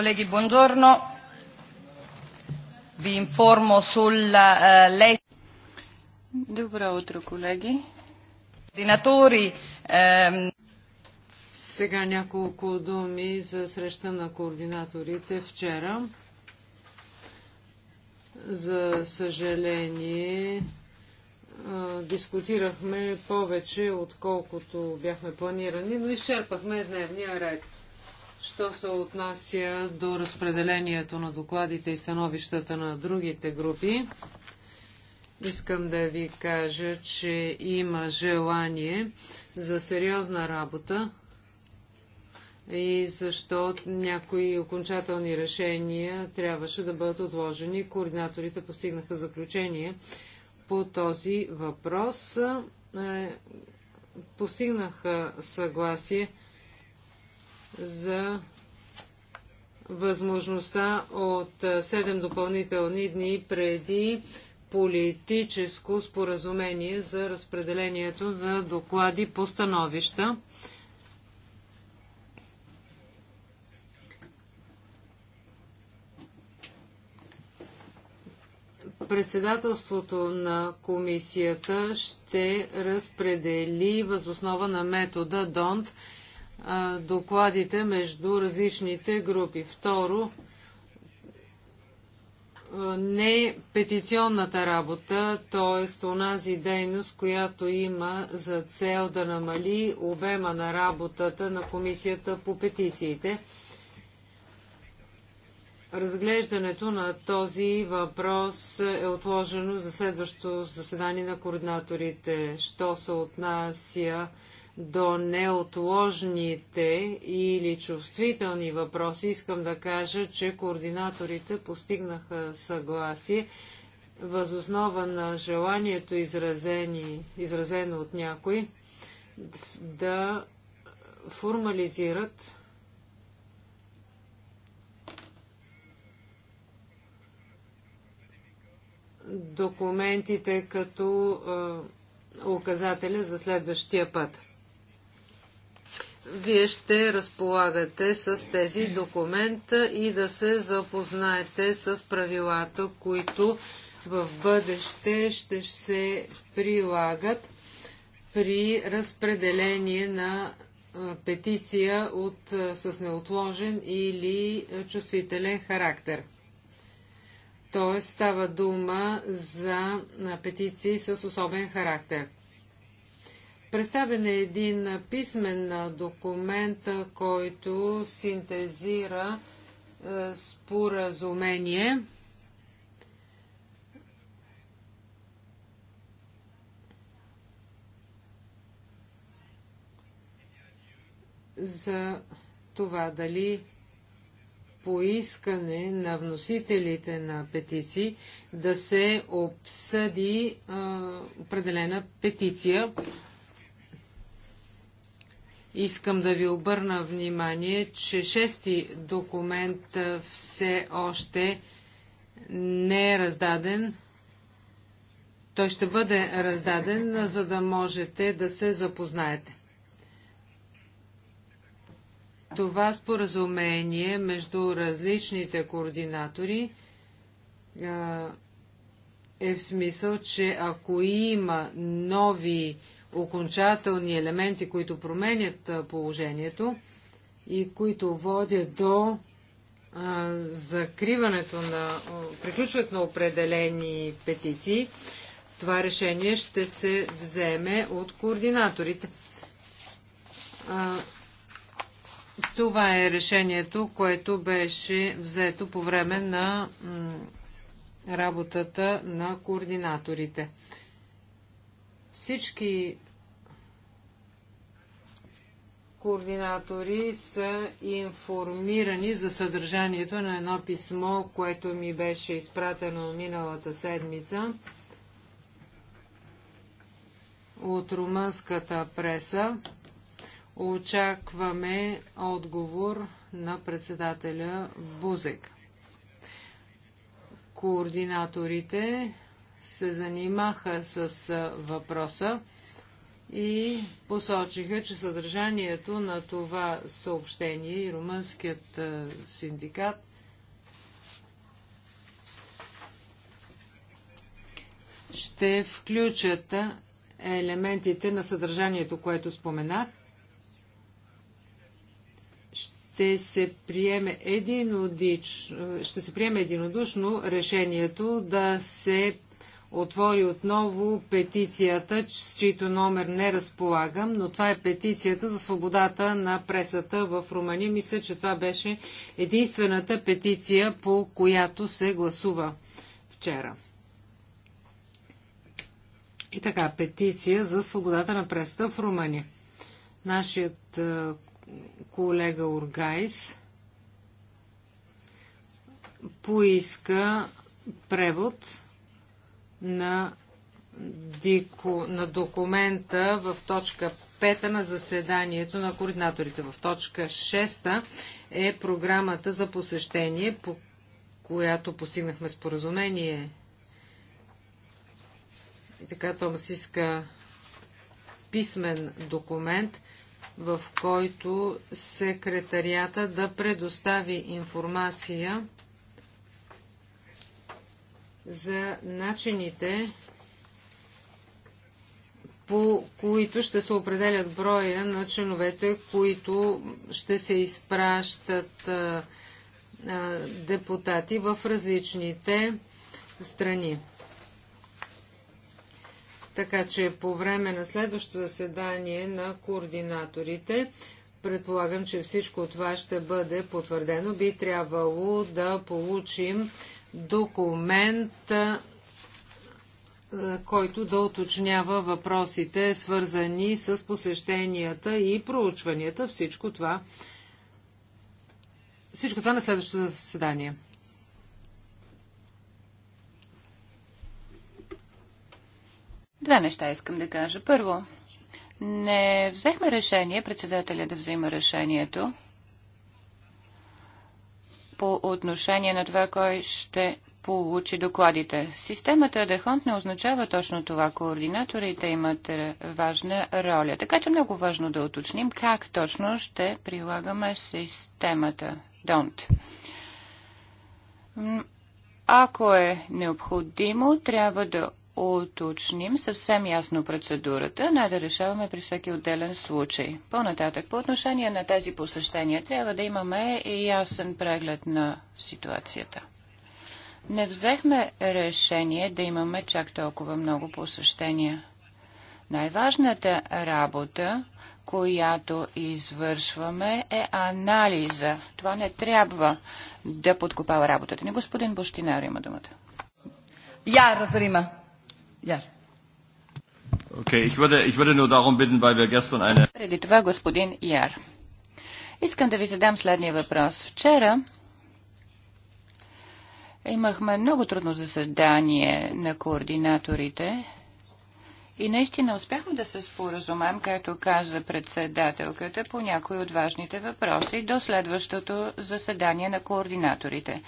Colleghi, buongiorno. Vi informo sul uh, eh, legge. Добро утро, колеги. Координатори. Ehm... Сега няколко думи за среща на координаторите вчера. За съжаление, е, дискутирахме повече, отколкото бяхме планирани, но изчерпахме дневния ред. Що се отнася до разпределението на докладите и становищата на другите групи, искам да ви кажа, че има желание за сериозна работа и защо някои окончателни решения трябваше да бъдат отложени. Координаторите постигнаха заключение по този въпрос. Е, постигнаха съгласие за възможността от 7 допълнителни дни преди политическо споразумение за разпределението на доклади по становища. Председателството на комисията ще разпредели възоснова на метода ДОНТ докладите между различните групи. Второ, не петиционната работа, т.е. онази дейност, която има за цел да намали обема на работата на комисията по петициите. Разглеждането на този въпрос е отложено за следващото заседание на координаторите. Що се отнася до неотложните или чувствителни въпроси, искам да кажа, че координаторите постигнаха съгласие възоснова на желанието, изразени, изразено от някой, да формализират документите като указателя за следващия път вие ще разполагате с тези документа и да се запознаете с правилата, които в бъдеще ще се прилагат при разпределение на петиция от, с неотложен или чувствителен характер. Тоест става дума за петиции с особен характер. Представен е един писмен документ, който синтезира е, споразумение. за това дали по искане на вносителите на петиции да се обсъди а, е, определена петиция Искам да ви обърна внимание, че шести документ все още не е раздаден. Той ще бъде раздаден, за да можете да се запознаете. Това споразумение между различните координатори е в смисъл, че ако има нови окончателни елементи, които променят положението и които водят до закриването на, приключват на определени петиции, това решение ще се вземе от координаторите. това е решението, което беше взето по време на работата на координаторите. Всички координатори са информирани за съдържанието на едно писмо, което ми беше изпратено миналата седмица от румънската преса. Очакваме отговор на председателя Бузек. Координаторите се занимаха с въпроса и посочиха, че съдържанието на това съобщение и румънският синдикат ще включат елементите на съдържанието, което споменах. Ще се приеме, единодич, ще се приеме единодушно решението да се отвори отново петицията, с чийто номер не разполагам, но това е петицията за свободата на пресата в Румъния. Мисля, че това беше единствената петиция, по която се гласува вчера. И така, петиция за свободата на пресата в Румъния. Нашият е, колега Ургайс поиска превод на, дико, на документа в точка 5 на заседанието на координаторите. В точка 6 е програмата за посещение, по която постигнахме споразумение. И така Томас иска писмен документ, в който секретарията да предостави информация за начините, по които ще се определят броя на членовете, които ще се изпращат депутати в различните страни. Така че по време на следващото заседание на координаторите, предполагам, че всичко това ще бъде потвърдено. Би трябвало да получим документ, е, който да уточнява въпросите, свързани с посещенията и проучванията. Всичко това, всичко това на следващото заседание. Две неща искам да кажа. Първо, не взехме решение председателя да взима решението по отношение на това, кой ще получи докладите. Системата Дехонт не означава точно това. Координаторите имат важна роля. Така че много важно да уточним как точно ще прилагаме системата Донт. Ако е необходимо, трябва да уточним съвсем ясно процедурата, не да решаваме при всеки отделен случай. По-нататък, по отношение на тези посещения, трябва да имаме и ясен преглед на ситуацията. Не взехме решение да имаме чак толкова много посещения. Най-важната работа, която извършваме, е анализа. Това не трябва да подкопава работата ни. Господин Бощинар има думата. Я, Рима. Okay, ich würde, ich würde nur darum bitten, weil wir gestern eine... Преди това господин Яр. Искам да ви задам следния въпрос. Вчера имахме много трудно заседание на координаторите и наистина успяхме да се споразумем, както каза председателката, по някои от важните въпроси до следващото заседание на координаторите.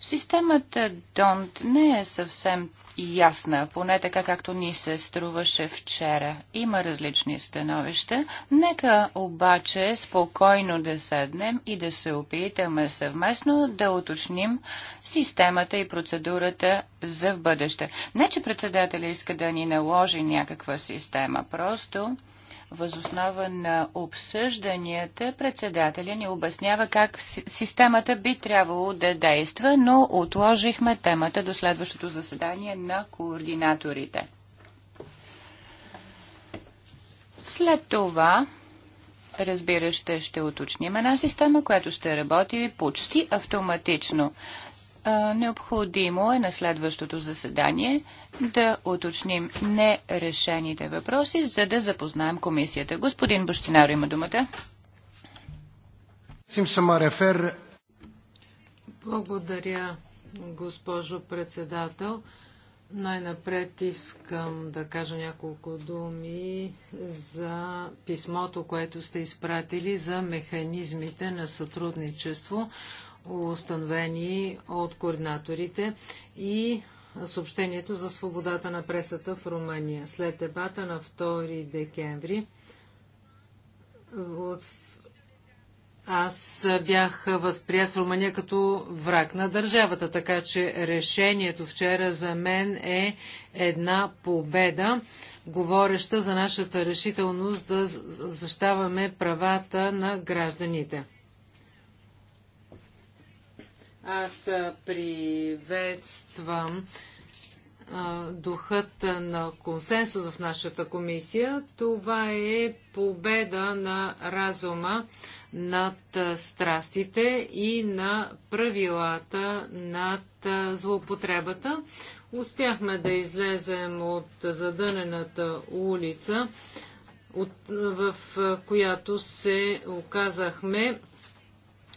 Системата Донт не е съвсем ясна, поне така както ни се струваше вчера. Има различни становища. Нека обаче спокойно да седнем и да се опитаме съвместно да уточним системата и процедурата за в бъдеще. Не, че председателя иска да ни наложи някаква система, просто Възоснова на обсъжданията председателя ни обяснява как системата би трябвало да действа, но отложихме темата до следващото заседание на координаторите. След това разбира ще, ще уточним една система, която ще работи почти автоматично. Необходимо е на следващото заседание да уточним нерешените въпроси, за да запознаем комисията. Господин Бощинаро има думата. Благодаря, госпожо председател. Най-напред искам да кажа няколко думи за писмото, което сте изпратили за механизмите на сътрудничество, установени от координаторите и съобщението за свободата на пресата в Румъния. След дебата на 2 декември от... аз бях възприят в Румъния като враг на държавата, така че решението вчера за мен е една победа, говореща за нашата решителност да защаваме правата на гражданите. Аз приветствам духът на консенсус в нашата комисия. Това е победа на разума над страстите и на правилата над злоупотребата. Успяхме да излезем от задънената улица, от, в която се оказахме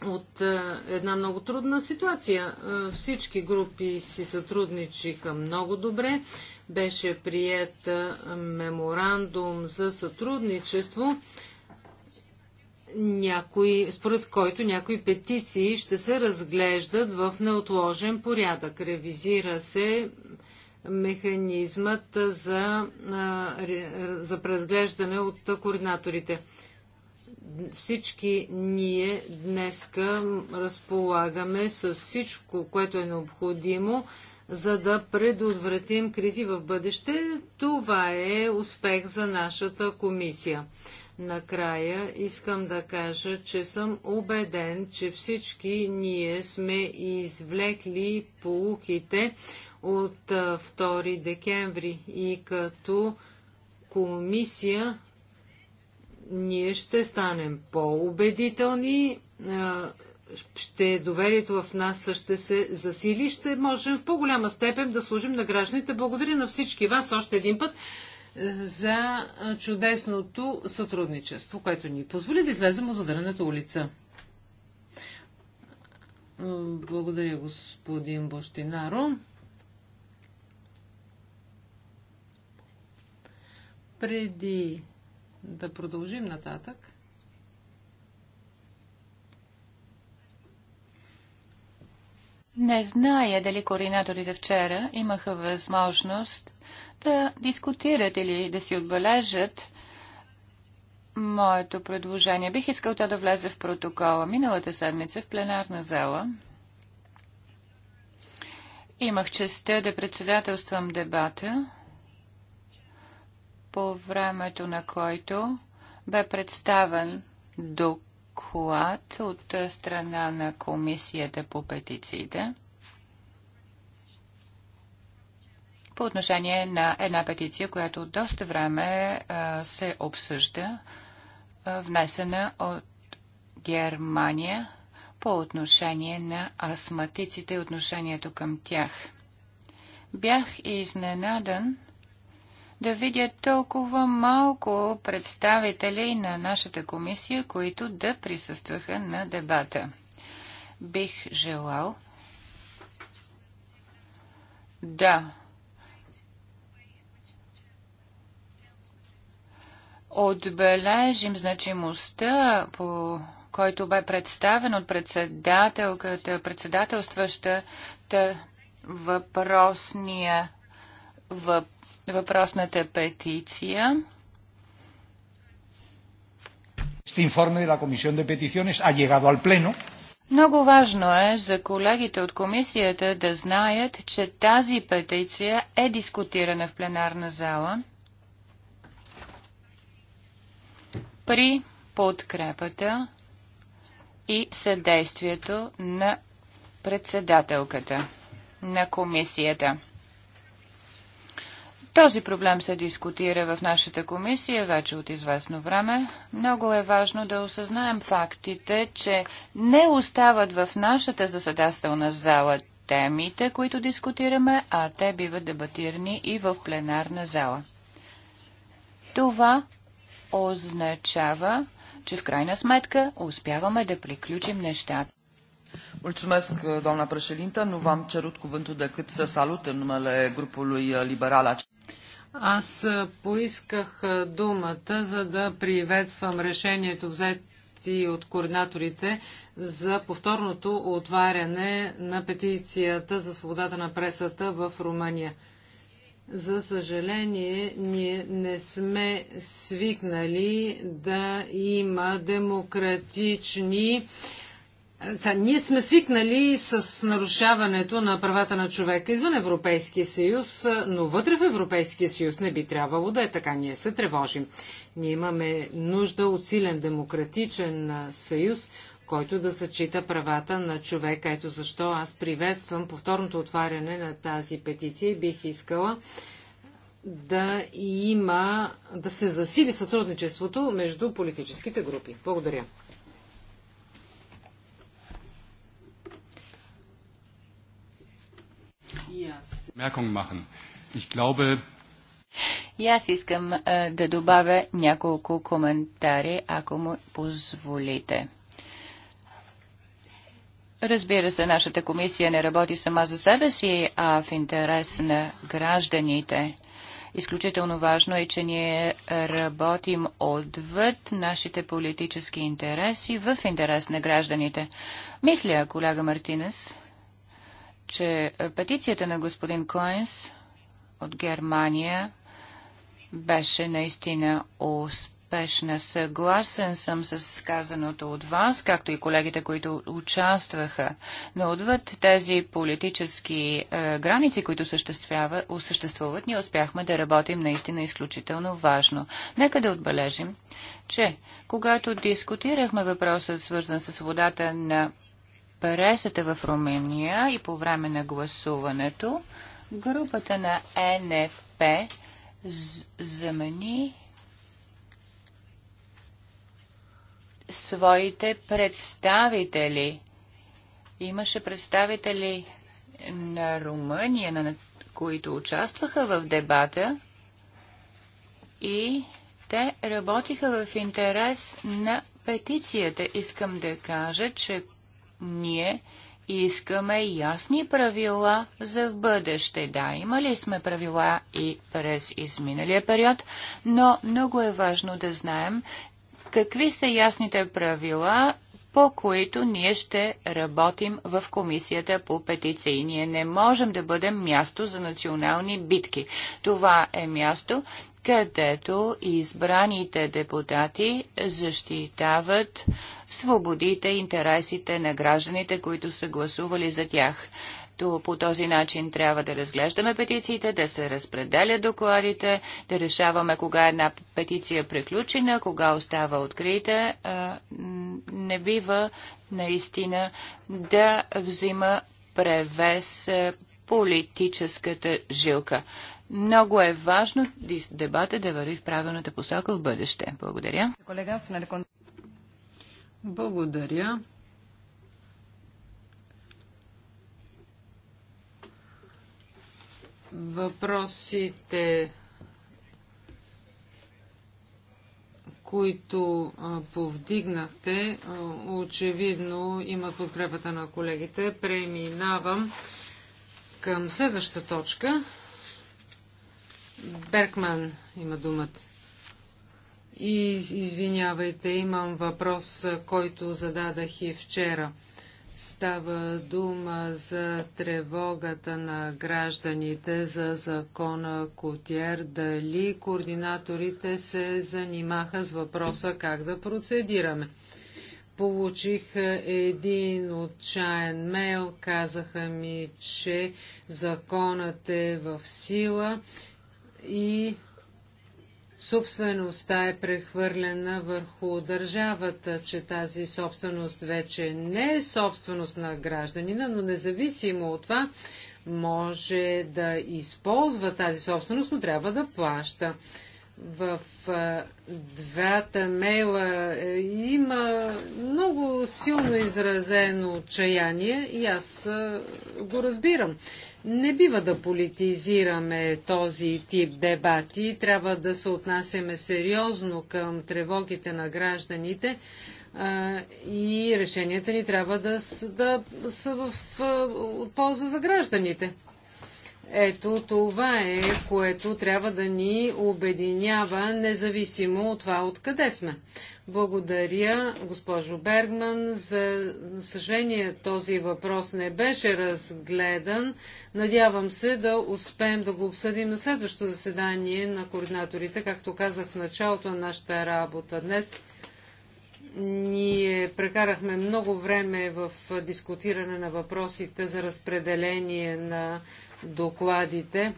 от е, една много трудна ситуация. Е, всички групи си сътрудничиха много добре. Беше прият е, меморандум за сътрудничество, някой, според който някои петиции ще се разглеждат в неотложен порядък. Ревизира се механизмът за, за преразглеждане от координаторите всички ние днеска разполагаме с всичко, което е необходимо, за да предотвратим кризи в бъдеще. Това е успех за нашата комисия. Накрая искам да кажа, че съм убеден, че всички ние сме извлекли полуките от 2 декември и като комисия ние ще станем по-убедителни, ще доверието в нас ще се засили, ще можем в по-голяма степен да служим на гражданите. Благодаря на всички вас още един път за чудесното сътрудничество, което ни позволи да излезем от задърната улица. Благодаря, господин Бощинаро. Преди да продължим нататък. Не зная дали координаторите вчера имаха възможност да дискутират или да си отбележат моето предложение. Бих искал то да влезе в протокола. Миналата седмица в пленарна зала имах честа да председателствам дебата по времето на който бе представен доклад от страна на Комисията по петициите по отношение на една петиция, която доста време се обсъжда, внесена от Германия по отношение на астматиците и отношението към тях. Бях изненадан, да видя толкова малко представители на нашата комисия, които да присъстваха на дебата. Бих желал да отбележим значимостта по който бе представен от председателката, председателстващата въпросния въпрос въпросната петиция. Este informe de la Comisión de Peticiones ha llegado al Pleno. Много важно е за колегите от комисията да знаят, че тази петиция е дискутирана в пленарна зала при подкрепата и съдействието на председателката на комисията. Този проблем се дискутира в нашата комисия вече от известно време. Много е важно да осъзнаем фактите, че не остават в нашата заседателна зала темите, които дискутираме, а те биват дебатирани и в пленарна зала. Това означава, че в крайна сметка успяваме да приключим нещата. Mulțumesc, doamna președintă. Nu v-am cerut cuvântul decât să salut în numele grupului liberal. Аз поисках думата, за да приветствам решението взети от координаторите за повторното отваряне на петицията за свободата на пресата в Румъния. За съжаление, ние не сме свикнали да има демократични са, ние сме свикнали с нарушаването на правата на човека извън Европейския съюз, но вътре в Европейския съюз не би трябвало да е така. Ние се тревожим. Ние имаме нужда от силен демократичен съюз, който да зачита правата на човека. Ето защо аз приветствам повторното отваряне на тази петиция и бих искала да има, да се засили сътрудничеството между политическите групи. Благодаря. И аз искам а, да добавя няколко коментари, ако му позволите. Разбира се, нашата комисия не работи сама за себе си, а в интерес на гражданите. Изключително важно е, че ние работим отвъд нашите политически интереси в интерес на гражданите. Мисля, колега Мартинес, че е, петицията на господин Коенс от Германия беше наистина успешна. Съгласен съм с казаното от вас, както и колегите, които участваха. Но отвъд тези политически е, граници, които съществуват, ние успяхме да работим наистина изключително важно. Нека да отбележим, че когато дискутирахме въпроса, свързан с водата на пресата в Румъния и по време на гласуването, групата на НФП замени своите представители. Имаше представители на Румъния, на които участваха в дебата и те работиха в интерес на петицията. Искам да кажа, че ние искаме ясни правила за в бъдеще. Да, имали сме правила и през изминалия период, но много е важно да знаем какви са ясните правила, по които ние ще работим в комисията по петиции. Ние не можем да бъдем място за национални битки. Това е място, където избраните депутати защитават свободите и интересите на гражданите, които са гласували за тях. То по този начин трябва да разглеждаме петициите, да се разпределят докладите, да решаваме кога една петиция е приключена, кога остава открита. Не бива наистина да взима превес политическата жилка. Много е важно дебата да върви в правилната посока в бъдеще. Благодаря. Благодаря. Въпросите, които повдигнахте, очевидно имат подкрепата на колегите. Преминавам към следваща точка. Беркман има думата. И извинявайте, имам въпрос, който зададах и вчера. Става дума за тревогата на гражданите за закона Котиер. Дали координаторите се занимаха с въпроса как да процедираме? Получих един отчаян мейл, казаха ми, че законът е в сила и собствеността е прехвърлена върху държавата, че тази собственост вече не е собственост на гражданина, но независимо от това може да използва тази собственост, но трябва да плаща в а, двата мейла е, има много силно изразено отчаяние и аз а, го разбирам. Не бива да политизираме този тип дебати, трябва да се отнасяме сериозно към тревогите на гражданите а, и решенията ни трябва да, да са в полза за гражданите. Ето това е, което трябва да ни обединява, независимо от това откъде сме. Благодаря, госпожо Бергман. За съжаление, този въпрос не беше разгледан. Надявам се да успеем да го обсъдим на следващото заседание на координаторите, както казах в началото на нашата работа днес. Ние прекарахме много време в дискутиране на въпросите за разпределение на докладите.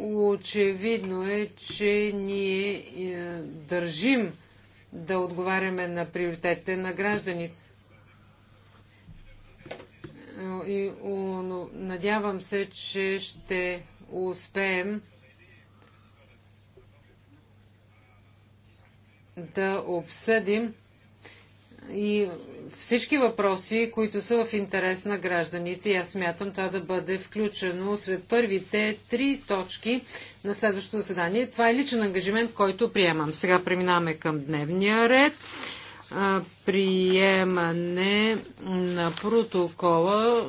Очевидно е, че ние е, държим да отговаряме на приоритетите на гражданите. И, надявам се, че ще успеем да обсъдим и всички въпроси, които са в интерес на гражданите. И аз смятам това да бъде включено сред първите три точки на следващото заседание. Това е личен ангажимент, който приемам. Сега преминаваме към дневния ред. Приемане на протокола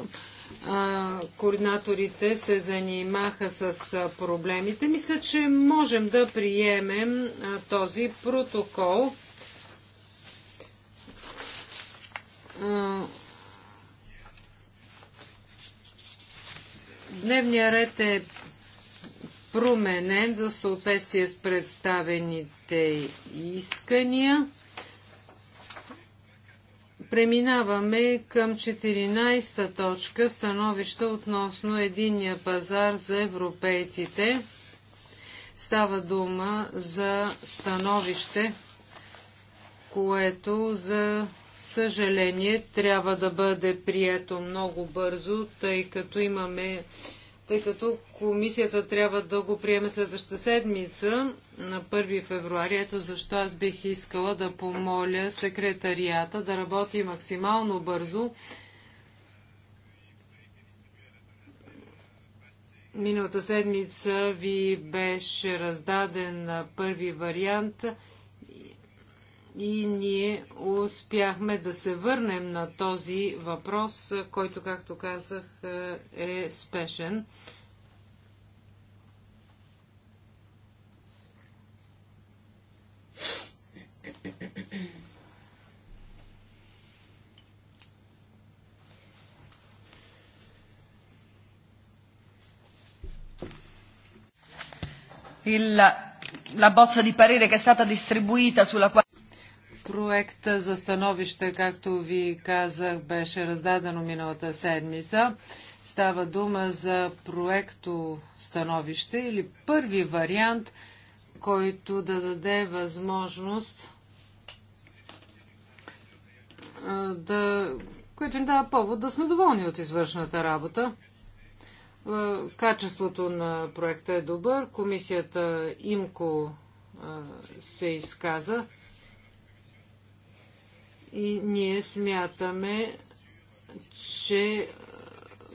координаторите се занимаха с проблемите. Мисля, че можем да приемем този протокол. Дневният ред е променен за съответствие с представените искания. Преминаваме към 14-та точка становища относно единния пазар за европейците. Става дума за становище, което за съжаление трябва да бъде прието много бързо, тъй като имаме тъй като комисията трябва да го приеме следващата седмица, на 1 февруари. Ето защо аз бих искала да помоля секретарията да работи максимално бързо. Миналата седмица ви беше раздаден първи вариант – и ние успяхме да се върнем на този въпрос, който, както казах, е спешен. Il, la bozza di parere che è stata distribuita sulla quale Проекта за становище, както ви казах, беше раздадено миналата седмица. Става дума за проекто становище или първи вариант, който да даде възможност да, който ни дава повод да сме доволни от извършната работа. Качеството на проекта е добър. Комисията ИМКО се изказа. И ние смятаме, че е,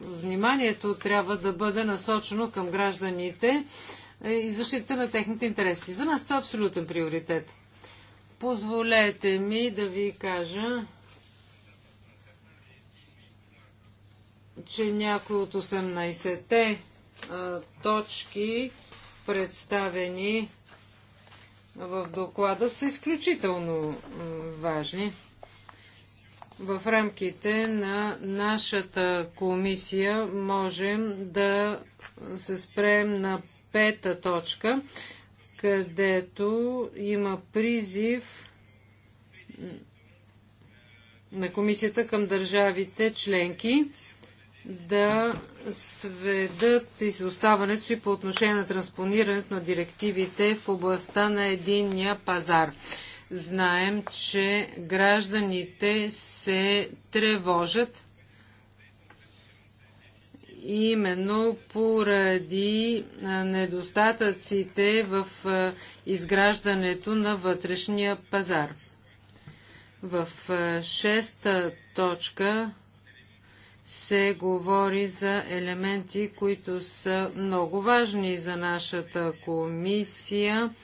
вниманието трябва да бъде насочено към гражданите е, и защита на техните интереси. За нас това е абсолютен приоритет. Позволете ми да ви кажа, че някои от 18-те е, точки, представени в доклада, са изключително важни в рамките на нашата комисия можем да се спрем на пета точка, където има призив на комисията към държавите членки да сведат изоставането си по отношение на транспонирането на директивите в областта на единния пазар. Знаем, че гражданите се тревожат именно поради недостатъците в изграждането на вътрешния пазар. В шеста точка се говори за елементи, които са много важни за нашата комисия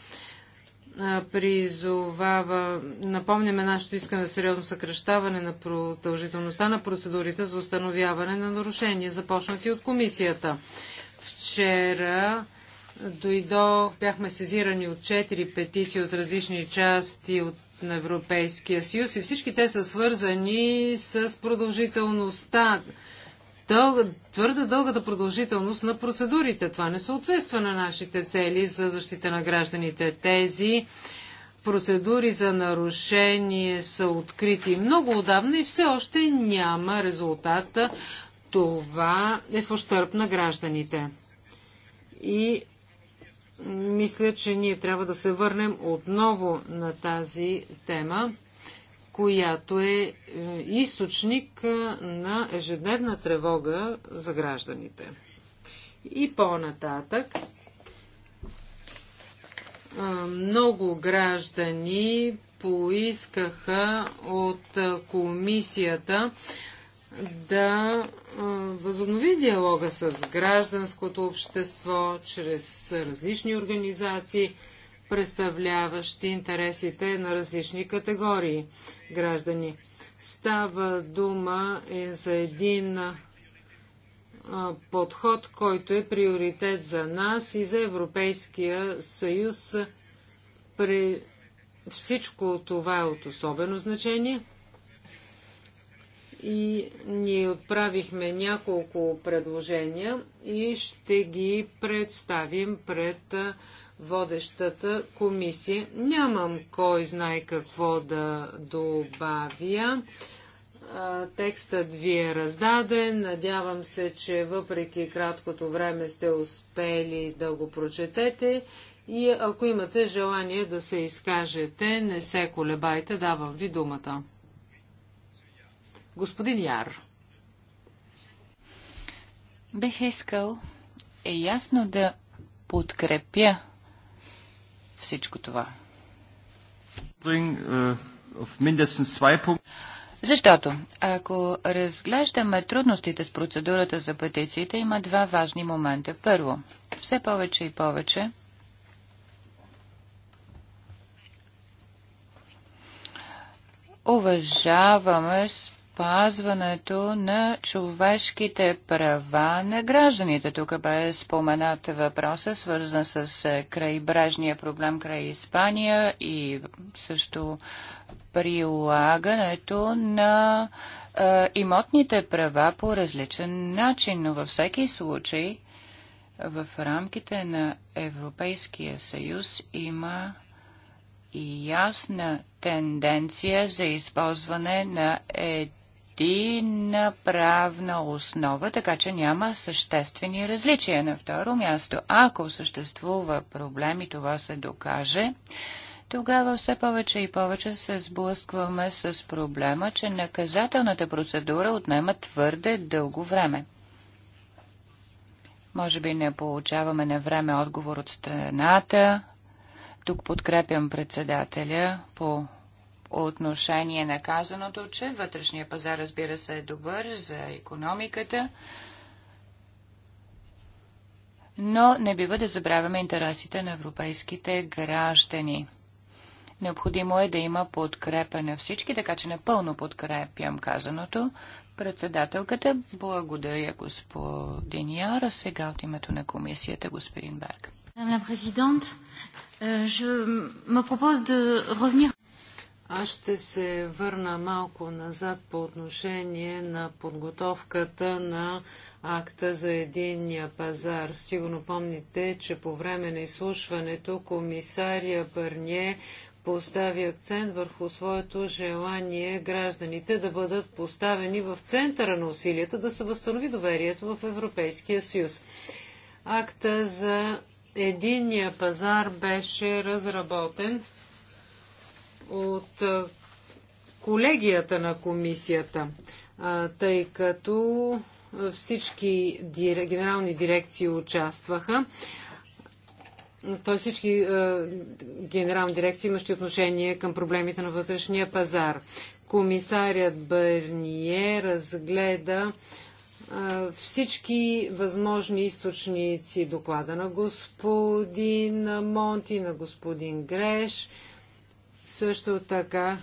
призовава, напомняме нашето искане за сериозно съкръщаване на продължителността на процедурите за установяване на нарушения, започнати от комисията. Вчера дойдо, бяхме сезирани от четири петиции от различни части от на Европейския съюз и всички те са свързани с продължителността дълга, твърде дългата продължителност на процедурите. Това не съответства на нашите цели за защита на гражданите. Тези процедури за нарушение са открити много отдавна и все още няма резултата. Това е в ощърп на гражданите. И мисля, че ние трябва да се върнем отново на тази тема която е, е източник е, на ежедневна тревога за гражданите. И по-нататък е, много граждани поискаха от комисията да възобнови диалога с гражданското общество чрез различни организации – представляващи интересите на различни категории граждани. Става дума е за един подход, който е приоритет за нас и за Европейския съюз. При всичко това е от особено значение. И ние отправихме няколко предложения и ще ги представим пред водещата комисия. Нямам кой знае какво да добавя. Текстът ви е раздаден. Надявам се, че въпреки краткото време сте успели да го прочетете. И ако имате желание да се изкажете, не се колебайте, давам ви думата. Господин Яр. Бих искал е ясно да подкрепя всичко това? Uh, Защото, ако разглеждаме трудностите с процедурата за петициите, има два важни момента. Първо, все повече и повече уважаваме спазването на човешките права на гражданите. Тук бе споменат въпроса, свързан с е, крайбрежния проблем край Испания и също прилагането на е, имотните права по различен начин, но във всеки случай в рамките на Европейския съюз има и ясна тенденция за използване на един на правна основа, така че няма съществени различия. На второ място, ако съществува проблем и това се докаже, тогава все повече и повече се сблъскваме с проблема, че наказателната процедура отнема твърде дълго време. Може би не получаваме на време отговор от страната. Тук подкрепям председателя по отношение на казаното, че вътрешния пазар, разбира се, е добър за економиката, но не бива да забравяме интересите на европейските граждани. Необходимо е да има подкрепа на всички, така че напълно подкрепям казаното. Председателката, благодаря господин Яра. Сега от името на комисията, господин Берг. Madame la Présidente, euh, je me propose de revenir аз ще се върна малко назад по отношение на подготовката на акта за единния пазар. Сигурно помните, че по време на изслушването комисария Бърние постави акцент върху своето желание гражданите да бъдат поставени в центъра на усилията да се възстанови доверието в Европейския съюз. Акта за единния пазар беше разработен от колегията на комисията, тъй като всички генерални дирекции участваха. Т.е. всички е, генерални дирекции имащи отношение към проблемите на вътрешния пазар. Комисарят Бърние разгледа всички възможни източници доклада на господин Монти, на господин Греш, също така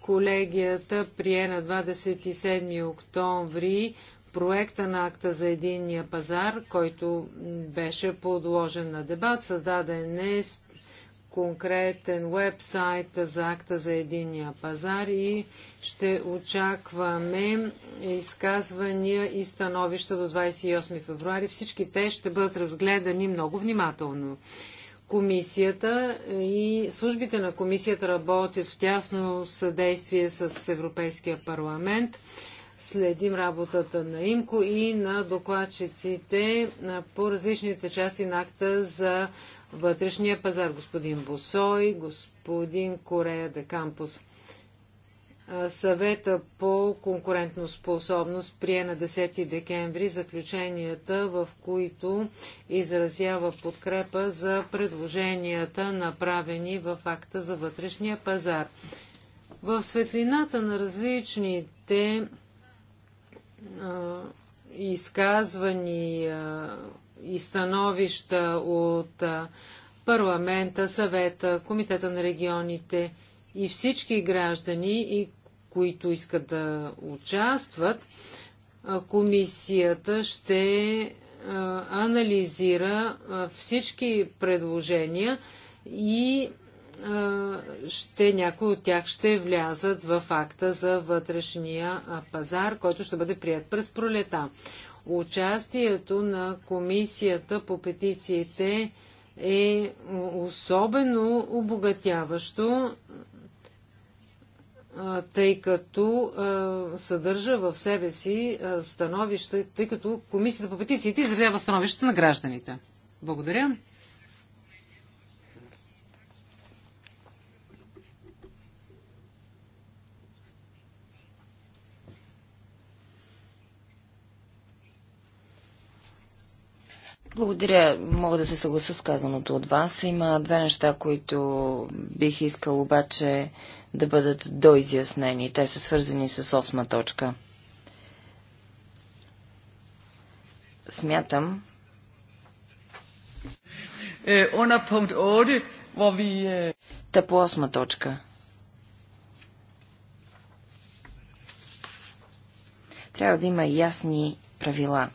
колегията прие на 27 октомври проекта на акта за единния пазар, който беше подложен на дебат. Създаден е конкретен вебсайт за акта за единния пазар и ще очакваме изказвания и становища до 28 февруари. Всички те ще бъдат разгледани много внимателно. Комисията и службите на комисията работят в тясно съдействие с Европейския парламент. Следим работата на ИМКО и на докладчиците по различните части на акта за вътрешния пазар. Господин Босой, господин Корея де Кампус. Съвета по конкурентноспособност прие на 10 декември заключенията, в които изразява подкрепа за предложенията, направени в акта за вътрешния пазар. В светлината на различните изказвани и становища от парламента, съвета, комитета на регионите и всички граждани и които искат да участват, комисията ще анализира всички предложения и ще, някои от тях ще влязат в акта за вътрешния пазар, който ще бъде прият през пролета. Участието на комисията по петициите е особено обогатяващо тъй като съдържа в себе си становище, тъй като Комисията по петициите изразява становището на гражданите. Благодаря. Благодаря. Мога да се съгласа с казаното от вас. Има две неща, които бих искал обаче да бъдат доизяснени. Те са свързани с осма точка. Смятам. Е, under 8, hvor vi... Е, Та по осма точка. Трябва да има ясни правила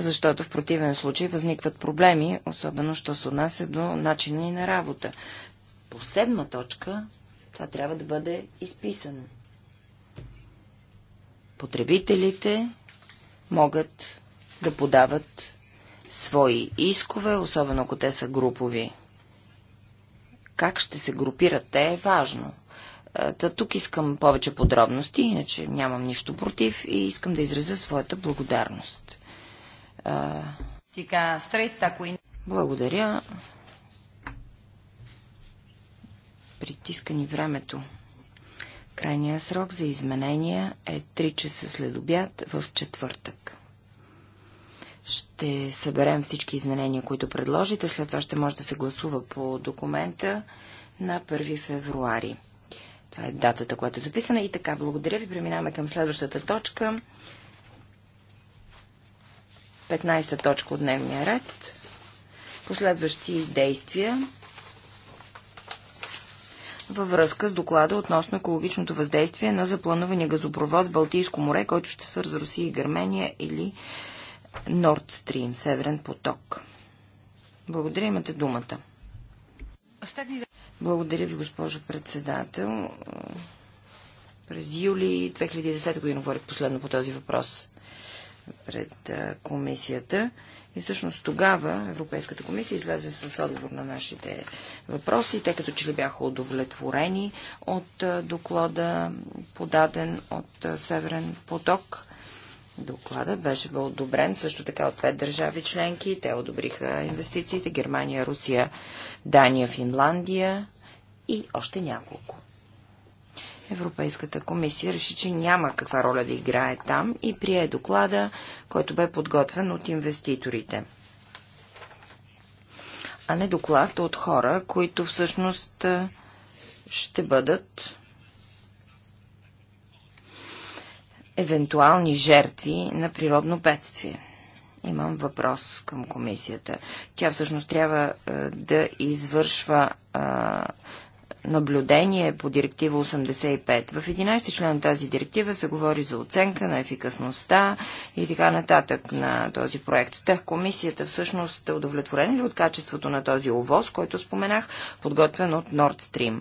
защото в противен случай възникват проблеми, особено що се отнася до начини на работа. По седма точка това трябва да бъде изписано. Потребителите могат да подават свои искове, особено ако те са групови. Как ще се групират те е важно. Е, та тук искам повече подробности, иначе нямам нищо против и искам да изразя своята благодарност. Е, благодаря притискани времето. Крайният срок за изменения е 3 часа след обяд в четвъртък. Ще съберем всички изменения, които предложите. След това ще може да се гласува по документа на 1 февруари. Това е датата, която е записана. И така, благодаря ви. Преминаваме към следващата точка. 15-та точка от дневния ред. Последващи действия във връзка с доклада относно екологичното въздействие на запланования газопровод в Балтийско море, който ще свърза Русия и Гърмения или Nord Stream, Северен поток. Благодаря, имате думата. Благодаря ви, госпожо председател. През юли 2010 година говорих последно по този въпрос пред комисията и всъщност тогава Европейската комисия излезе с отговор на нашите въпроси. тъй като че ли бяха удовлетворени от доклада, подаден от Северен поток. Доклада беше бе одобрен също така от пет държави членки. Те одобриха инвестициите Германия, Русия, Дания, Финландия и още няколко. Европейската комисия реши, че няма каква роля да играе там и прие доклада, който бе подготвен от инвеститорите. А не доклад от хора, които всъщност ще бъдат евентуални жертви на природно бедствие. Имам въпрос към комисията. Тя всъщност трябва да извършва наблюдение по директива 85. В 11 член на тази директива се говори за оценка на ефикасността и така нататък на този проект. Та комисията всъщност е удовлетворена ли от качеството на този овоз, който споменах, подготвен от Nord Stream?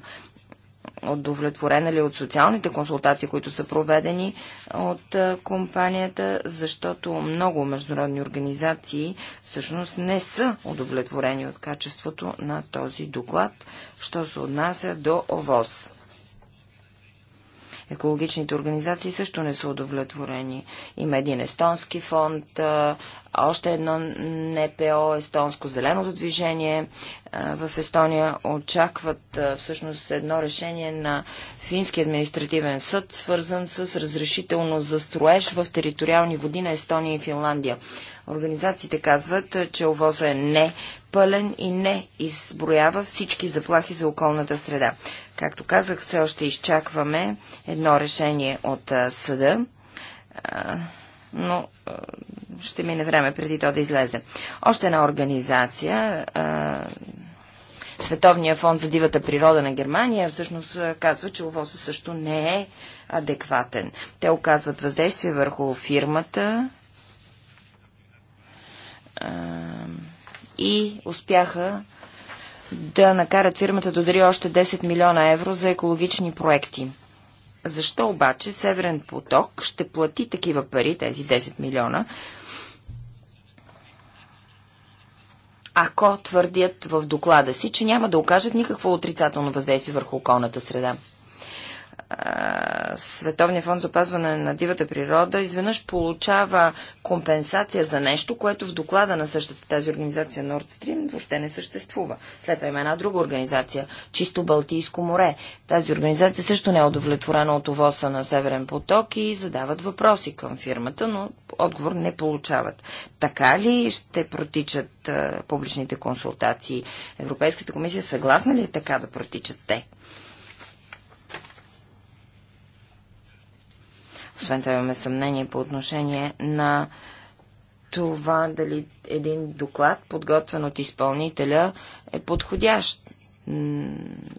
удовлетворена ли от социалните консултации, които са проведени от компанията, защото много международни организации всъщност не са удовлетворени от качеството на този доклад, що се отнася до ОВОС. Екологичните организации също не са удовлетворени. Има един естонски фонд, още едно НПО, естонско зеленото движение в Естония очакват всъщност едно решение на Фински административен съд, свързан с разрешително за строеж в териториални води на Естония и Финландия. Организациите казват, че ОВОЗа е не пълен и не изброява всички заплахи за околната среда. Както казах, все още изчакваме едно решение от съда, но ще мине време преди то да излезе. Още една организация, Световния фонд за дивата природа на Германия, всъщност казва, че ОВОС също не е адекватен. Те оказват въздействие върху фирмата и успяха да накарат фирмата да дари още 10 милиона евро за екологични проекти. Защо обаче Северен поток ще плати такива пари, тези 10 милиона, ако твърдят в доклада си, че няма да окажат никакво отрицателно въздействие върху околната среда? Световния фонд за опазване на дивата природа изведнъж получава компенсация за нещо, което в доклада на същата тази организация Nord Stream въобще не съществува. След това има една друга организация, чисто Балтийско море. Тази организация също не е удовлетворена от овоса на Северен поток и задават въпроси към фирмата, но отговор не получават. Така ли ще протичат а, публичните консултации? Европейската комисия съгласна ли е така да протичат те? Освен това имаме съмнение по отношение на това дали един доклад, подготвен от изпълнителя, е подходящ.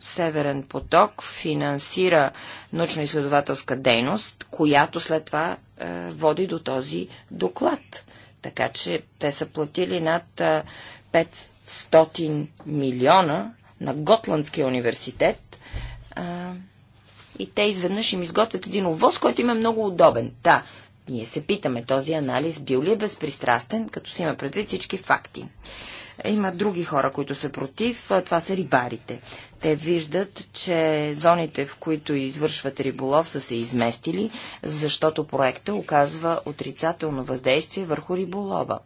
Северен поток финансира научно-изследователска дейност, която след това е, води до този доклад. Така че те са платили над 500 е, милиона на Готландския университет. Е, и те изведнъж им изготвят един овоз, който им е много удобен. Да, ние се питаме, този анализ бил ли е безпристрастен, като си има предвид всички факти. Има други хора, които са против. Това са рибарите. Те виждат, че зоните, в които извършват риболов, са се изместили, защото проекта оказва отрицателно въздействие върху риболова.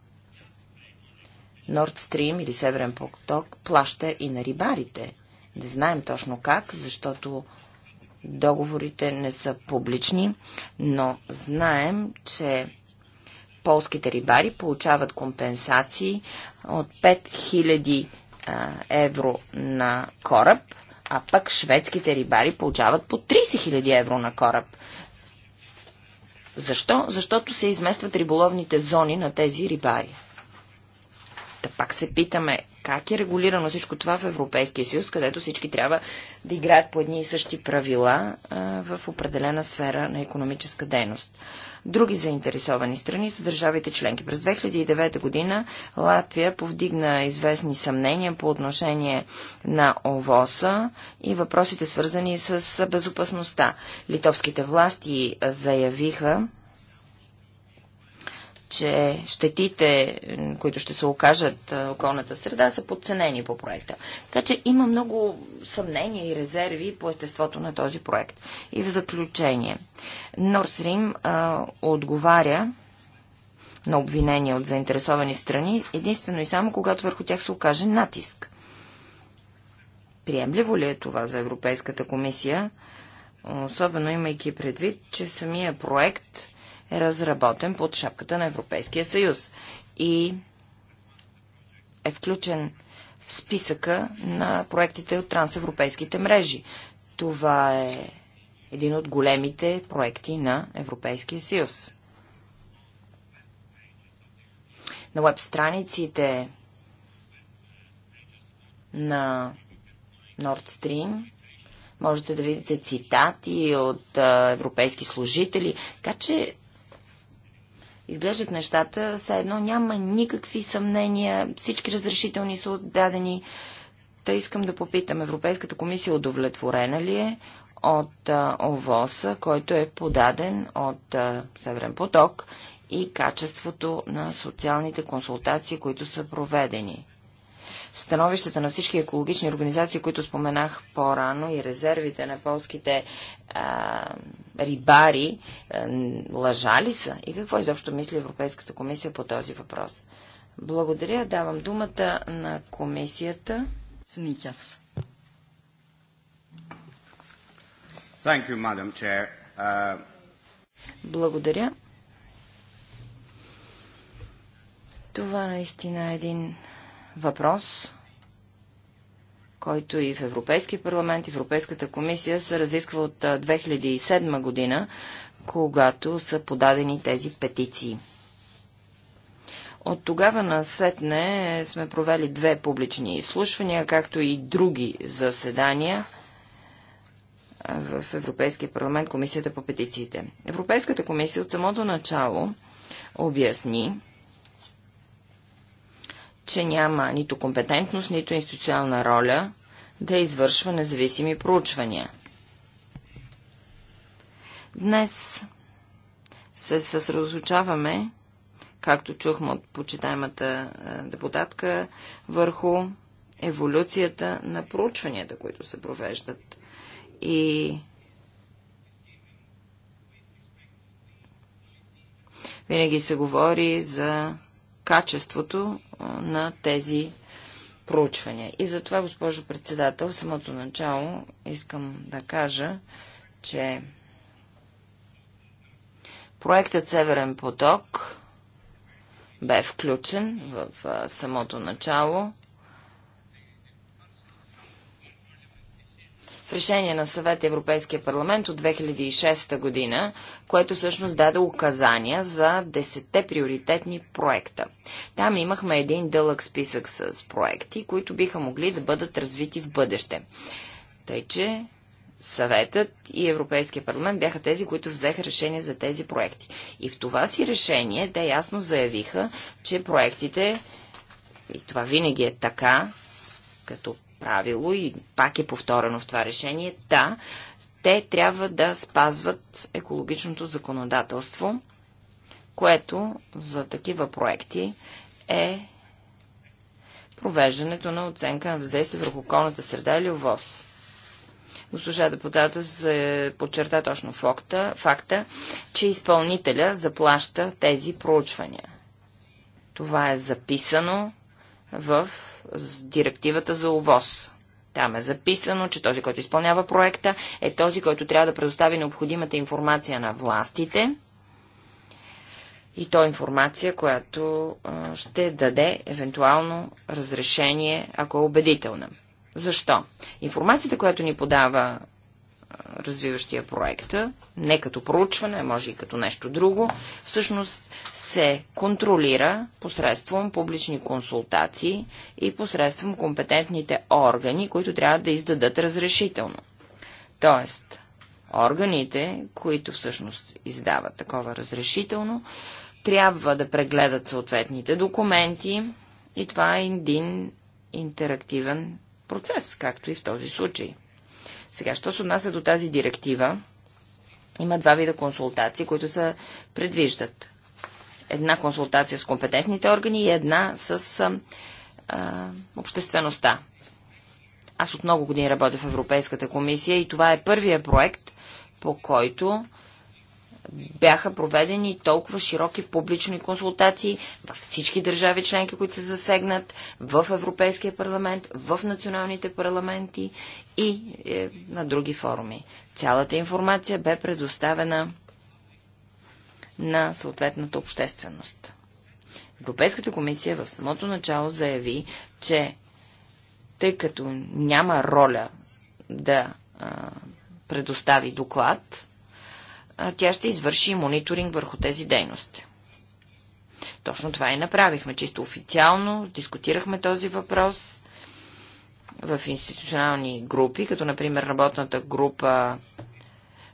Nord Stream или Северен поток плаща и на рибарите. Не знаем точно как, защото Договорите не са публични, но знаем, че полските рибари получават компенсации от 5000 евро на кораб, а пък шведските рибари получават по 30 000 евро на кораб. Защо? Защото се изместват риболовните зони на тези рибари. Та пак се питаме, как е регулирано всичко това в Европейския съюз, където всички трябва да играят по едни и същи правила в определена сфера на економическа дейност? Други заинтересовани страни са държавите членки. През 2009 година Латвия повдигна известни съмнения по отношение на ОВОСа и въпросите свързани с безопасността. Литовските власти заявиха, че щетите, които ще се окажат околната среда, са подценени по проекта. Така че има много съмнения и резерви по естеството на този проект. И в заключение, Норсрим отговаря на обвинения от заинтересовани страни, единствено и само когато върху тях се окаже натиск. Приемливо ли е това за Европейската комисия, особено имайки предвид, че самия проект разработен под шапката на Европейския съюз и е включен в списъка на проектите от трансевропейските мрежи. Това е един от големите проекти на Европейския съюз. На веб страниците на Nord Stream можете да видите цитати от европейски служители, така че изглеждат нещата, все едно няма никакви съмнения, всички разрешителни са отдадени. Та искам да попитам, Европейската комисия удовлетворена ли е от ОВОСа, който е подаден от Северен поток и качеството на социалните консултации, които са проведени? становищата на всички екологични организации, които споменах по-рано и резервите на полските а, рибари, а, лъжали са? И какво изобщо мисли Европейската комисия по този въпрос? Благодаря. Давам думата на комисията. Сникяс. Thank you, Madam Chair. Uh... Благодаря. Това наистина е един въпрос, който и в Европейския парламент, и в Европейската комисия се разисква от 2007 година, когато са подадени тези петиции. От тогава на сетне сме провели две публични изслушвания, както и други заседания в Европейския парламент, Комисията по петициите. Европейската комисия от самото начало обясни, че няма нито компетентност, нито институционална роля да извършва независими проучвания. Днес се съсредоточаваме, както чухме от почитаемата е, депутатка, върху еволюцията на проучванията, които се провеждат. И винаги се говори за качеството на тези проучвания. И затова, госпожо председател, в самото начало искам да кажа, че проектът Северен поток бе включен в самото начало решение на съвет Европейския парламент от 2006 година, което всъщност даде указания за 10 приоритетни проекта. Там имахме един дълъг списък с проекти, които биха могли да бъдат развити в бъдеще. Тъй, че съветът и Европейския парламент бяха тези, които взеха решение за тези проекти. И в това си решение те ясно заявиха, че проектите, и това винаги е така, като правило и пак е повторено в това решение, да, те трябва да спазват екологичното законодателство, което за такива проекти е провеждането на оценка на въздействие върху околната среда или ОВОС. Госпожа депутата се подчерта точно факта, факта, че изпълнителя заплаща тези проучвания. Това е записано в с директивата за ОВОз. Там е записано, че този, който изпълнява проекта, е този, който трябва да предостави необходимата информация на властите. И то информация, която ще даде евентуално разрешение, ако е убедителна. Защо? Информацията, която ни подава развиващия проекта, не като проучване, може и като нещо друго, всъщност се контролира посредством публични консултации и посредством компетентните органи, които трябва да издадат разрешително. Тоест, органите, които всъщност издават такова разрешително, трябва да прегледат съответните документи и това е един интерактивен процес, както и в този случай. Сега, що се отнася до тази директива, има два вида консултации, които се предвиждат. Една консултация с компетентните органи и една с а, а, обществеността. Аз от много години работя в Европейската комисия и това е първия проект, по който бяха проведени толкова широки публични консултации във всички държави членки, които се засегнат, в Европейския парламент, в националните парламенти и е, на други форуми. Цялата информация бе предоставена на съответната общественост. Европейската комисия в самото начало заяви, че тъй като няма роля да а, предостави доклад, тя ще извърши мониторинг върху тези дейности. Точно това и направихме, чисто официално, дискутирахме този въпрос в институционални групи, като например работната група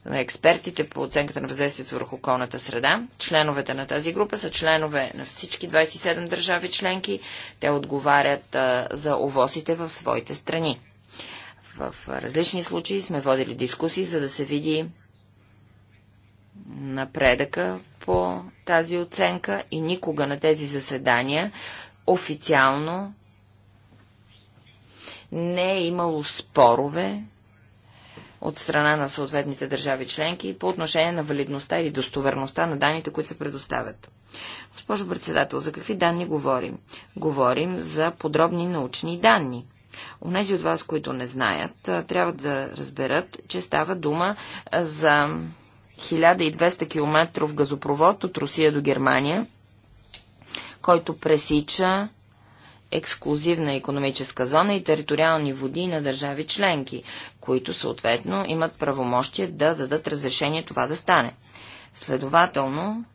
на експертите по оценката на въздействието върху околната среда. Членовете на тази група са членове на всички 27 държави членки. Те отговарят а, за овосите в своите страни. В различни случаи сме водили дискусии, за да се види напредъка по тази оценка и никога на тези заседания официално не е имало спорове от страна на съответните държави членки по отношение на валидността или достоверността на данните, които се предоставят. Госпожо председател, за какви данни говорим? Говорим за подробни научни данни. Унези от вас, които не знаят, трябва да разберат, че става дума за 1200 км газопровод от Русия до Германия, който пресича ексклюзивна економическа зона и териториални води на държави членки, които съответно имат правомощие да дадат разрешение това да стане. Следователно,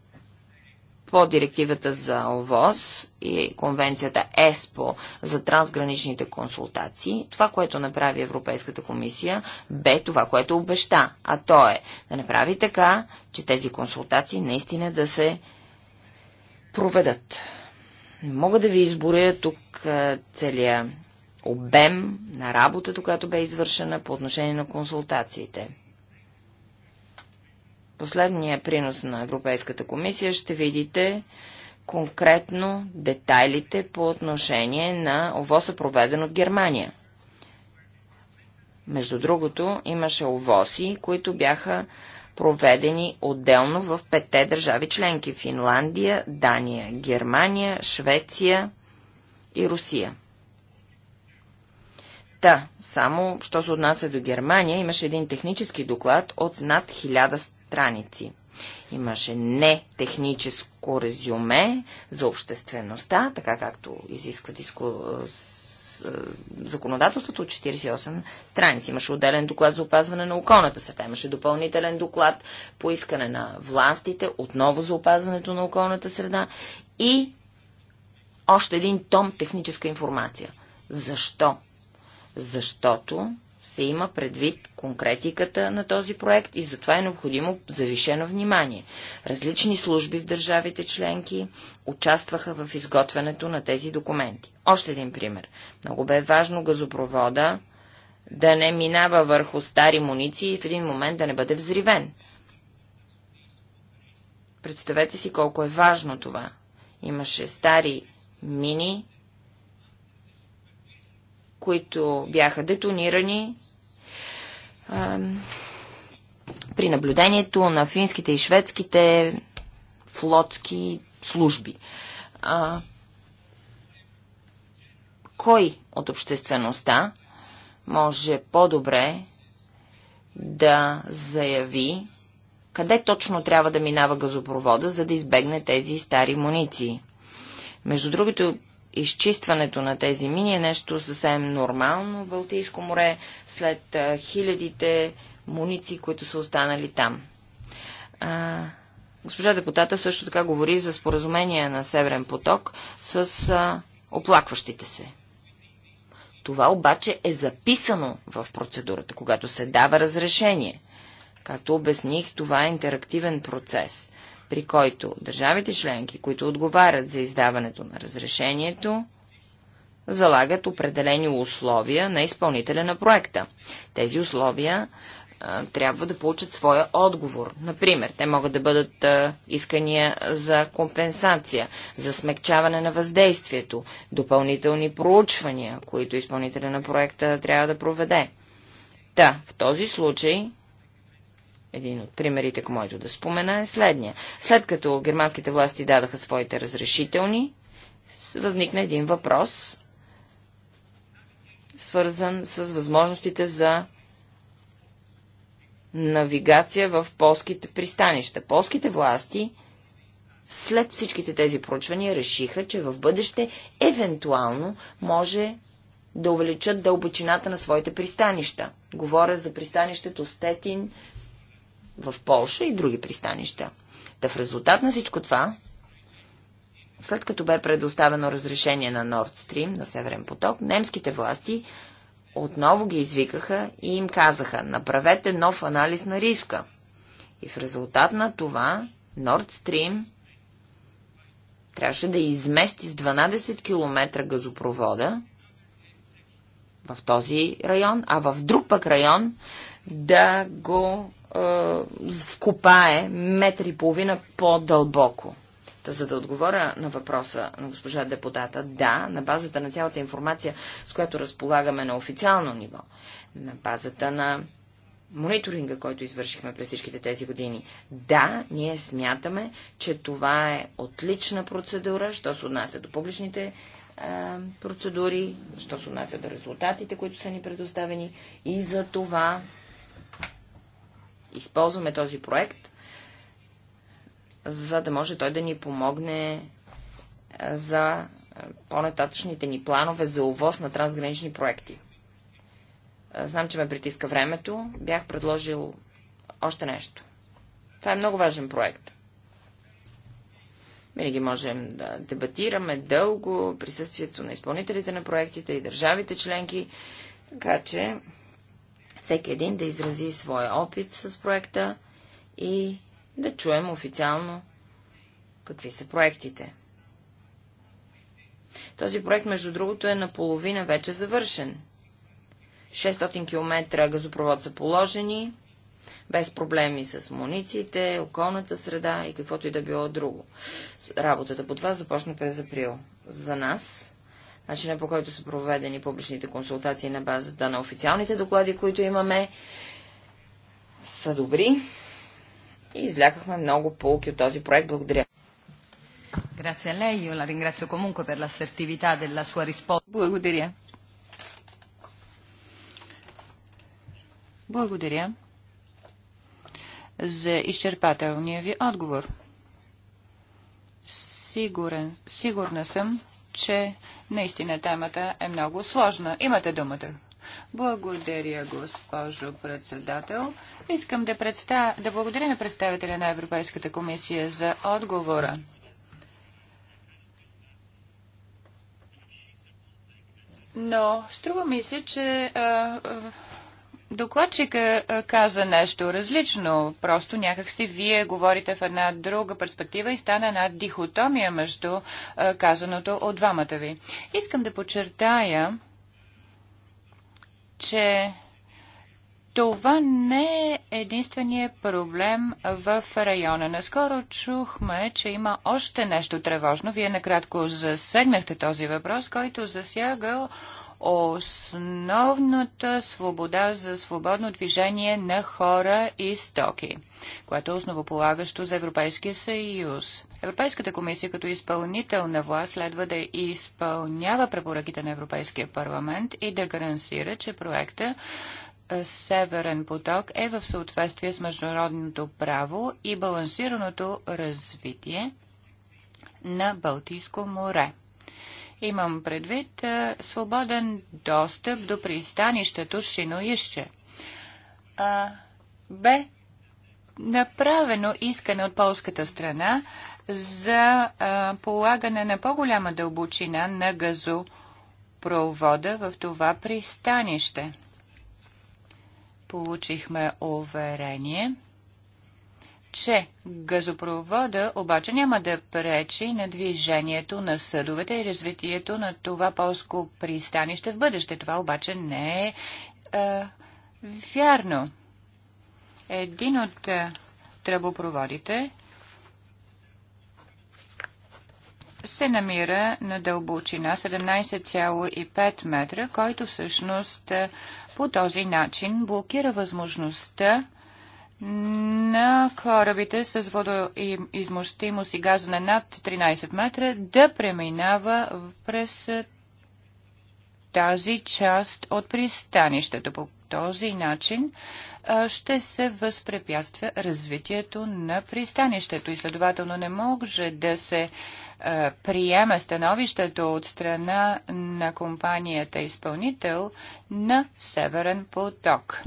по директивата за ОВОз и конвенцията ЕСПО за трансграничните консултации, това, което направи Европейската комисия, бе това, което обеща, а то е да направи така, че тези консултации наистина да се проведат. Мога да ви изборя тук целия обем на работата, която бе извършена по отношение на консултациите – последния принос на Европейската комисия ще видите конкретно детайлите по отношение на овоса, проведен от Германия. Между другото, имаше овоси, които бяха проведени отделно в петте държави членки – Финландия, Дания, Германия, Швеция и Русия. Та, да, само, що се отнася до Германия, имаше един технически доклад от над 1000 страници. Имаше не техническо резюме за обществеността, така както изисква диско... Е, е, законодателството от 48 страници. Имаше отделен доклад за опазване на околната среда. Имаше допълнителен доклад по искане на властите, отново за опазването на околната среда и още един том техническа информация. Защо? Защото се има предвид конкретиката на този проект и затова е необходимо завишено внимание. Различни служби в държавите членки участваха в изготвянето на тези документи. Още един пример. Много бе важно газопровода да не минава върху стари муниции и в един момент да не бъде взривен. Представете си колко е важно това. Имаше стари мини, които бяха детонирани при наблюдението на финските и шведските флотски служби. А, кой от обществеността може по-добре да заяви къде точно трябва да минава газопровода, за да избегне тези стари муниции? Между другото, изчистването на тези мини е нещо съвсем нормално в Балтийско море след хилядите муници, които са останали там. А, госпожа депутата също така говори за споразумение на Северен поток с а, оплакващите се. Това обаче е записано в процедурата, когато се дава разрешение. Както обясних, това е интерактивен процес при който държавите членки, които отговарят за издаването на разрешението, залагат определени условия на изпълнителя на проекта. Тези условия а, трябва да получат своя отговор. Например, те могат да бъдат а, искания за компенсация, за смягчаване на въздействието, допълнителни проучвания, които изпълнителя на проекта трябва да проведе. Та, да, в този случай един от примерите, към който да спомена, е следния. След като германските власти дадаха своите разрешителни, възникна един въпрос, свързан с възможностите за навигация в полските пристанища. Полските власти след всичките тези проучвания решиха, че в бъдеще евентуално може да увеличат дълбочината на своите пристанища. Говоря за пристанището Стетин, в Полша и други пристанища. Та в резултат на всичко това, след като бе предоставено разрешение на Nord Stream, на Северен поток, немските власти отново ги извикаха и им казаха, направете нов анализ на риска. И в резултат на това Nord Stream трябваше да измести с 12 км газопровода в този район, а в друг пък район да го вкопае метри и половина по-дълбоко. Та, за да отговоря на въпроса на госпожа депутата, да, на базата на цялата информация, с която разполагаме на официално ниво, на базата на мониторинга, който извършихме през всичките тези години. Да, ние смятаме, че това е отлична процедура, що се отнася до публичните процедури, що се отнася до резултатите, които са ни предоставени и за това използваме този проект, за да може той да ни помогне е, за е, по-нататъчните ни планове за увоз на трансгранични проекти. Е, знам, че ме притиска времето. Бях предложил още нещо. Това е много важен проект. Винаги можем да дебатираме дълго присъствието на изпълнителите на проектите и държавите членки, така че всеки един да изрази своя опит с проекта и да чуем официално какви са проектите. Този проект, между другото, е наполовина вече завършен. 600 км газопровод са положени, без проблеми с мунициите, околната среда и каквото и да било друго. Работата по това започна през април. За нас начина по който са проведени публичните консултации на базата на официалните доклади, които имаме, са добри и излякахме много полки от този проект. Благодаря. Благодаря. Благодаря за изчерпателния ви отговор. Сигурен, сигурна съм, че Наистина темата е много сложна. Имате думата. Благодаря, госпожо председател. Искам да, представ... да благодаря на представителя на Европейската комисия за отговора. Но струва ми се, че а, Докладчика каза нещо различно. Просто някакси вие говорите в една друга перспектива и стана една дихотомия между казаното от двамата ви. Искам да подчертая, че това не е единственият проблем в района. Наскоро чухме, че има още нещо тревожно. Вие накратко засегнахте този въпрос, който засяга основната свобода за свободно движение на хора и стоки, което е основополагащо за Европейския съюз. Европейската комисия като изпълнителна власт следва да изпълнява препоръките на Европейския парламент и да гарантира, че проекта е, Северен поток е в съответствие с международното право и балансираното развитие на Балтийско море. Имам предвид е, свободен достъп до пристанището Шиноище. А, бе направено искане от полската страна за а, полагане на по-голяма дълбочина на газопровода в това пристанище. Получихме уверение, че газопровода обаче няма да пречи на движението на съдовете и развитието на това полско пристанище в бъдеще. Това обаче не е, е вярно. Един от е, тръбопроводите се намира на дълбочина 17,5 метра, който всъщност е, по този начин блокира възможността на корабите с водоизмощимост и газане над 13 метра да преминава през тази част от пристанището. По този начин ще се възпрепятства развитието на пристанището и следователно не може да се приема становището от страна на компанията изпълнител на Северен поток.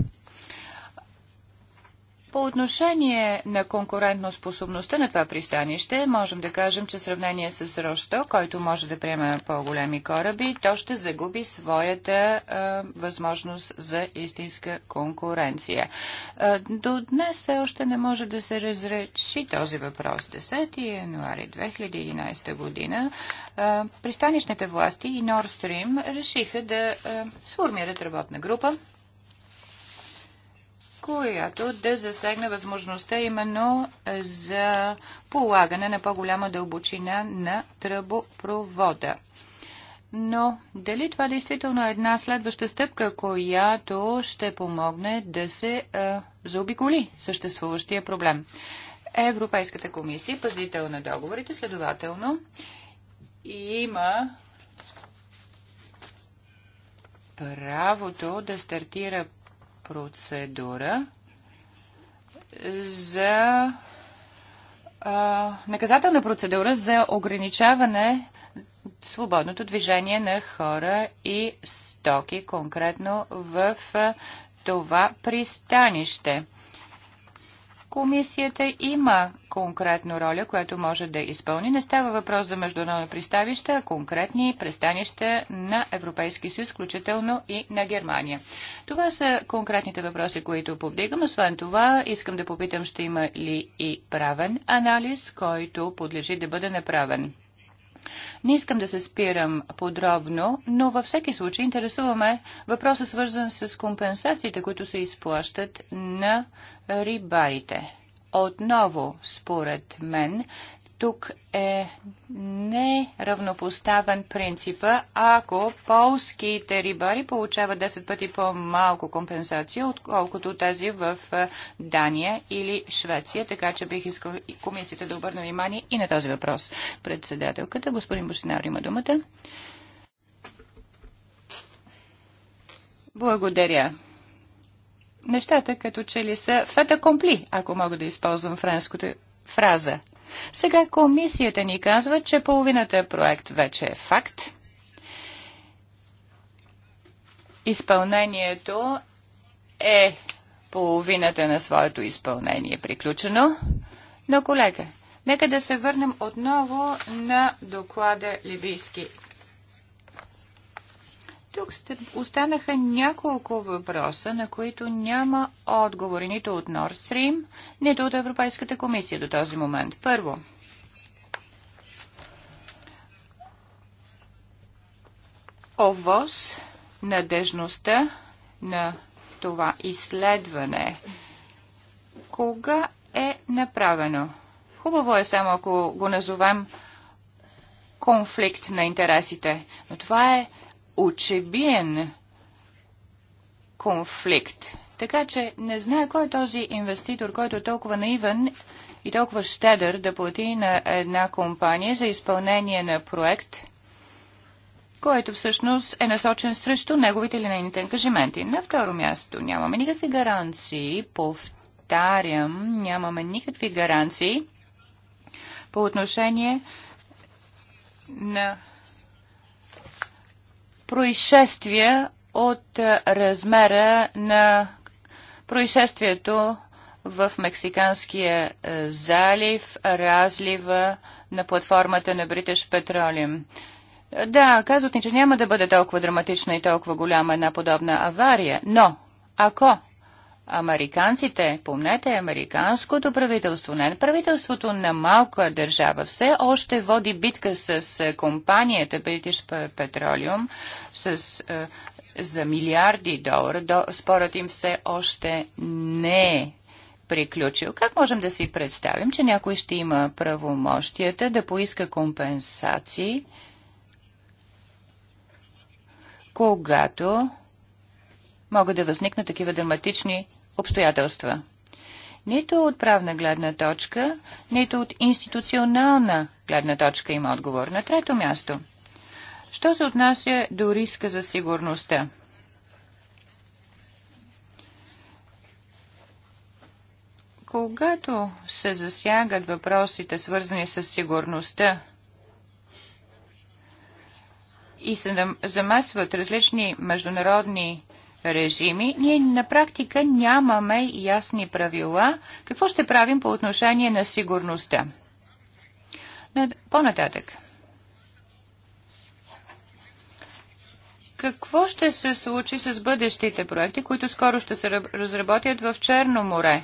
По отношение на конкурентноспособността на това пристанище, можем да кажем, че в сравнение с Росто, който може да приема по-големи кораби, то ще загуби своята а, възможност за истинска конкуренция. А, до днес все още не може да се разреши този въпрос. 10 януари 2011 година а, пристанищните власти и Nord Stream решиха да а, сформират работна група която да засегне възможността именно за полагане на по-голяма дълбочина на тръбопровода. Но дали това действително е една следваща стъпка, която ще помогне да се е, заобиколи съществуващия проблем? Европейската комисия, е пазител на договорите, следователно, има правото да стартира процедура за а, наказателна процедура за ограничаване свободното движение на хора и стоки, конкретно в това пристанище комисията има конкретна роля, която може да изпълни. Не става въпрос за международни пристанище, а конкретни пристанища на Европейски съюз, включително и на Германия. Това са конкретните въпроси, които повдигам. Освен това, искам да попитам, ще има ли и правен анализ, който подлежи да бъде направен. Не искам да се спирам подробно, но във всеки случай интересуваме въпроса свързан с компенсациите, които се изплащат на рибарите. Отново, според мен, тук е неравнопоставен принципа, ако полските рибари получават 10 пъти по-малко компенсация, отколкото тази в е, Дания или Швеция. Така че бих искал комисията да обърна внимание и на този въпрос. Председателката, господин Бощинар, има думата. Благодаря. Нещата като че ли са фета компли, ако мога да използвам френското фраза. Сега комисията ни казва, че половината проект вече е факт. Изпълнението е половината на своето изпълнение приключено. Но, колега, нека да се върнем отново на доклада Либийски тук сте, останаха няколко въпроса, на които няма отговори нито от Nord Stream, нито от Европейската комисия до този момент. Първо, ОВОС, надежността на това изследване. Кога е направено? Хубаво е само ако го назовем конфликт на интересите, но това е учебиен конфликт. Така че не знае кой е този инвеститор, който е толкова наивен и толкова щедър да плати на една компания за изпълнение на проект, който всъщност е насочен срещу неговите или нейните ангажименти. На второ място нямаме никакви гаранции, повтарям, нямаме никакви гаранции по отношение на происшествие от е, размера на происшествието в Мексиканския е, залив, разлива на платформата на British Петролим. Да, казват ни, че няма да бъде толкова драматична и толкова голяма една подобна авария, но ако Американците, помнете, американското правителство, не правителството на малка държава, все още води битка с е, компанията British Petroleum с, е, за милиарди долара. До, спорът им все още не е приключил. Как можем да си представим, че някой ще има правомощията да поиска компенсации, когато могат да възникнат такива драматични обстоятелства. Нито от правна гледна точка, нито от институционална гледна точка има отговор. На трето място. Що се отнася до риска за сигурността? Когато се засягат въпросите, свързани с сигурността, и се замесват различни международни режими, ние на практика нямаме ясни правила какво ще правим по отношение на сигурността. По-нататък. Какво ще се случи с бъдещите проекти, които скоро ще се разработят в Черно море,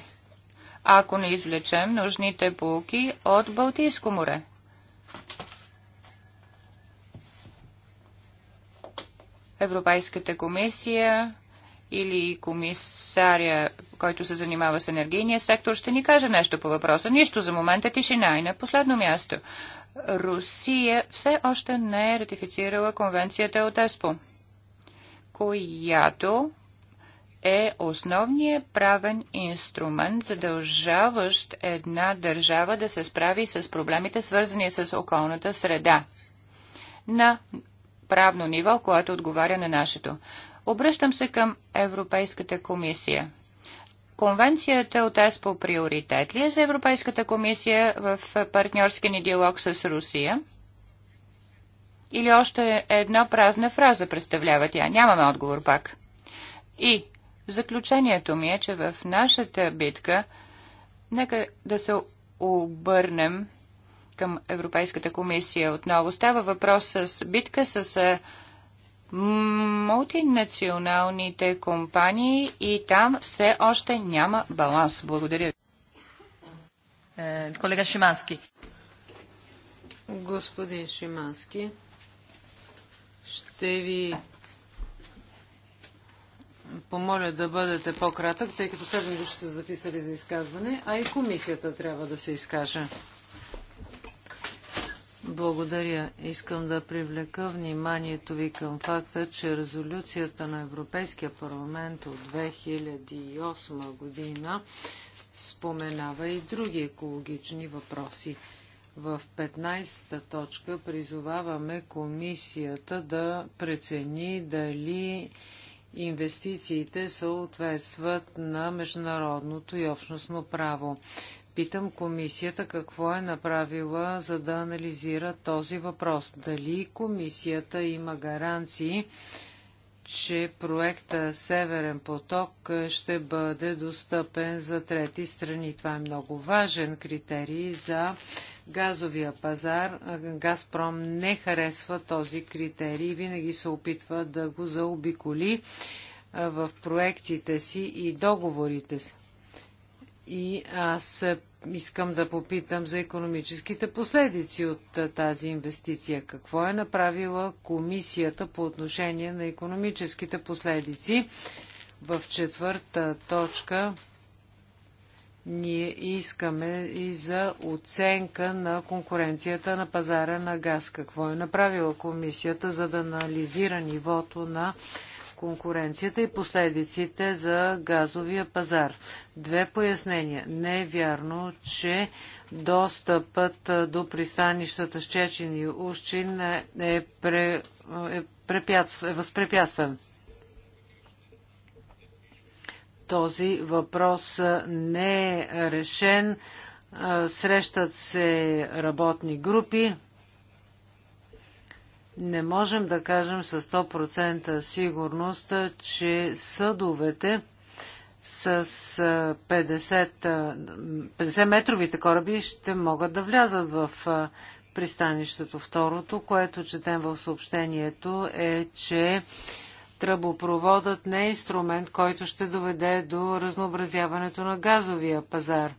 ако не извлечем нужните полки от Балтийско море? Европейската комисия или комисаря, който се занимава с енергийния сектор, ще ни каже нещо по въпроса. Нищо за момента тишина. И на последно място. Русия все още не е ратифицирала конвенцията от ЕСПО, която е основният правен инструмент, задължаващ една държава да се справи с проблемите, свързани с околната среда на правно ниво, което отговаря на нашето. Обръщам се към Европейската комисия. Конвенцията от ЕСПО приоритет ли е за Европейската комисия в партньорски ни диалог с Русия? Или още една празна фраза представлява тя? Нямаме отговор пак. И заключението ми е, че в нашата битка нека да се обърнем към Европейската комисия отново. Става въпрос с битка с мултинационалните компании и там все още няма баланс. Благодаря ви. Е, колега Шимански. Господин Шимански, ще ви помоля да бъдете по-кратък, тъй като 7 души са записали за изказване, а и комисията трябва да се изкаже. Благодаря. Искам да привлека вниманието ви към факта, че резолюцията на Европейския парламент от 2008 година споменава и други екологични въпроси. В 15-та точка призоваваме комисията да прецени дали инвестициите съответстват на международното и общностно право. Питам комисията какво е направила, за да анализира този въпрос. Дали комисията има гаранции, че проекта Северен поток ще бъде достъпен за трети страни. Това е много важен критерий за газовия пазар. Газпром не харесва този критерий и винаги се опитва да го заобиколи в проектите си и договорите си. И аз е, искам да попитам за економическите последици от е, тази инвестиция. Какво е направила комисията по отношение на економическите последици? В четвърта точка ние искаме и за оценка на конкуренцията на пазара на газ. Какво е направила комисията, за да анализира нивото на конкуренцията и последиците за газовия пазар. Две пояснения. Не е вярно, че достъпът до пристанищата с Чечин и Ушчин е, е пре, е, препятств, е възпрепятстван. Този въпрос не е решен. Срещат се работни групи, не можем да кажем със 100% сигурност, че съдовете с 50-метровите кораби ще могат да влязат в пристанището. Второто, което четем в съобщението е, че тръбопроводът не е инструмент, който ще доведе до разнообразяването на газовия пазар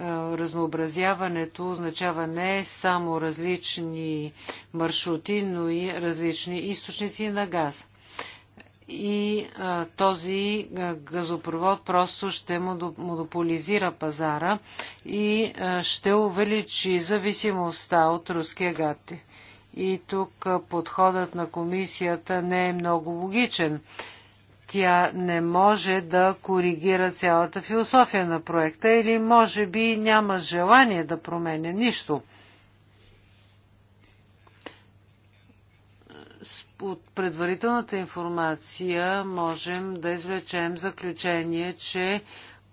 разнообразяването означава не само различни маршрути, но и различни източници на газ. И а, този газопровод просто ще монополизира пазара и а, ще увеличи зависимостта от руския гад. И тук подходът на комисията не е много логичен тя не може да коригира цялата философия на проекта или може би няма желание да променя нищо. От предварителната информация можем да извлечем заключение, че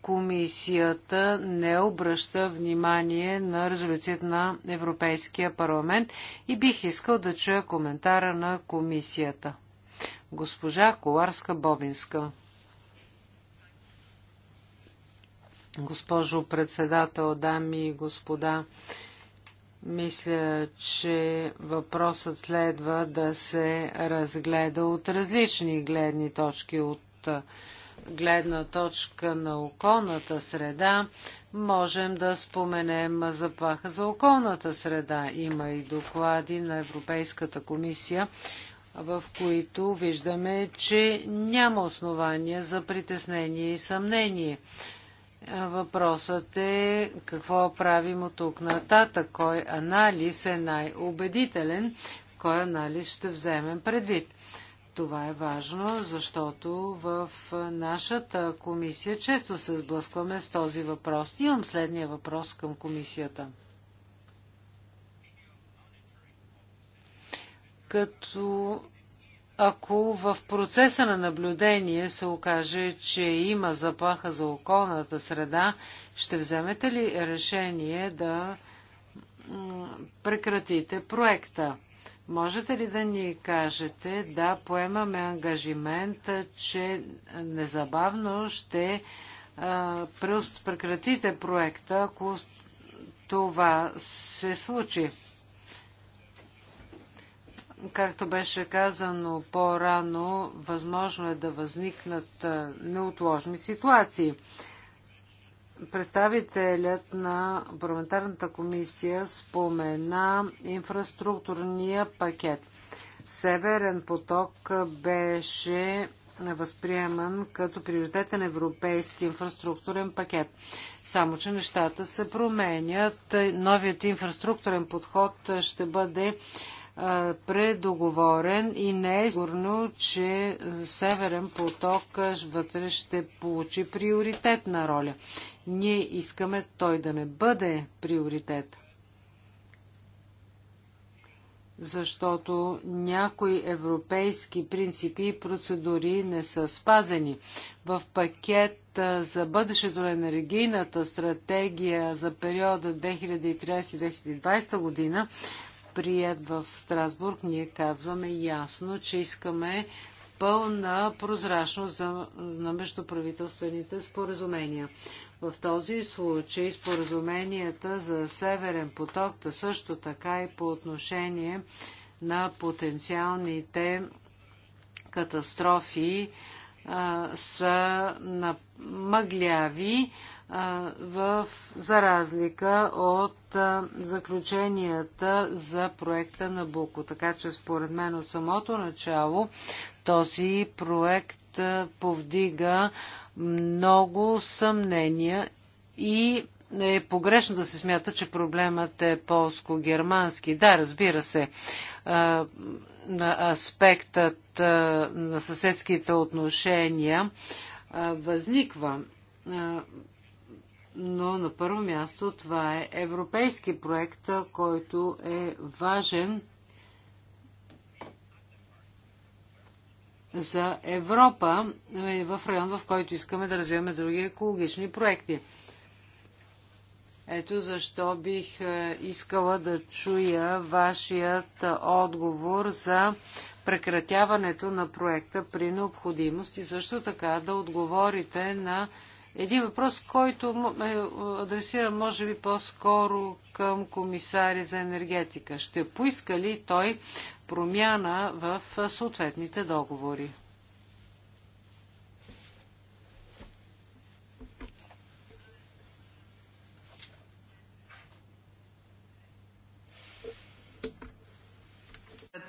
комисията не обръща внимание на резолюцията на Европейския парламент и бих искал да чуя коментара на комисията. Госпожа Коларска-Бобинска. Госпожо председател, дами и господа, мисля, че въпросът следва да се разгледа от различни гледни точки, от гледна точка на околната среда, можем да споменем заплаха за околната среда. Има и доклади на Европейската комисия в които виждаме, че няма основания за притеснение и съмнение. Въпросът е какво правим от тук нататък, кой анализ е най-убедителен, кой анализ ще вземем предвид. Това е важно, защото в нашата комисия често се сблъскваме с този въпрос. Имам следния въпрос към комисията. като ако в процеса на наблюдение се окаже, че има заплаха за околната среда, ще вземете ли решение да прекратите проекта? Можете ли да ни кажете, да, поемаме ангажимент, че незабавно ще прекратите проекта, ако това се случи? Както беше казано по-рано, възможно е да възникнат неотложни ситуации. Представителят на парламентарната комисия спомена инфраструктурния пакет. Северен поток беше възприеман като приоритетен европейски инфраструктурен пакет. Само, че нещата се променят. Новият инфраструктурен подход ще бъде предоговорен и не е сигурно, че Северен поток вътре ще получи приоритетна роля. Ние искаме той да не бъде приоритет. Защото някои европейски принципи и процедури не са спазени. В пакет за бъдещето на енергийната стратегия за периода 2013-2020 година прият в Страсбург, ние казваме ясно, че искаме пълна прозрачност за, на междуправителствените споразумения. В този случай споразуменията за Северен поток, да също така и по отношение на потенциалните катастрофи а, са на мъгляви в, за разлика от а, заключенията за проекта на Буко. Така че според мен от самото начало този проект а, повдига много съмнения и е погрешно да се смята, че проблемът е полско-германски. Да, разбира се, а, аспектът на съседските отношения възниква но на първо място това е европейски проект, който е важен за Европа е, в район, в който искаме да развиваме други екологични проекти. Ето защо бих е, искала да чуя вашият отговор за прекратяването на проекта при необходимост и също така да отговорите на един въпрос, който е, е адресиран, може би, по-скоро към комисари за енергетика. Ще поиска ли той промяна в съответните договори?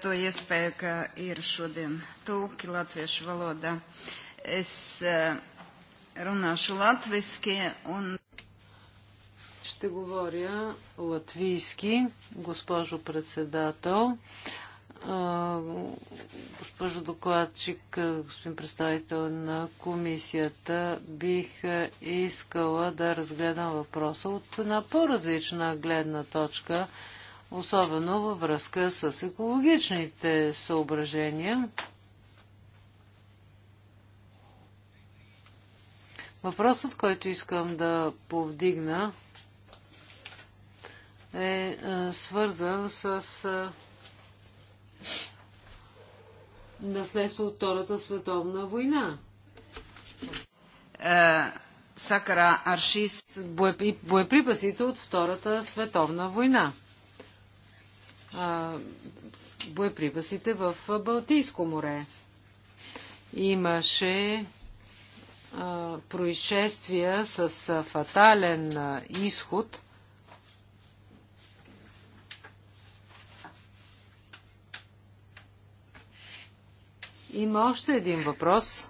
to iespēju, ka ir šodien tūki latviešu valodā. Es uh, runāšu latviski Он... Ще говоря латвийски, госпожо председател, госпожо докладчик, господин представител на комисията. Бих искала да разгледам въпроса от една по-различна гледна точка, особено във връзка с екологичните съображения. Въпросът, който искам да повдигна, е, е свързан с е, наследство от Втората световна война. Е, Сакара Аршис боеприпасите от Втората световна война. боеприпасите в Балтийско море. Имаше происшествия с фатален изход. Има още един въпрос,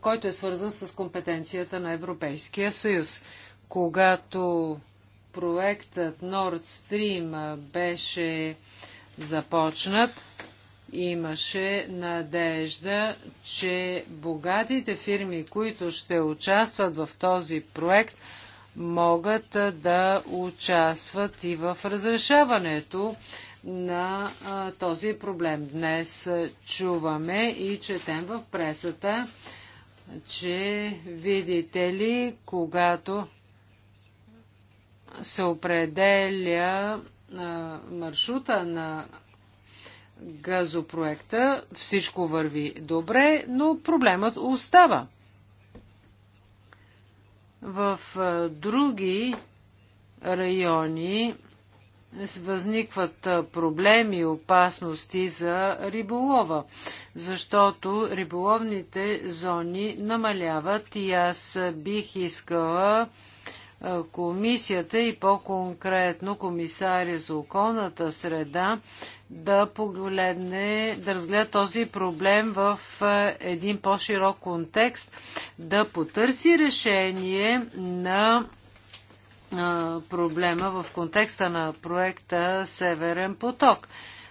който е свързан с компетенцията на Европейския съюз. Когато проектът Nord Stream беше започнат, имаше надежда, че богатите фирми, които ще участват в този проект, могат да участват и в разрешаването на а, този проблем. Днес чуваме и четем в пресата, че видите ли, когато се определя а, маршрута на газопроекта. Всичко върви добре, но проблемът остава. В други райони възникват проблеми и опасности за риболова, защото риболовните зони намаляват и аз бих искала комисията и по-конкретно комисаря за околната среда да погледне, да разгледа този проблем в един по-широк контекст, да потърси решение на проблема в контекста на проекта Северен поток.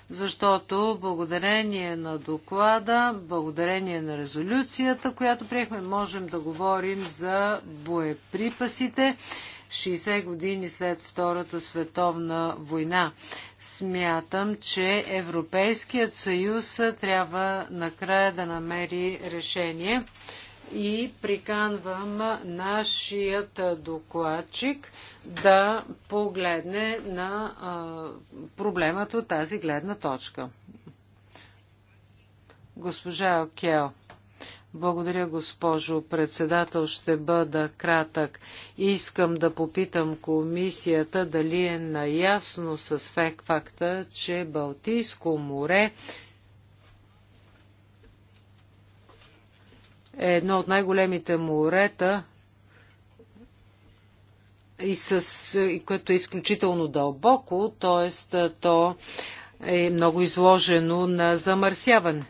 Защото благодарение на доклада, благодарение на резолюцията, която приехме, можем да говорим за боеприпасите 60 години след Втората световна война. Смятам, че Европейският съюз трябва накрая да намери решение и приканвам нашият докладчик да погледне на а, от тази гледна точка. Госпожа Окел. Благодаря, госпожо председател. Ще бъда кратък. Искам да попитам комисията дали е наясно с факта, че Балтийско море е едно от най-големите морета, и с, което е изключително дълбоко, т.е. то е много изложено на замърсяване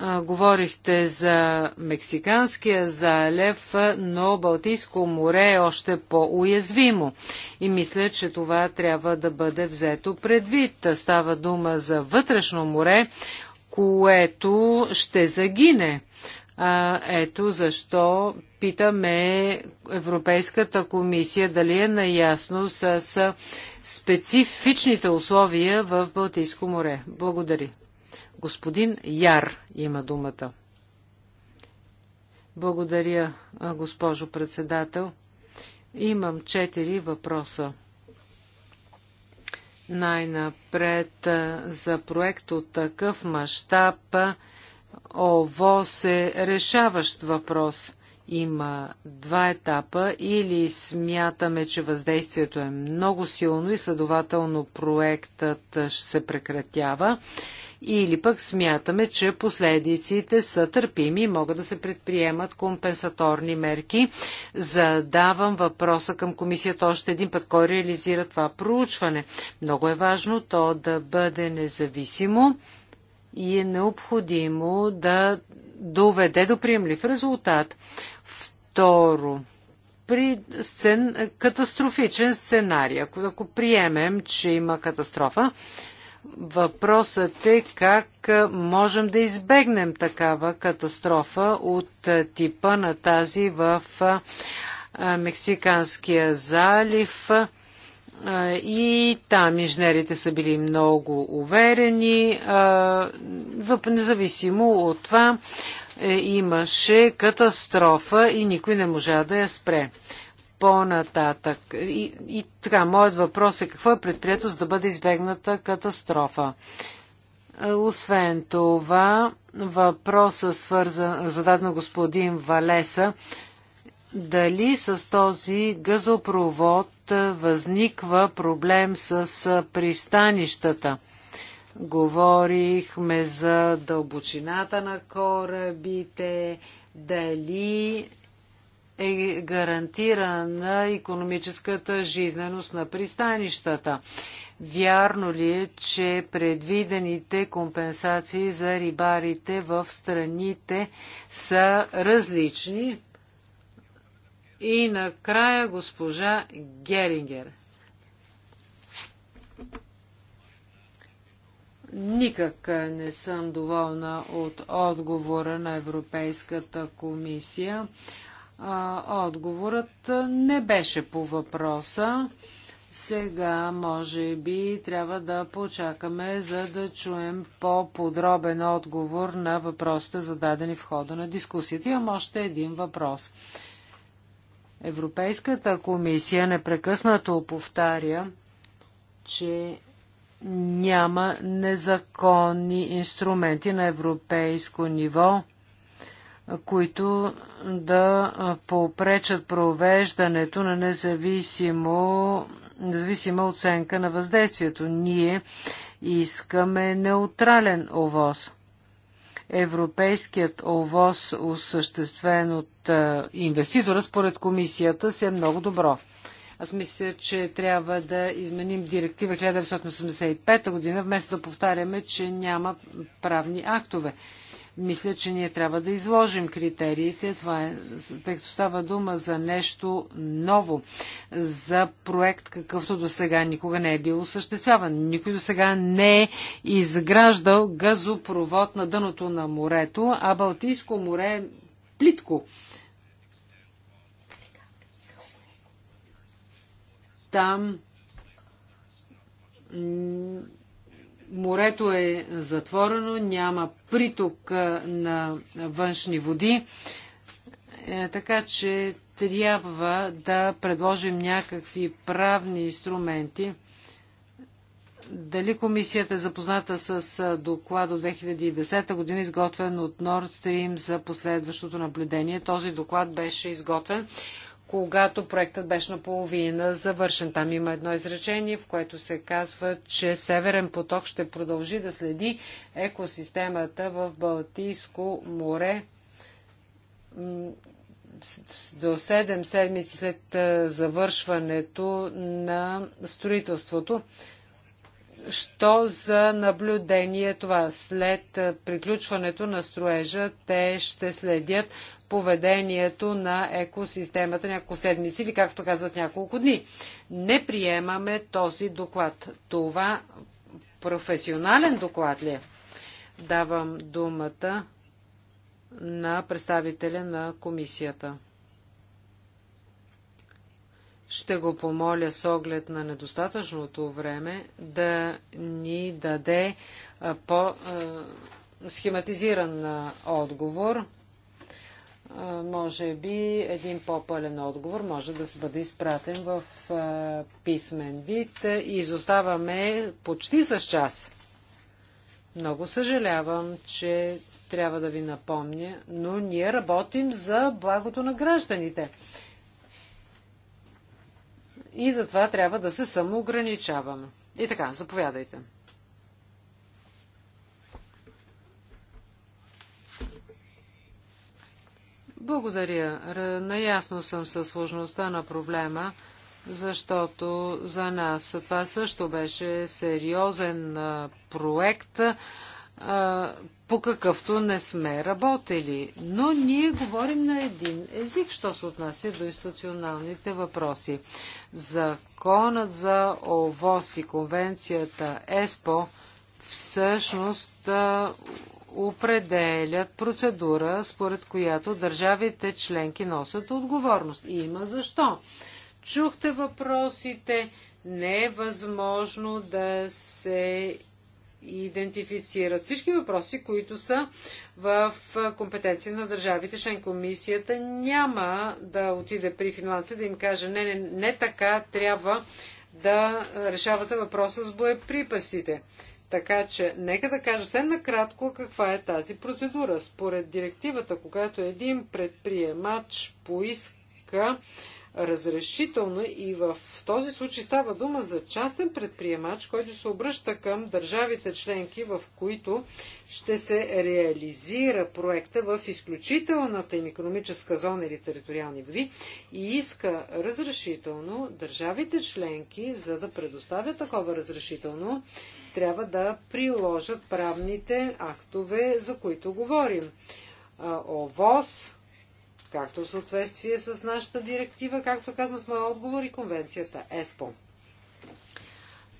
а, говорихте за Мексиканския залев, но Балтийско море е още по-уязвимо. И мисля, че това трябва да бъде взето предвид. Става дума за вътрешно море, което ще загине. А, ето защо питаме Европейската комисия дали е наясно с, с специфичните условия в Балтийско море. Благодаря. Господин Яр има думата. Благодаря, госпожо председател. Имам четири въпроса. Най-напред за проект от такъв мащаб ОВО се решаващ въпрос. Има два етапа или смятаме, че въздействието е много силно и следователно проектът се прекратява или пък смятаме, че последиците са търпими и могат да се предприемат компенсаторни мерки. Задавам въпроса към комисията още един път, кой реализира това проучване. Много е важно то да бъде независимо и е необходимо да доведе до приемлив резултат. Второ, при сцен... катастрофичен сценарий, ако, ако приемем, че има катастрофа, Въпросът е как можем да избегнем такава катастрофа от типа на тази в Мексиканския залив. И там инженерите са били много уверени. Независимо от това, е, имаше катастрофа и никой не можа да я спре по-нататък. И, и така, моят въпрос е какво е предприето, за да бъде избегната катастрофа? Е, освен това, въпроса свързан, зададен господин Валеса, дали с този газопровод е, възниква проблем с е, пристанищата? Говорихме за дълбочината на корабите, дали е гарантирана економическата жизненост на пристанищата. Вярно ли е, че предвидените компенсации за рибарите в страните са различни? И накрая госпожа Герингер. Никак не съм доволна от отговора на Европейската комисия. Отговорът не беше по въпроса. Сега, може би, трябва да почакаме, за да чуем по-подробен отговор на въпросите, зададени в хода на дискусията. Имам още един въпрос. Европейската комисия непрекъснато повтаря, че няма незаконни инструменти на европейско ниво които да попречат провеждането на независимо, независима оценка на въздействието. Ние искаме неутрален овоз. Европейският овоз, осъществен от инвеститора, според комисията, се е много добро. Аз мисля, че трябва да изменим директива 1985 година, вместо да повтаряме, че няма правни актове. Мисля, че ние трябва да изложим критериите, това е, тъй като става дума за нещо ново, за проект, какъвто до сега никога не е бил осъществяван. Никой до сега не е изграждал газопровод на дъното на морето, а Балтийско море е плитко. Там морето е затворено, няма приток на външни води, е, така че трябва да предложим някакви правни инструменти. Дали комисията е запозната с доклад от 2010 година, изготвен от Nord Stream за последващото наблюдение? Този доклад беше изготвен когато проектът беше наполовина завършен. Там има едно изречение, в което се казва, че Северен поток ще продължи да следи екосистемата в Балтийско море до 7 седмици след завършването на строителството. Що за наблюдение това? След приключването на строежа те ще следят поведението на екосистемата няколко седмици или както казват няколко дни. Не приемаме този доклад. Това професионален доклад ли е? Давам думата на представителя на комисията. Ще го помоля с оглед на недостатъчното време да ни даде по-схематизиран отговор може би един по-пълен отговор може да се бъде изпратен в писмен вид. и Изоставаме почти с час. Много съжалявам, че трябва да ви напомня, но ние работим за благото на гражданите. И затова трябва да се самоограничаваме. И така, заповядайте. Благодаря. Наясно съм със сложността на проблема, защото за нас това също беше сериозен проект, по какъвто не сме работили. Но ние говорим на един език, що се отнася до институционалните въпроси. Законът за ОВОС и конвенцията ЕСПО всъщност определят процедура, според която държавите членки носят отговорност. И има защо. Чухте въпросите. Не е възможно да се идентифицират всички въпроси, които са в компетенция на държавите. Член комисията няма да отиде при финландците да им каже не, не, не така трябва да решавате въпроса с боеприпасите. Така че, нека да кажа съвсем накратко каква е тази процедура. Според директивата, когато един предприемач поиска разрешително и в този случай става дума за частен предприемач, който се обръща към държавите членки, в които ще се реализира проекта в изключителната им економическа зона или териториални води и иска разрешително държавите членки, за да предоставят такова разрешително, трябва да приложат правните актове, за които говорим. ОВОС, както в съответствие с нашата директива, както казвам в моя отговор и конвенцията ЕСПО.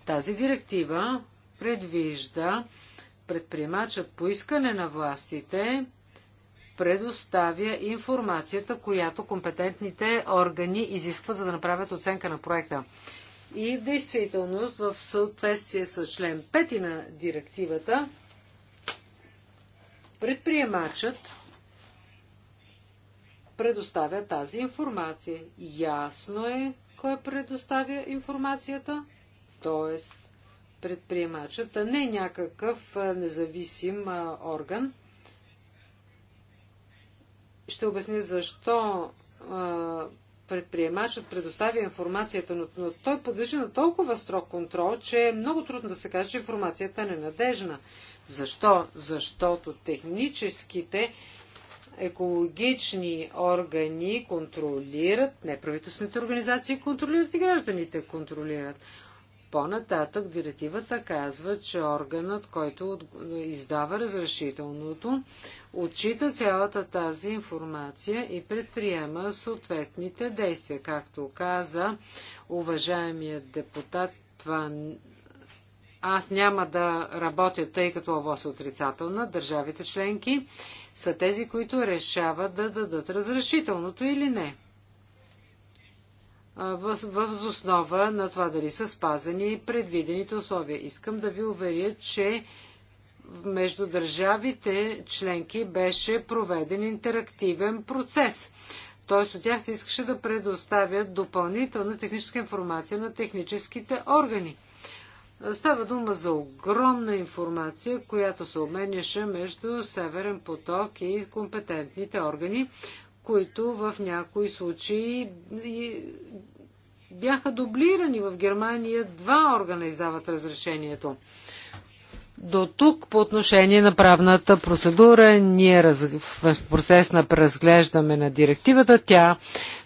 Тази директива предвижда предприемачът по искане на властите предоставя информацията, която компетентните органи изискват, за да направят оценка на проекта. И в действителност, в съответствие с член 5 на директивата, предприемачът предоставя тази информация. Ясно е кой предоставя информацията, т.е. предприемачът, а не някакъв независим орган. Ще обясня защо предприемачът предоставя информацията, но, но той подлежи на толкова строг контрол, че е много трудно да се каже, че информацията е ненадежна. Защо? Защото техническите екологични органи контролират, неправителствените организации контролират и гражданите контролират. По-нататък директивата казва, че органът, който издава разрешителното, отчита цялата тази информация и предприема съответните действия. Както каза уважаемият депутат, това аз няма да работя, тъй като ОВОС е отрицателна. Държавите членки са тези, които решават да дадат разрешителното или не въз основа на това дали са спазени предвидените условия. Искам да ви уверя, че между държавите членки беше проведен интерактивен процес. Т.е. от тях се искаше да предоставят допълнителна техническа информация на техническите органи. Става дума за огромна информация, която се обменяше между Северен поток и компетентните органи, които в някои случаи бяха дублирани. В Германия два органа издават разрешението. До тук по отношение на правната процедура ние раз... в процес на преразглеждаме на директивата. Тя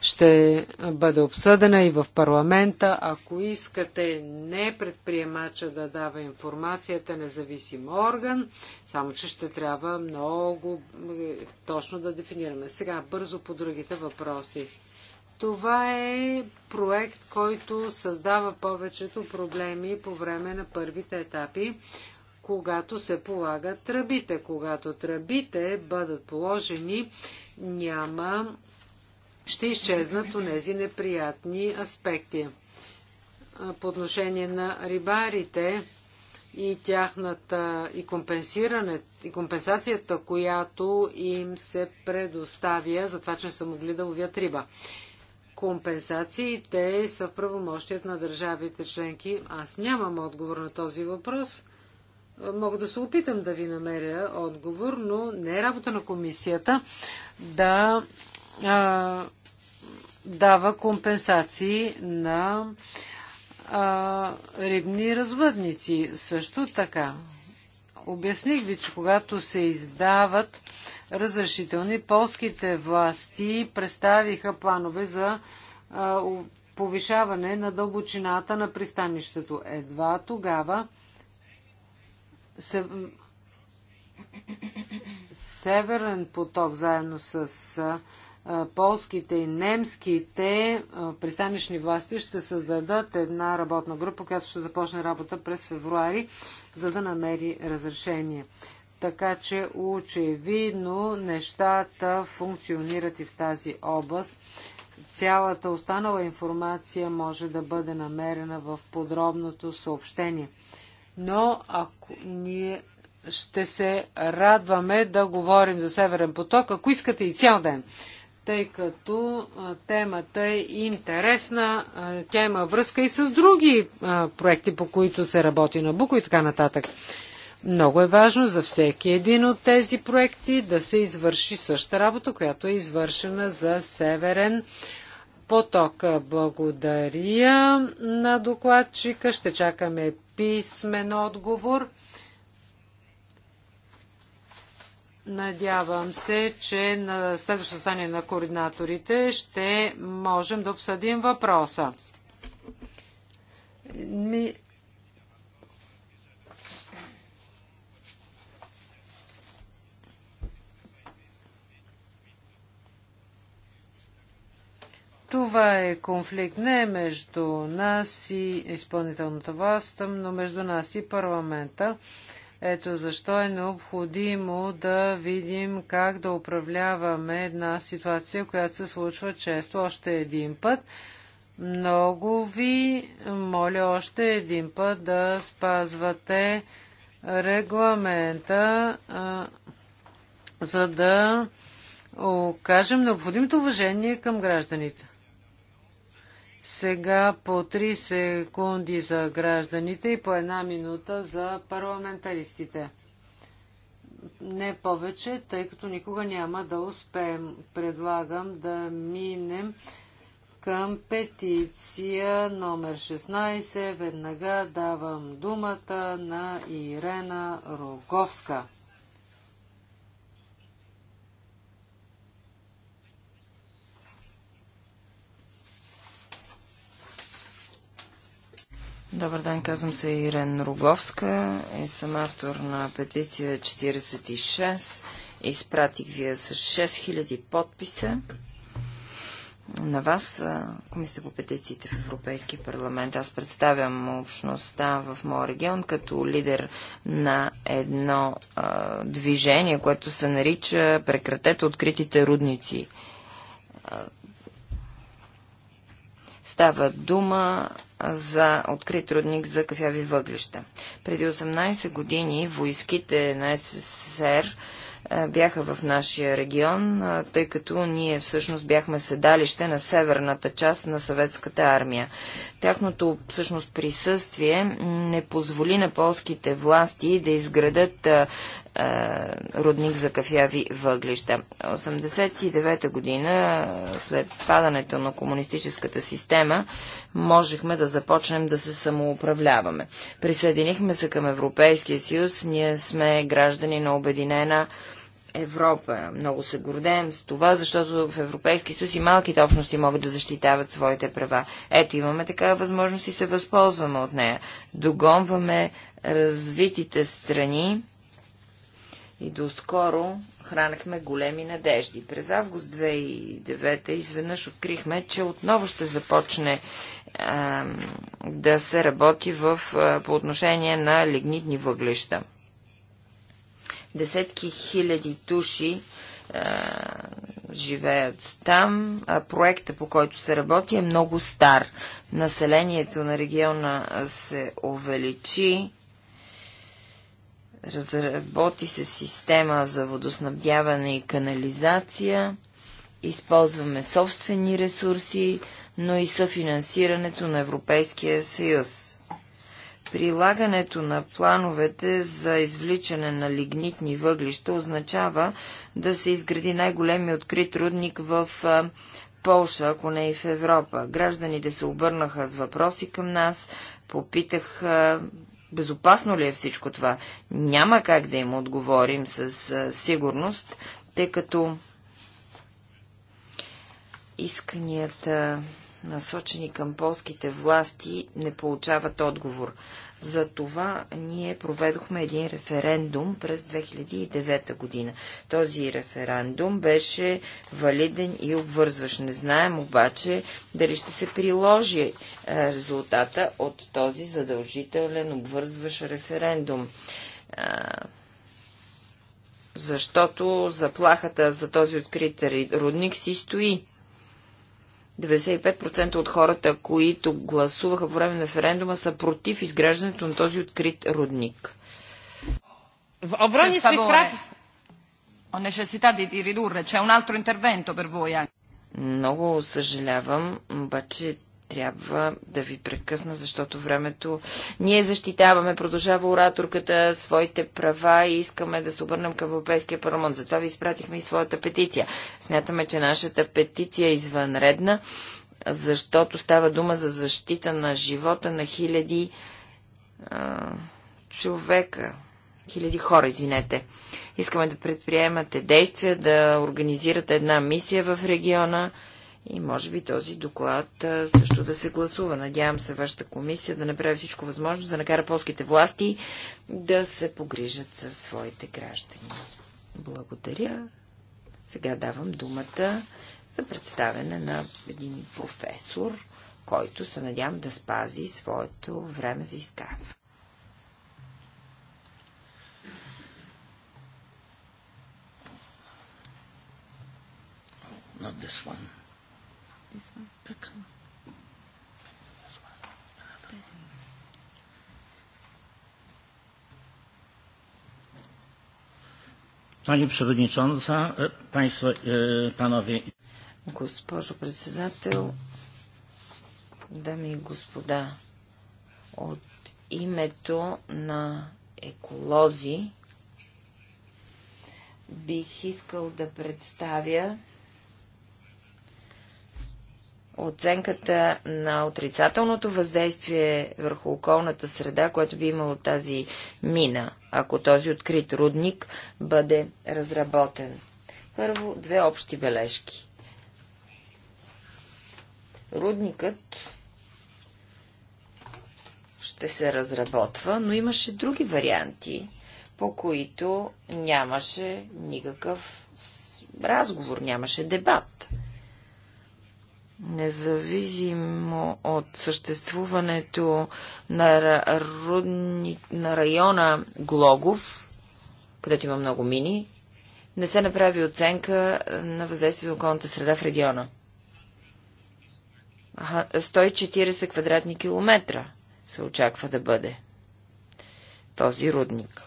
ще бъде обсъдена и в парламента. Ако искате не предприемача да дава информацията независим орган, само че ще трябва много е, точно да дефинираме. Сега бързо по другите въпроси. Това е проект, който създава повечето проблеми по време на първите етапи когато се полагат тръбите. Когато тръбите бъдат положени, няма ще изчезнат у нези неприятни аспекти. По отношение на рибарите и тяхната и, компенсиране, и компенсацията, която им се предоставя за това, че не са могли да ловят риба. Компенсациите са в правомощият на държавите членки. Аз нямам отговор на този въпрос мога да се опитам да ви намеря отговор, но не е работа на комисията да а, дава компенсации на а, рибни развъдници. Също така, обясних ви, че когато се издават разрешителни, полските власти представиха планове за а, повишаване на дълбочината на пристанището. Едва тогава Северен поток заедно с полските и немските пристанищни власти ще създадат една работна група, която ще започне работа през февруари, за да намери разрешение. Така че очевидно нещата функционират и в тази област. Цялата останала информация може да бъде намерена в подробното съобщение. Но ако ние ще се радваме да говорим за Северен поток, ако искате и цял ден, тъй като темата е интересна, тя има връзка и с други проекти, по които се работи на Буко и така нататък. Много е важно за всеки един от тези проекти да се извърши същата работа, която е извършена за Северен поток. Благодаря на докладчика. Ще чакаме писмен отговор. Надявам се, че на следващото стане на координаторите ще можем да обсъдим въпроса. Това е конфликт не между нас и изпълнителната власт, но между нас и парламента. Ето защо е необходимо да видим как да управляваме една ситуация, която се случва често още един път. Много ви моля още един път да спазвате регламента, а, за да окажем необходимото уважение към гражданите. Сега по 3 секунди за гражданите и по една минута за парламентаристите. Не повече, тъй като никога няма да успеем. Предлагам да минем към петиция номер 16. Веднага давам думата на Ирена Роговска. Добър ден, казвам се Ирен Роговска и съм автор на петиция 46. Изпратих вие с 6000 подписа на вас, Комисията по петициите в Европейския парламент. Аз представям общността в моя регион като лидер на едно а, движение, което се нарича Прекратете откритите рудници. А, става дума за открит рудник за кафяви въглища. Преди 18 години войските на СССР бяха в нашия регион, тъй като ние всъщност бяхме седалище на северната част на съветската армия. Тяхното всъщност присъствие не позволи на полските власти да изградат е, рудник за кафяви въглища. 89-та година, е, след падането на комунистическата система, можехме да започнем да се самоуправляваме. Присъединихме се към Европейския съюз, ние сме граждани на Обединена Европа. Много се гордеем с това, защото в Европейски съюз и малките общности могат да защитават своите права. Ето, имаме такава възможност и се възползваме от нея. Догонваме развитите страни и доскоро хранахме големи надежди. През август 2009 изведнъж открихме, че отново ще започне а, да се работи в, а, по отношение на лигнитни въглища. Десетки хиляди души а, живеят там. А проекта, по който се работи, е много стар. Населението на региона се увеличи Разработи се система за водоснабдяване и канализация. Използваме собствени ресурси, но и съфинансирането на Европейския съюз. Прилагането на плановете за извличане на лигнитни въглища означава да се изгради най-големи открит рудник в Полша, ако не и в Европа. Гражданите се обърнаха с въпроси към нас, попитаха Безопасно ли е всичко това? Няма как да им отговорим с сигурност, тъй като исканията, насочени към полските власти, не получават отговор. За това ние проведохме един референдум през 2009 година. Този референдум беше валиден и обвързващ. Не знаем обаче дали ще се приложи е, резултата от този задължителен обвързващ референдум е, защото заплахата за този открит родник си стои. 95% от хората, които гласуваха по време на референдума, са против изграждането на този открит родник. В оброни си прав... Ho necessità di, di ridurre, c'è un altro intervento per voi anche. Много съжалявам, обаче трябва да ви прекъсна, защото времето... Ние защитаваме, продължава ораторката, своите права и искаме да се обърнем към Европейския парламент. Затова ви изпратихме и своята петиция. Смятаме, че нашата петиция е извънредна, защото става дума за защита на живота на хиляди а, човека, хиляди хора, извинете. Искаме да предприемате действия, да организирате една мисия в региона, и може би този доклад също да се гласува. Надявам се вашата комисия да направи всичко възможно, за да накара полските власти да се погрижат за своите граждани. Благодаря. Сега давам думата за представяне на един професор, който се надявам да спази своето време за изказване. Not this one. Pani przewodnicząca, państwo, e, panowie. Госпожо председател, дами и господа, от името на еколози бих искал да представя оценката на отрицателното въздействие върху околната среда, което би имало тази мина, ако този открит рудник бъде разработен. Първо, две общи бележки. Рудникът ще се разработва, но имаше други варианти, по които нямаше никакъв разговор, нямаше дебат независимо от съществуването на, рудни, на района Глогов, където има много мини, не се направи оценка е, на въздействие на околната среда в региона. 140 квадратни километра се очаква да бъде този рудник.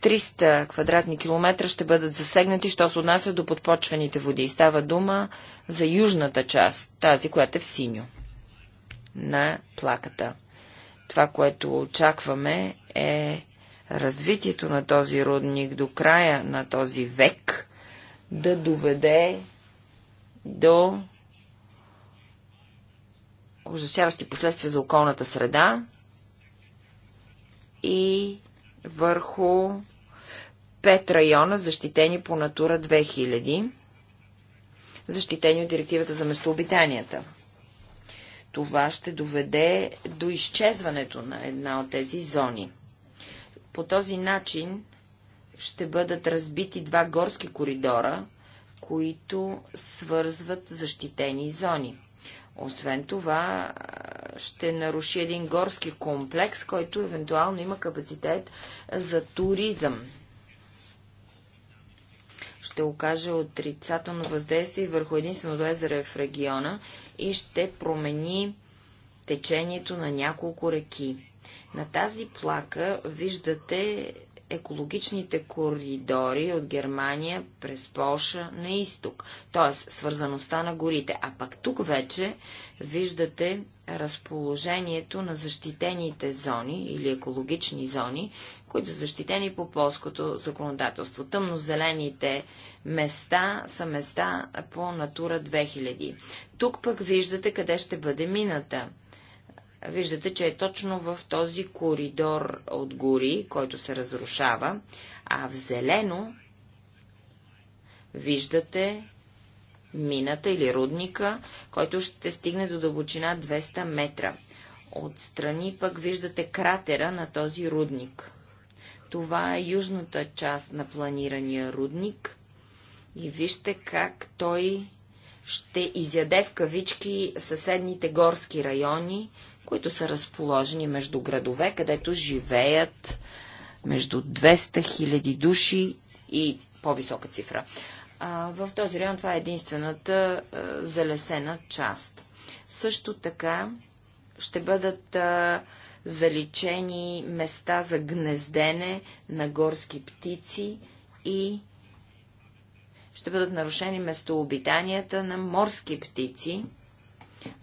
300 квадратни километра ще бъдат засегнати, що се отнася до подпочвените води. Става дума за южната част, тази, която е в синьо на плаката. Това, което очакваме е развитието на този рудник до края на този век да доведе до ужасяващи последствия за околната среда и върху пет района, защитени по Натура 2000, защитени от директивата за местообитанията. Това ще доведе до изчезването на една от тези зони. По този начин ще бъдат разбити два горски коридора, които свързват защитени зони. Освен това, ще наруши един горски комплекс, който евентуално има капацитет за туризъм ще окаже отрицателно въздействие върху единственото езеро в региона и ще промени течението на няколко реки. На тази плака виждате екологичните коридори от Германия през Полша на изток, т.е. свързаността на горите. А пък тук вече виждате разположението на защитените зони или екологични зони, които са защитени по полското законодателство. Тъмнозелените места са места по Натура 2000. Тук пък виждате къде ще бъде мината. Виждате, че е точно в този коридор от гори, който се разрушава, а в зелено виждате мината или рудника, който ще стигне до дълбочина 200 метра. Отстрани пък виждате кратера на този рудник. Това е южната част на планирания рудник. И вижте как той ще изяде в кавички съседните горски райони, които са разположени между градове, където живеят между 200 000 души и по-висока цифра. А, в този район това е единствената а, залесена част. Също така ще бъдат а, заличени места за гнездене на горски птици и ще бъдат нарушени местообитанията на морски птици,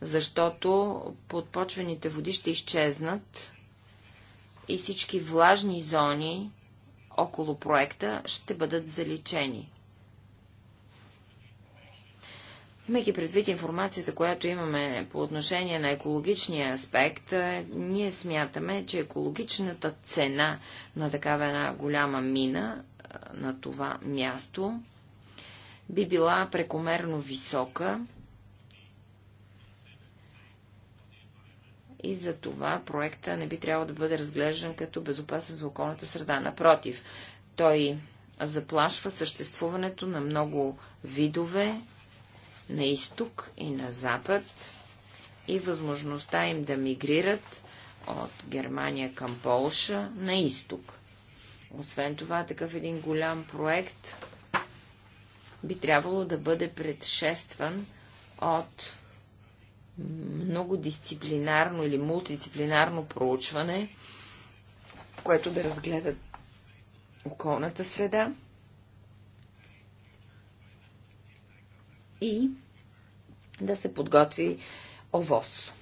защото подпочвените води ще изчезнат и всички влажни зони около проекта ще бъдат заличени. Имайки предвид информацията, която имаме по отношение на екологичния аспект, е, ние смятаме, че екологичната цена на такава една голяма мина е, на това място би била прекомерно висока и за това проекта не би трябвало да бъде разглеждан като безопасен за околната среда. Напротив, той заплашва съществуването на много видове на изток и на запад и възможността им да мигрират от Германия към Полша на изток. Освен това, такъв един голям проект би трябвало да бъде предшестван от много дисциплинарно или мултидисциплинарно проучване, което да разгледа околната среда, и да се подготви овоз.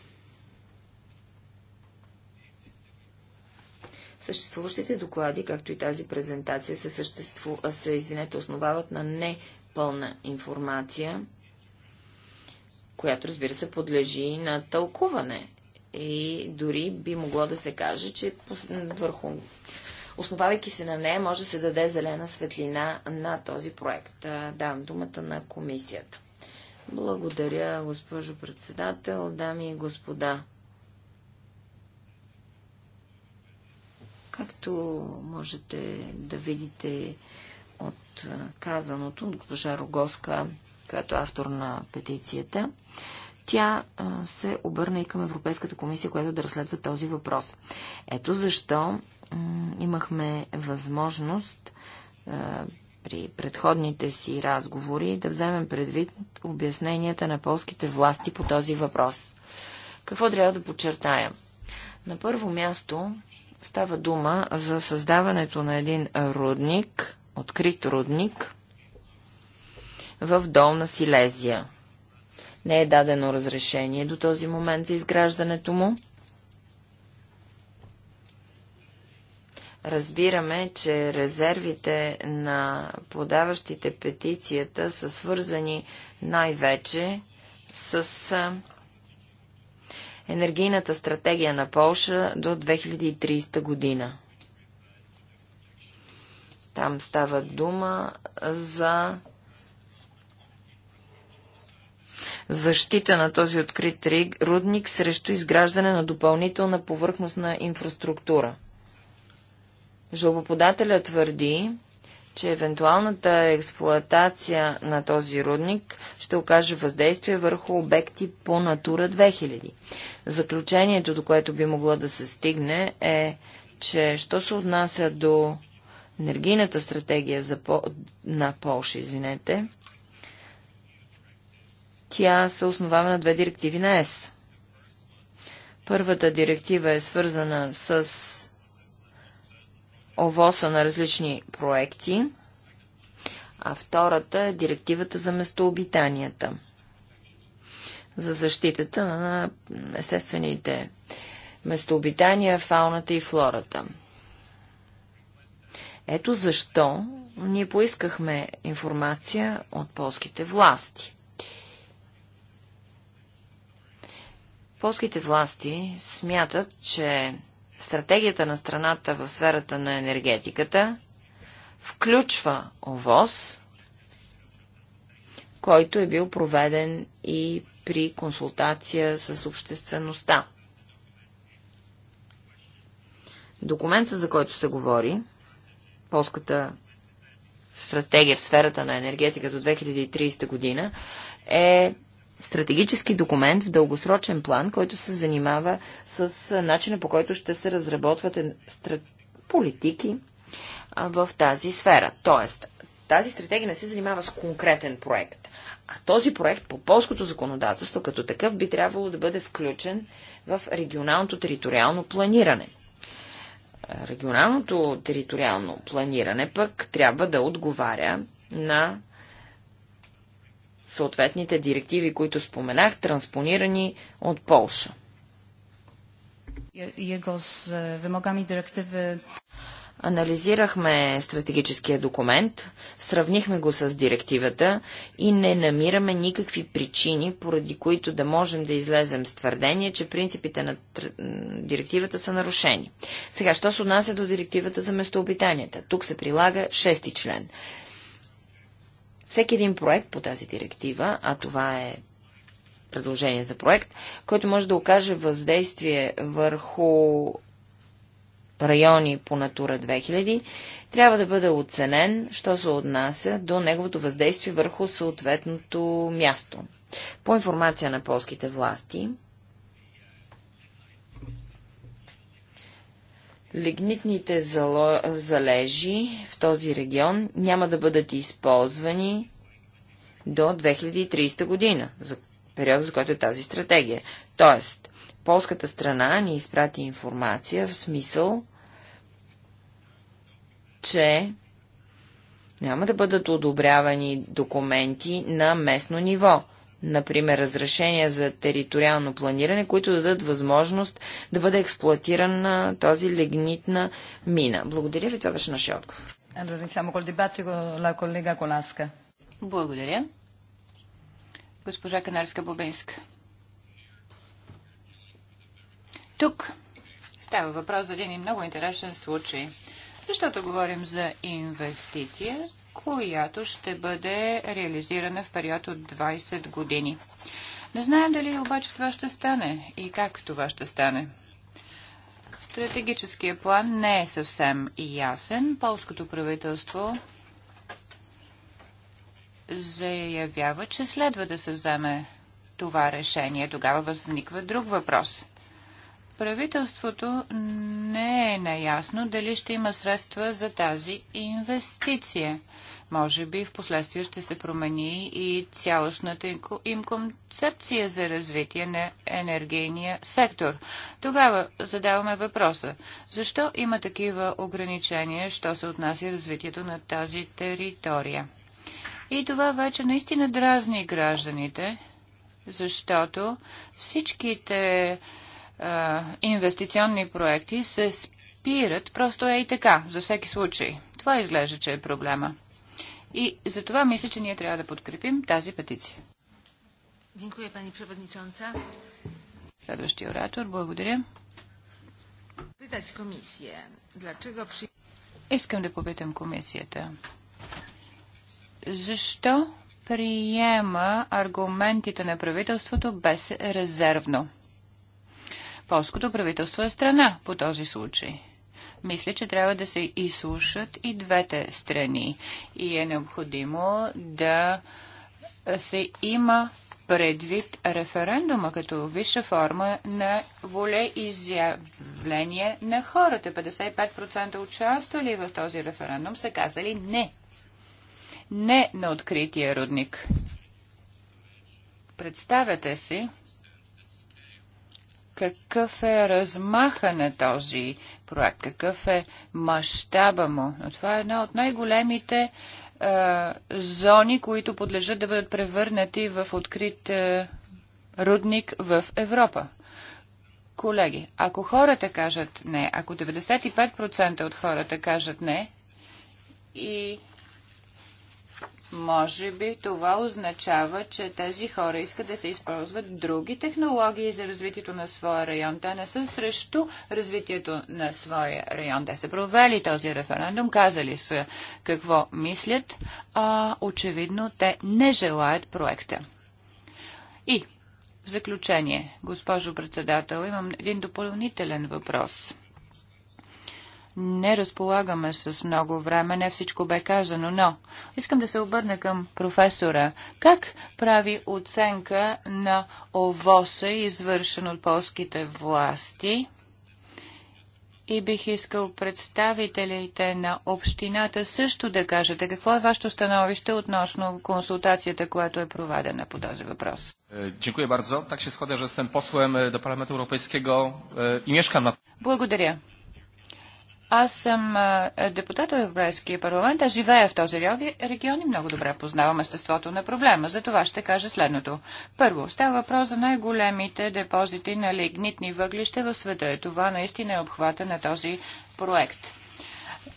Съществуващите доклади, както и тази презентация, се, съществу... се извинете, основават на непълна информация, която, разбира се, подлежи на тълкуване. И дори би могло да се каже, че върху основавайки се на нея, може да се даде зелена светлина на този проект. Давам думата на комисията. Благодаря, госпожо председател, дами и господа. Както можете да видите от казаното от госпожа Рогоска, която е автор на петицията, тя се обърна и към Европейската комисия, която да разследва този въпрос. Ето защо имахме възможност при предходните си разговори да вземем предвид обясненията на полските власти по този въпрос. Какво трябва да подчертая? На първо място става дума за създаването на един рудник, открит рудник, в Долна Силезия. Не е дадено разрешение до този момент за изграждането му. разбираме, че резервите на подаващите петицията са свързани най-вече с енергийната стратегия на Полша до 2030 година. Там става дума за защита на този открит рудник срещу изграждане на допълнителна повърхностна инфраструктура. Жалбоподателя твърди, че евентуалната експлоатация на този рудник ще окаже въздействие върху обекти по Натура 2000. Заключението, до което би могло да се стигне е, че що се отнася до енергийната стратегия за по... на Польша, извинете, тя се основава на две директиви на ЕС. Първата директива е свързана с овоса на различни проекти, а втората е директивата за местообитанията, за защитата на естествените местообитания, фауната и флората. Ето защо ние поискахме информация от полските власти. Полските власти смятат, че стратегията на страната в сферата на енергетиката включва ОВОС, който е бил проведен и при консултация с обществеността. Документът, за който се говори, полската стратегия в сферата на енергетиката до 2030 година, е стратегически документ в дългосрочен план, който се занимава с начина по който ще се разработват политики в тази сфера. Тоест, тази стратегия не се занимава с конкретен проект, а този проект по полското законодателство като такъв би трябвало да бъде включен в регионалното териториално планиране. Регионалното териториално планиране пък трябва да отговаря на съответните директиви, които споменах, транспонирани от Полша. Его с вимогами директиви... Анализирахме стратегическия документ, сравнихме го с директивата и не намираме никакви причини, поради които да можем да излезем с твърдение, че принципите на директивата са нарушени. Сега, що се отнася до директивата за местообитанията? Тук се прилага шести член всеки един проект по тази директива, а това е предложение за проект, който може да окаже въздействие върху райони по Натура 2000, трябва да бъде оценен, що се отнася до неговото въздействие върху съответното място. По информация на полските власти, лигнитните залежи в този регион няма да бъдат използвани до 2030 година, за периода, за който е тази стратегия. Тоест, полската страна ни изпрати информация в смисъл, че няма да бъдат одобрявани документи на местно ниво например, разрешения за териториално планиране, които дадат възможност да бъде експлуатирана този легнитна мина. Благодаря ви, това беше нашия отговор. Благодаря. Госпожа Канарска-Бобинска. Тук става въпрос за един много интересен случай, защото говорим за инвестиция, която ще бъде реализирана в период от 20 години. Не знаем дали обаче това ще стане и как това ще стане. Стратегическия план не е съвсем ясен. Полското правителство заявява, че следва да се вземе това решение. Тогава възниква друг въпрос. Правителството не е наясно дали ще има средства за тази инвестиция. Може би в последствие ще се промени и цялостната им концепция за развитие на енергийния сектор. Тогава задаваме въпроса, защо има такива ограничения, що се отнася развитието на тази територия? И това вече наистина дразни гражданите, защото всичките а, инвестиционни проекти се спират просто е и така, за всеки случай. Това изглежда, че е проблема. И за това мисля, че ние трябва да подкрепим тази петиция. Дякую, пани Преводничонца. Следващия оратор, благодаря. Питач комисия, dlaczego при... Искам да попитам комисията. Защо приема аргументите на правителството без резервно. Полското правителство е страна по този случай мисля, че трябва да се изслушат и двете страни. И е необходимо да се има предвид референдума като висша форма на волеизявление на хората. 55% участвали в този референдум са казали не. Не на открития рудник. Представете си, какъв е размаха на този проект, какъв е мащаба му. Но това е една от най-големите е, зони, които подлежат да бъдат превърнати в открит а, е, рудник в Европа. Колеги, ако хората кажат не, ако 95% от хората кажат не и може би това означава, че тези хора искат да се използват други технологии за развитието на своя район. Те не са срещу развитието на своя район. Те са провели този референдум, казали са какво мислят, а очевидно те не желаят проекта. И в заключение, госпожо председател, имам един допълнителен въпрос не разполагаме с много време, не всичко бе казано, но искам да се обърна към професора. Как прави оценка на ОВОСа, извършен от полските власти? И бих искал представителите на общината също да кажете какво е вашето становище относно консултацията, която е проведена по този въпрос. Е, e, e, Благодаря. Аз съм депутат от Европейския парламент, а живея в този регион и много добре познавам естеството на проблема. За това ще кажа следното. Първо, става въпрос за най-големите депозити на лигнитни въглища в света. Е, това наистина е обхвата на този проект.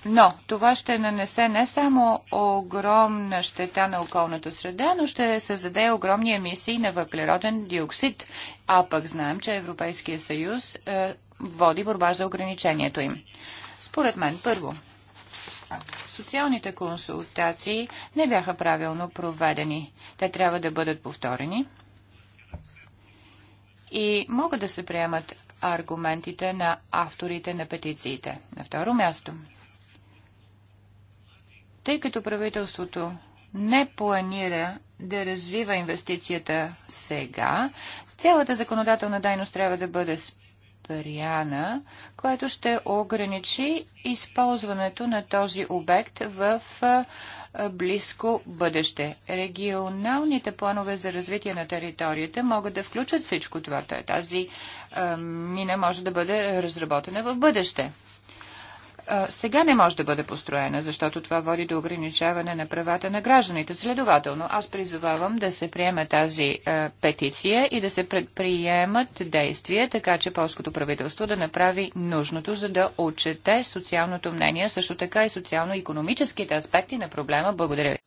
Но това ще нанесе не само огромна щета на околната среда, но ще създаде огромни емисии на въглероден диоксид. А пък знаем, че Европейския съюз е, води борба за ограничението им. Според мен, първо, социалните консултации не бяха правилно проведени. Те трябва да бъдат повторени и могат да се приемат аргументите на авторите на петициите. На второ място, тъй като правителството не планира да развива инвестицията сега, цялата законодателна дайност трябва да бъде спряма Бряна, което ще ограничи използването на този обект в близко бъдеще. Регионалните планове за развитие на територията могат да включат всичко това. Тази мина може да бъде разработена в бъдеще сега не може да бъде построена, защото това води до ограничаване на правата на гражданите. Следователно, аз призовавам да се приеме тази е, петиция и да се предприемат действия, така че полското правителство да направи нужното, за да отчете социалното мнение, също така и социално-економическите аспекти на проблема. Благодаря ви.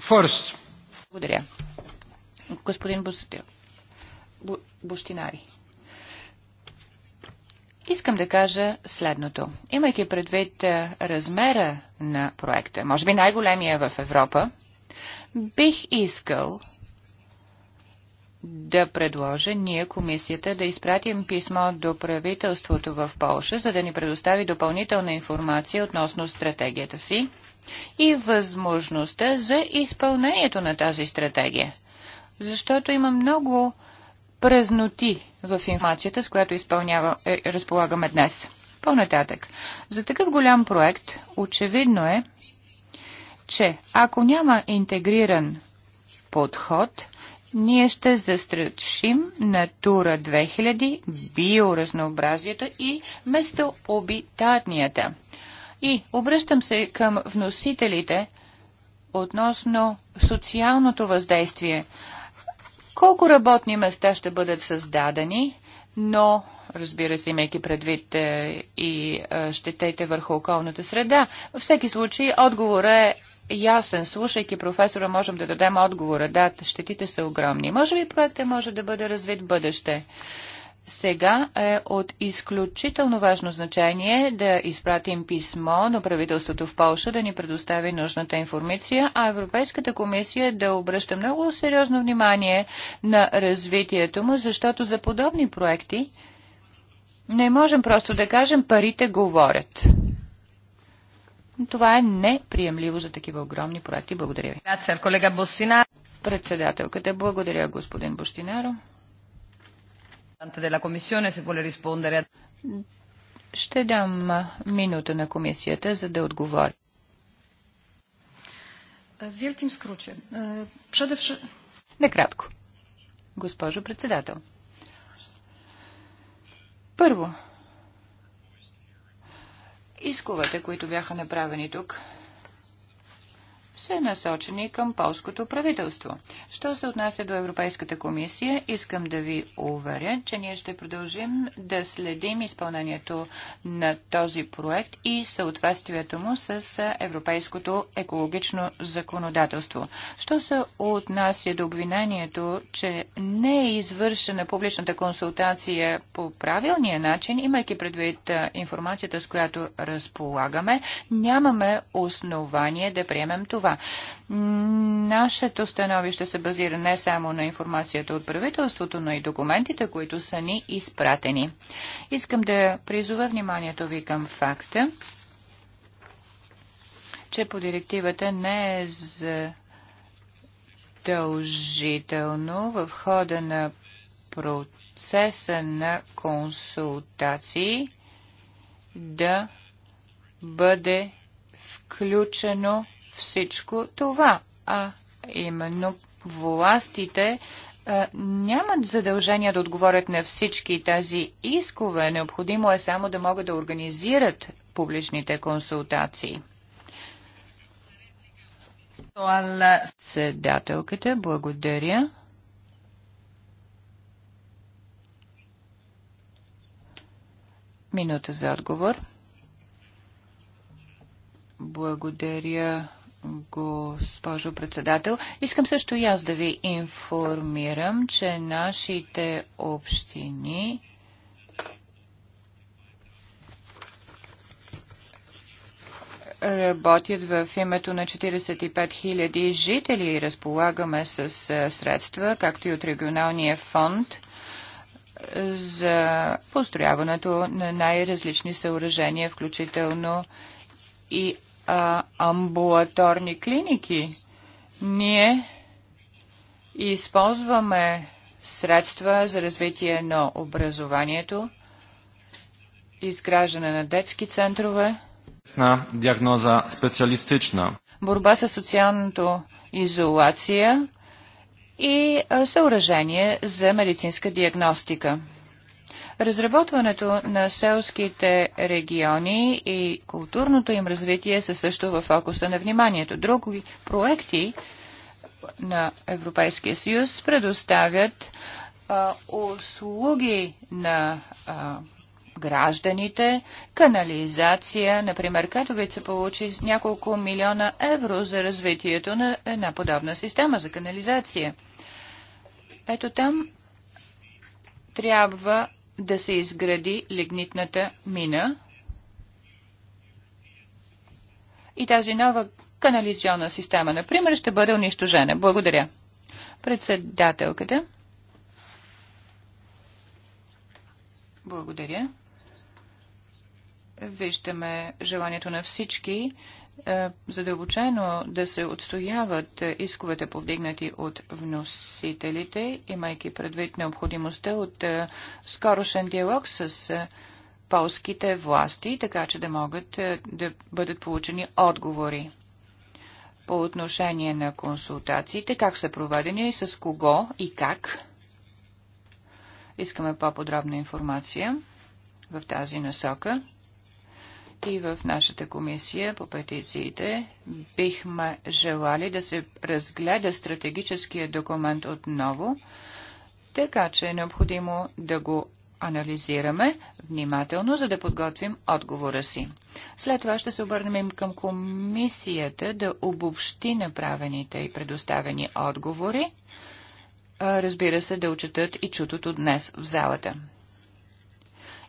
First. Благодаря. Господин Бусатил. Бу... Бущинари. Искам да кажа следното. Имайки предвид е, размера на проекта, може би най-големия в Европа, бих искал да предложа ние комисията да изпратим писмо до правителството в Полша, за да ни предостави допълнителна информация относно стратегията си и възможността за изпълнението на тази стратегия. Защото има много празноти в информацията, с която изпълнява, е, разполагаме днес. По-нататък. За такъв голям проект очевидно е, че ако няма интегриран подход, ние ще застрашим Натура 2000, биоразнообразието и местообитатнията. И обръщам се към вносителите относно социалното въздействие колко работни места ще бъдат създадени, но разбира се, имайки предвид е, и е, щетете върху околната среда. Във всеки случай отговора е ясен. Слушайки професора, можем да дадем отговора. Да, щетите са огромни. Може би проектът може да бъде развит в бъдеще сега е от изключително важно значение да изпратим писмо на правителството в Польша да ни предостави нужната информация, а Европейската комисия да обръща много сериозно внимание на развитието му, защото за подобни проекти не можем просто да кажем парите говорят. Това е неприемливо за такива огромни проекти. Благодаря ви. Председателката, благодаря господин Бощинаро. Ще дам минута на комисията, за да отговори. Wielkim е, е, Госпожо председател. Първо, исковете, които бяха направени тук, са насочени към полското правителство. Що се отнася до Европейската комисия, искам да ви уверя, че ние ще продължим да следим изпълнението на този проект и съответствието му с европейското екологично законодателство. Що се отнася до обвинението, че не е извършена публичната консултация по правилния начин, имайки предвид информацията, с която разполагаме, нямаме основание да приемем това това. Нашето становище се базира не само на информацията от правителството, но и документите, които са ни изпратени. Искам да призова вниманието ви към факта, че по директивата не е задължително в хода на процеса на консултации да бъде включено всичко това, а именно властите нямат задължение да отговорят на всички тези искове. Необходимо е само да могат да организират публичните консултации. Седателката, благодаря. Минута за отговор. Благодаря госпожо председател. Искам също и аз да ви информирам, че нашите общини работят в името на 45 000 жители и разполагаме с е, средства, както и от регионалния фонд е, за построяването на най-различни съоръжения, включително и а, амбулаторни клиники. Ние използваме средства за развитие на образованието, изграждане на детски центрове, на диагноза специалистична, борба с социалното изолация и съоръжение за медицинска диагностика. Разработването на селските региони и културното им развитие са също в фокуса на вниманието. Други проекти на Европейския съюз предоставят а, услуги на а, гражданите, канализация, например, Катовица получи няколко милиона евро за развитието на една подобна система за канализация. Ето там трябва да се изгради лигнитната мина и тази нова канализационна система, например, ще бъде унищожена. Благодаря. Председателката. Благодаря. Виждаме желанието на всички е, задълбочено да се отстояват исковете повдигнати от вносителите, имайки предвид необходимостта от е, скорошен диалог с е, полските власти, така че да могат да бъдат получени отговори по отношение на консултациите, как са проведени, с кого и как. Искаме по-подробна информация в тази насока и в нашата комисия по петициите бихме желали да се разгледа стратегическия документ отново, така че е необходимо да го анализираме внимателно, за да подготвим отговора си. След това ще се обърнем към комисията да обобщи направените и предоставени отговори. Разбира се, да отчетат и чутото днес в залата.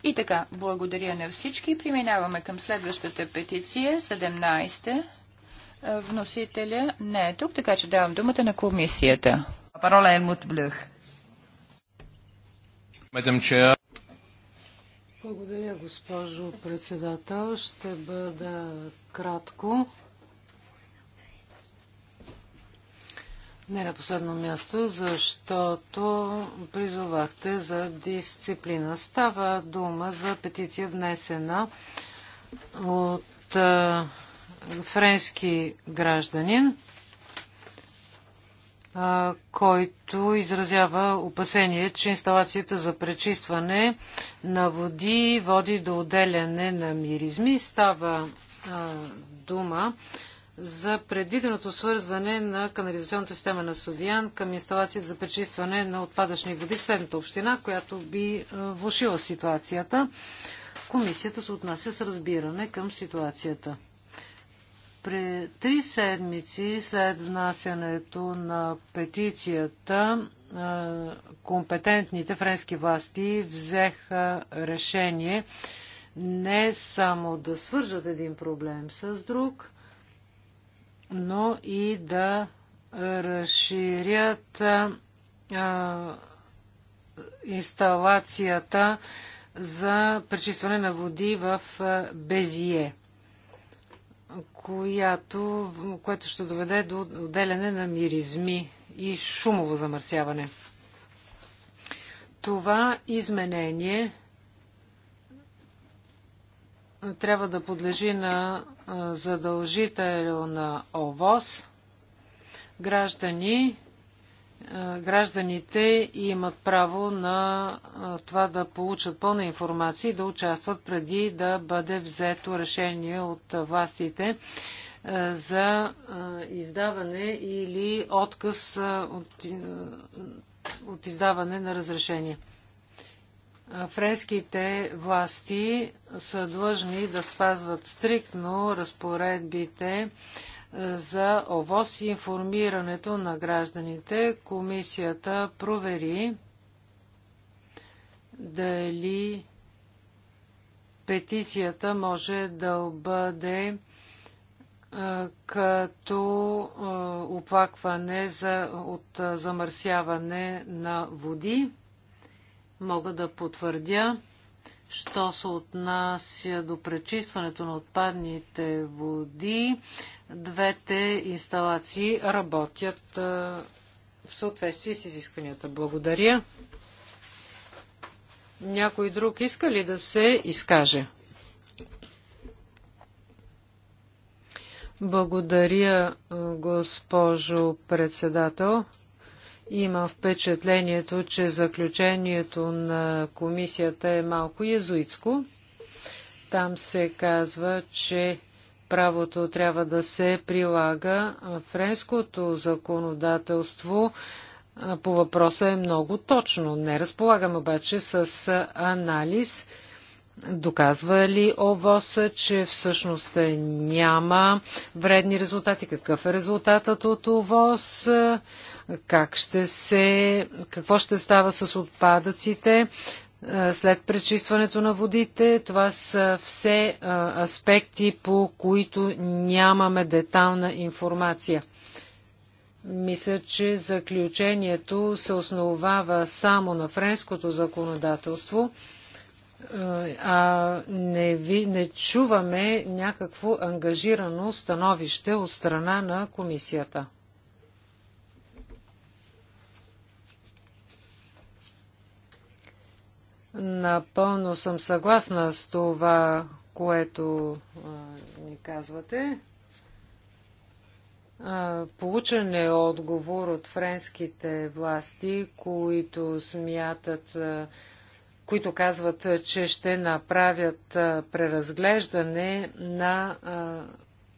И така, благодаря на всички. Преминаваме към следващата петиция, 17. Вносителя не е тук, така че давам думата на комисията. Парола е Мут Блюх. Благодаря, госпожо председател. Ще бъда кратко. Не на последно място, защото призовахте за дисциплина. Става дума за петиция внесена от а, френски гражданин, а, който изразява опасение, че инсталацията за пречистване на води води до отделяне на миризми. Става а, дума за предвиденото свързване на канализационната система на Совиян към инсталацията за пречистване на отпадъчни води в следната община, която би е, влушила ситуацията. Комисията се отнася с разбиране към ситуацията. При три седмици след внасянето на петицията, е, компетентните френски власти взеха решение не само да свържат един проблем с друг – но и да разширят а, инсталацията за пречистване на води в Безие, която, което ще доведе до отделяне на миризми и шумово замърсяване. Това изменение трябва да подлежи на на ОВОз. Граждани, гражданите имат право на това да получат пълна информация и да участват преди да бъде взето решение от властите за издаване или отказ от, от издаване на разрешение френските власти са длъжни да спазват стриктно разпоредбите е, за ОВОС и информирането на гражданите. Комисията провери дали петицията може да бъде е, като е, оплакване за, от замърсяване на води мога да потвърдя, що се отнася до пречистването на отпадните води, двете инсталации работят в съответствие с изискванията. Благодаря. Някой друг иска ли да се изкаже? Благодаря, госпожо председател. Има впечатлението, че заключението на комисията е малко езуитско. Там се казва, че правото трябва да се прилага. Френското законодателство по въпроса е много точно. Не разполагам обаче с анализ Доказва ли ОВОС, че всъщност няма вредни резултати? Какъв е резултатът от ОВОС? Как ще се, какво ще става с отпадъците след пречистването на водите? Това са все аспекти, по които нямаме детална информация. Мисля, че заключението се основава само на френското законодателство – а не, ви, не чуваме някакво ангажирано становище от страна на комисията. Напълно съм съгласна с това, което а, ни казвате. А, получен е отговор от френските власти, които смятат а, които казват, че ще направят преразглеждане на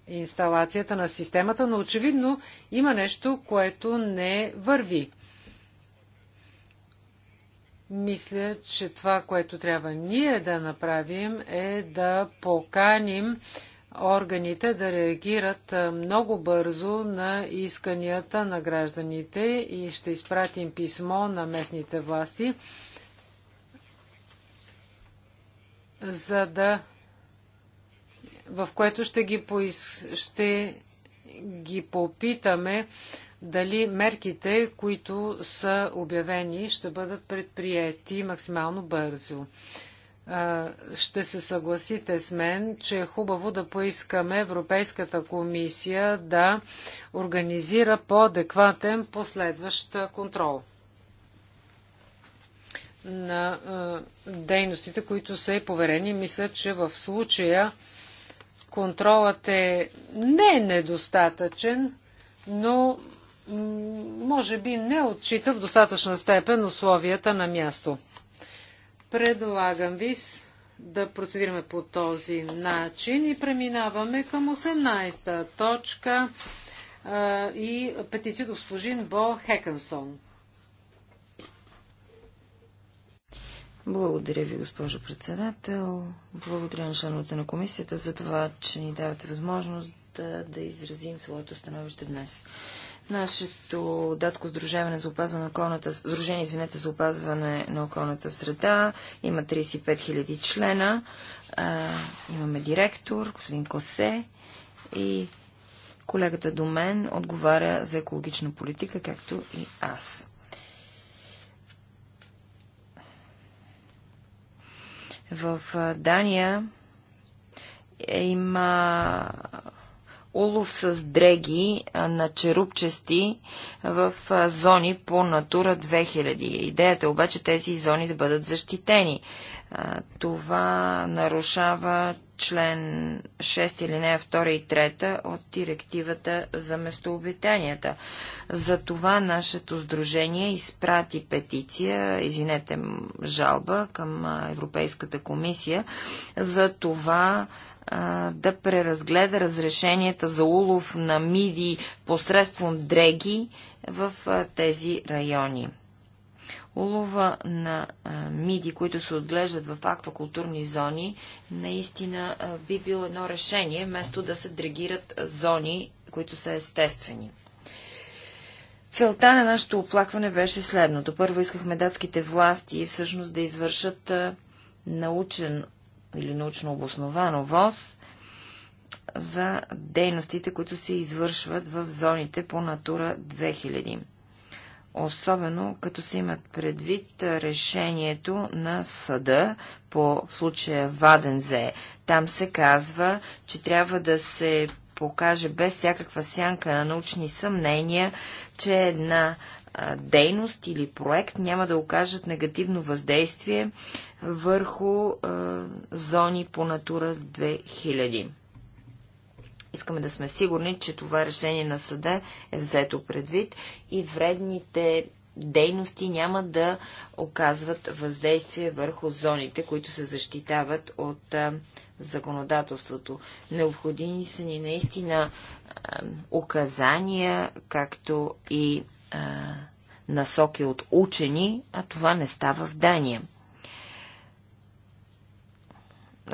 инсталацията на системата, но очевидно има нещо, което не върви. Мисля, че това, което трябва ние да направим е да поканим органите да реагират много бързо на исканията на гражданите и ще изпратим писмо на местните власти за да в което ще ги, поис... ще ги попитаме дали мерките, които са обявени, ще бъдат предприяти максимално бързо. Ще се съгласите с мен, че е хубаво да поискаме Европейската комисия да организира по-адекватен последващ контрол на дейностите, които са е поверени. Мисля, че в случая контролът е не недостатъчен, но може би не отчита в достатъчна степен условията на място. Предлагам ви да процедираме по този начин и преминаваме към 18-та точка а, и петиция до служин Бо Хекенсон. Благодаря ви, госпожо председател. Благодаря на членовете на комисията за това, че ни давате възможност да, да изразим своето становище днес. Нашето датско сдружение за опазване на околната, сдружение, извинете, за опазване на околната среда има 35 000 члена. А, имаме директор, господин Косе и колегата до мен отговаря за екологична политика, както и аз. В Дания е, има улов с дреги на черупчести в зони по Натура 2000. Идеята е обаче тези зони да бъдат защитени. Това нарушава член 6 или не 2 и 3 от директивата за местообитанията. За това нашето сдружение изпрати петиция, извинете, жалба към Европейската комисия за това да преразгледа разрешенията за улов на миди посредством дреги в тези райони. Улова на миди, които се отглеждат в аквакултурни зони, наистина би било едно решение, вместо да се дрегират зони, които са естествени. Целта на нашето оплакване беше следното. Първо искахме датските власти всъщност да извършат научен или научно обосновано ВОЗ за дейностите, които се извършват в зоните по Натура 2000 особено като се имат предвид решението на съда по случая Вадензе. Там се казва, че трябва да се покаже без всякаква сянка на научни съмнения, че една дейност или проект няма да окажат негативно въздействие върху е, зони по Натура 2000. Искаме да сме сигурни, че това решение на съда е взето предвид и вредните дейности няма да оказват въздействие върху зоните, които се защитават от а, законодателството. Необходими са ни наистина а, указания, както и а, насоки от учени, а това не става в Дания.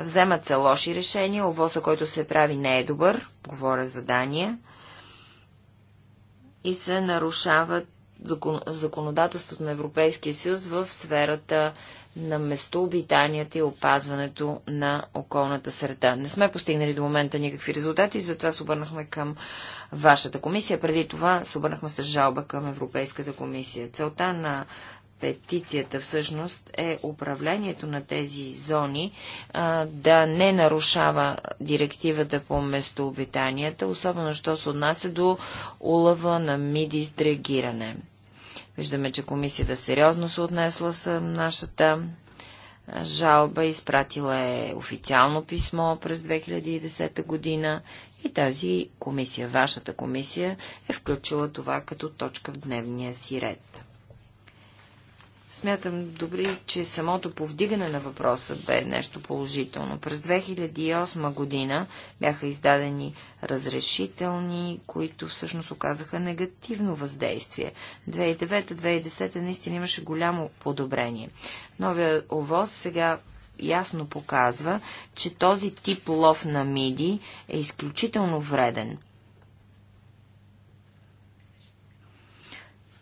Вземат се лоши решения, овоса, който се прави, не е добър, говоря за Дания, и се нарушават закон... законодателството на Европейския съюз в сферата на местообитанията и опазването на околната среда. Не сме постигнали до момента никакви резултати, затова се обърнахме към вашата комисия. Преди това се обърнахме с жалба към Европейската комисия. Целта на петицията всъщност е управлението на тези зони а, да не нарушава директивата по местообитанията, особено що се отнася до улава на миди с дрегиране. Виждаме, че комисията сериозно се отнесла с нашата жалба, изпратила е официално писмо през 2010 година и тази комисия, вашата комисия, е включила това като точка в дневния си ред. Смятам добре, че самото повдигане на въпроса бе нещо положително. През 2008 година бяха издадени разрешителни, които всъщност оказаха негативно въздействие. 2009-2010 наистина имаше голямо подобрение. Новия овоз сега ясно показва, че този тип лов на миди е изключително вреден –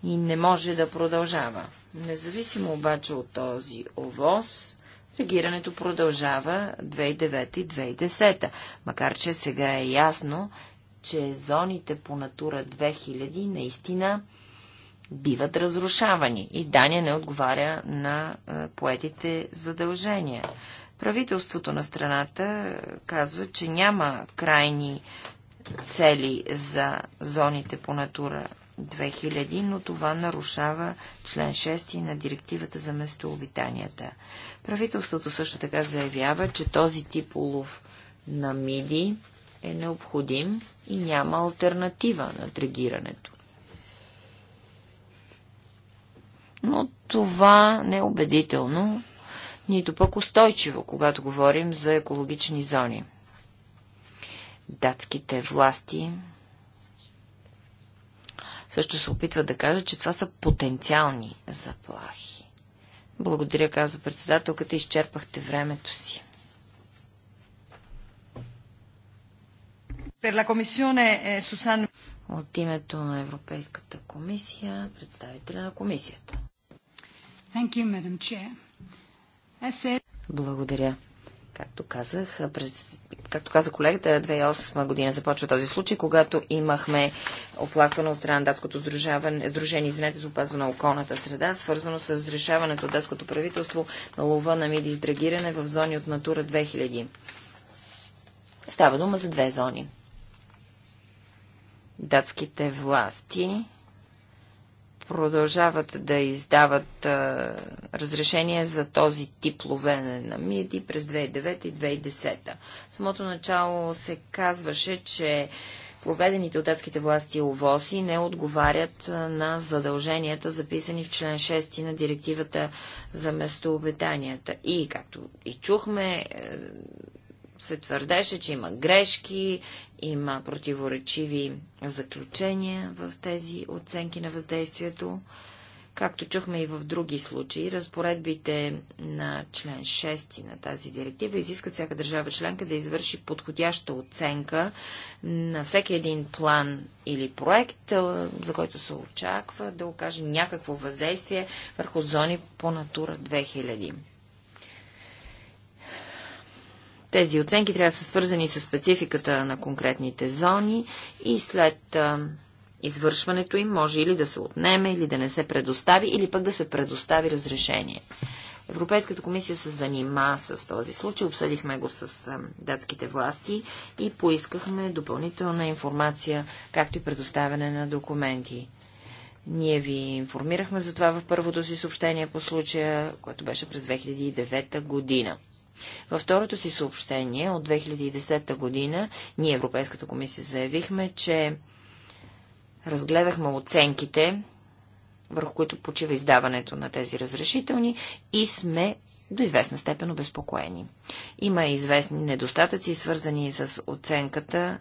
и не може да продължава. Независимо обаче от този овоз, регирането продължава 2009 и 2010, макар че сега е ясно, че зоните по Натура 2000 наистина биват разрушавани и Дания не отговаря на поетите задължения. Правителството на страната казва, че няма крайни цели за зоните по Натура 2000, но това нарушава член 6 на директивата за местообитанията. Правителството също така заявява, че този тип улов на миди е необходим и няма альтернатива на трегирането. Но това не е убедително, нито пък устойчиво, когато говорим за екологични зони. Датските власти също се опитва да каже, че това са потенциални заплахи. Благодаря, казва председателката, изчерпахте времето си. Eh, От името на Европейската комисия, представителя на комисията. Благодаря. Както казах, през, както каза колегата, 2008 година започва този случай, когато имахме оплакване от страна на датското сдружение извинете, за опазване на околната среда, свързано с разрешаването от датското правителство на лова на миди с драгиране в зони от Натура 2000. Става дума за две зони. Датските власти продължават да издават а, разрешение за този тип ловене на миди през 2009 и 2010. В самото начало се казваше, че проведените от детските власти ОВОСи не отговарят на задълженията, записани в член 6 на директивата за местообитанията. И, както и чухме, е, се твърдеше, че има грешки, има противоречиви заключения в тези оценки на въздействието. Както чухме и в други случаи, разпоредбите на член 6 на тази директива изиска всяка държава членка да извърши подходяща оценка на всеки един план или проект, за който се очаква да окаже някакво въздействие върху зони по Натура 2000. Тези оценки трябва да са свързани с спецификата на конкретните зони и след а, извършването им може или да се отнеме, или да не се предостави, или пък да се предостави разрешение. Европейската комисия се занима с този случай, обсъдихме го с датските власти и поискахме допълнителна информация, както и предоставяне на документи. Ние ви информирахме за това в първото си съобщение по случая, което беше през 2009 година. Във второто си съобщение от 2010 година ние, Европейската комисия, заявихме, че разгледахме оценките, върху които почива издаването на тези разрешителни и сме до известна степен обезпокоени. Има известни недостатъци, свързани с оценката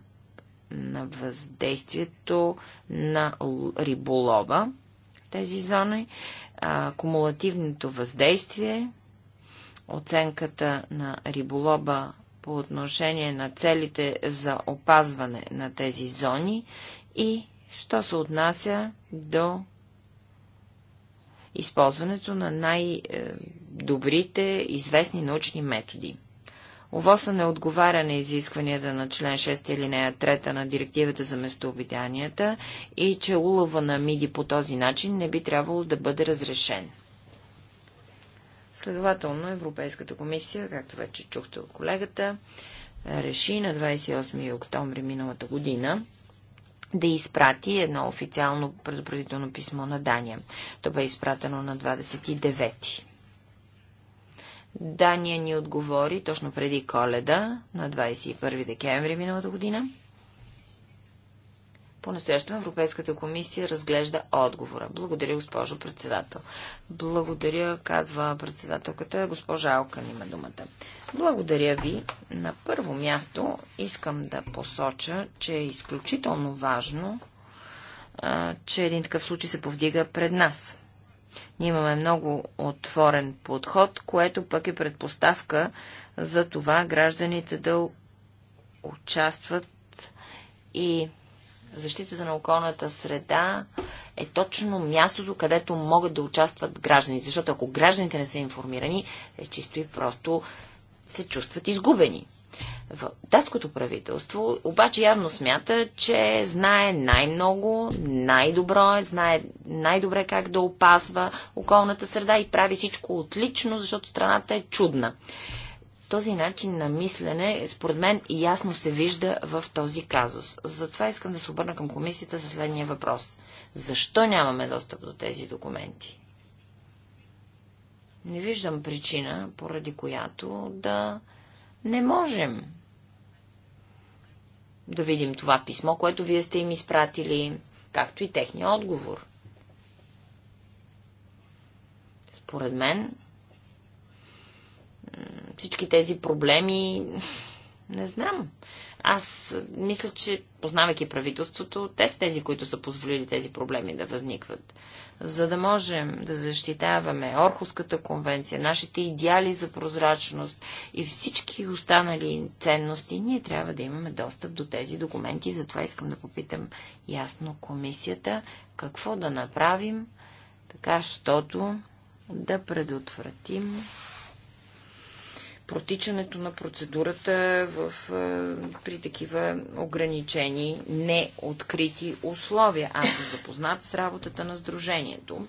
на въздействието на риболова в тези зони, кумулативното въздействие оценката на риболоба по отношение на целите за опазване на тези зони и що се отнася до използването на най-добрите известни научни методи. Овоса не отговаря на изискванията на член 6 или нея 3 на директивата за местообитанията и че улова на миди по този начин не би трябвало да бъде разрешен. Следователно Европейската комисия, както вече чухте от колегата, реши на 28 октомври миналата година да изпрати едно официално предупредително писмо на Дания. То бе изпратено на 29. Дания ни отговори точно преди коледа, на 21 декември миналата година. По-настоящем Европейската комисия разглежда отговора. Благодаря, госпожо председател. Благодаря, казва председателката. Госпожа Алкан има думата. Благодаря ви. На първо място искам да посоча, че е изключително важно, че един такъв случай се повдига пред нас. Ние имаме много отворен подход, което пък е предпоставка за това гражданите да участват и защитата на околната среда е точно мястото, където могат да участват гражданите. Защото ако гражданите не са информирани, е чисто и просто се чувстват изгубени. В датското правителство обаче явно смята, че знае най-много, най-добро е, знае най-добре как да опазва околната среда и прави всичко отлично, защото страната е чудна. Този начин на мислене, според мен, ясно се вижда в този казус. Затова искам да се обърна към комисията със следния въпрос. Защо нямаме достъп до тези документи? Не виждам причина, поради която да не можем да видим това писмо, което вие сте им изпратили, както и техния отговор. Според мен, всички тези проблеми, не знам. Аз мисля, че познавайки правителството, те са тези, които са позволили тези проблеми да възникват. За да можем да защитаваме Орхуската конвенция, нашите идеали за прозрачност и всички останали ценности, ние трябва да имаме достъп до тези документи. Затова искам да попитам ясно комисията какво да направим, така щото да предотвратим протичането на процедурата в, при такива ограничени, неоткрити условия. Аз съм запознат с работата на Сдружението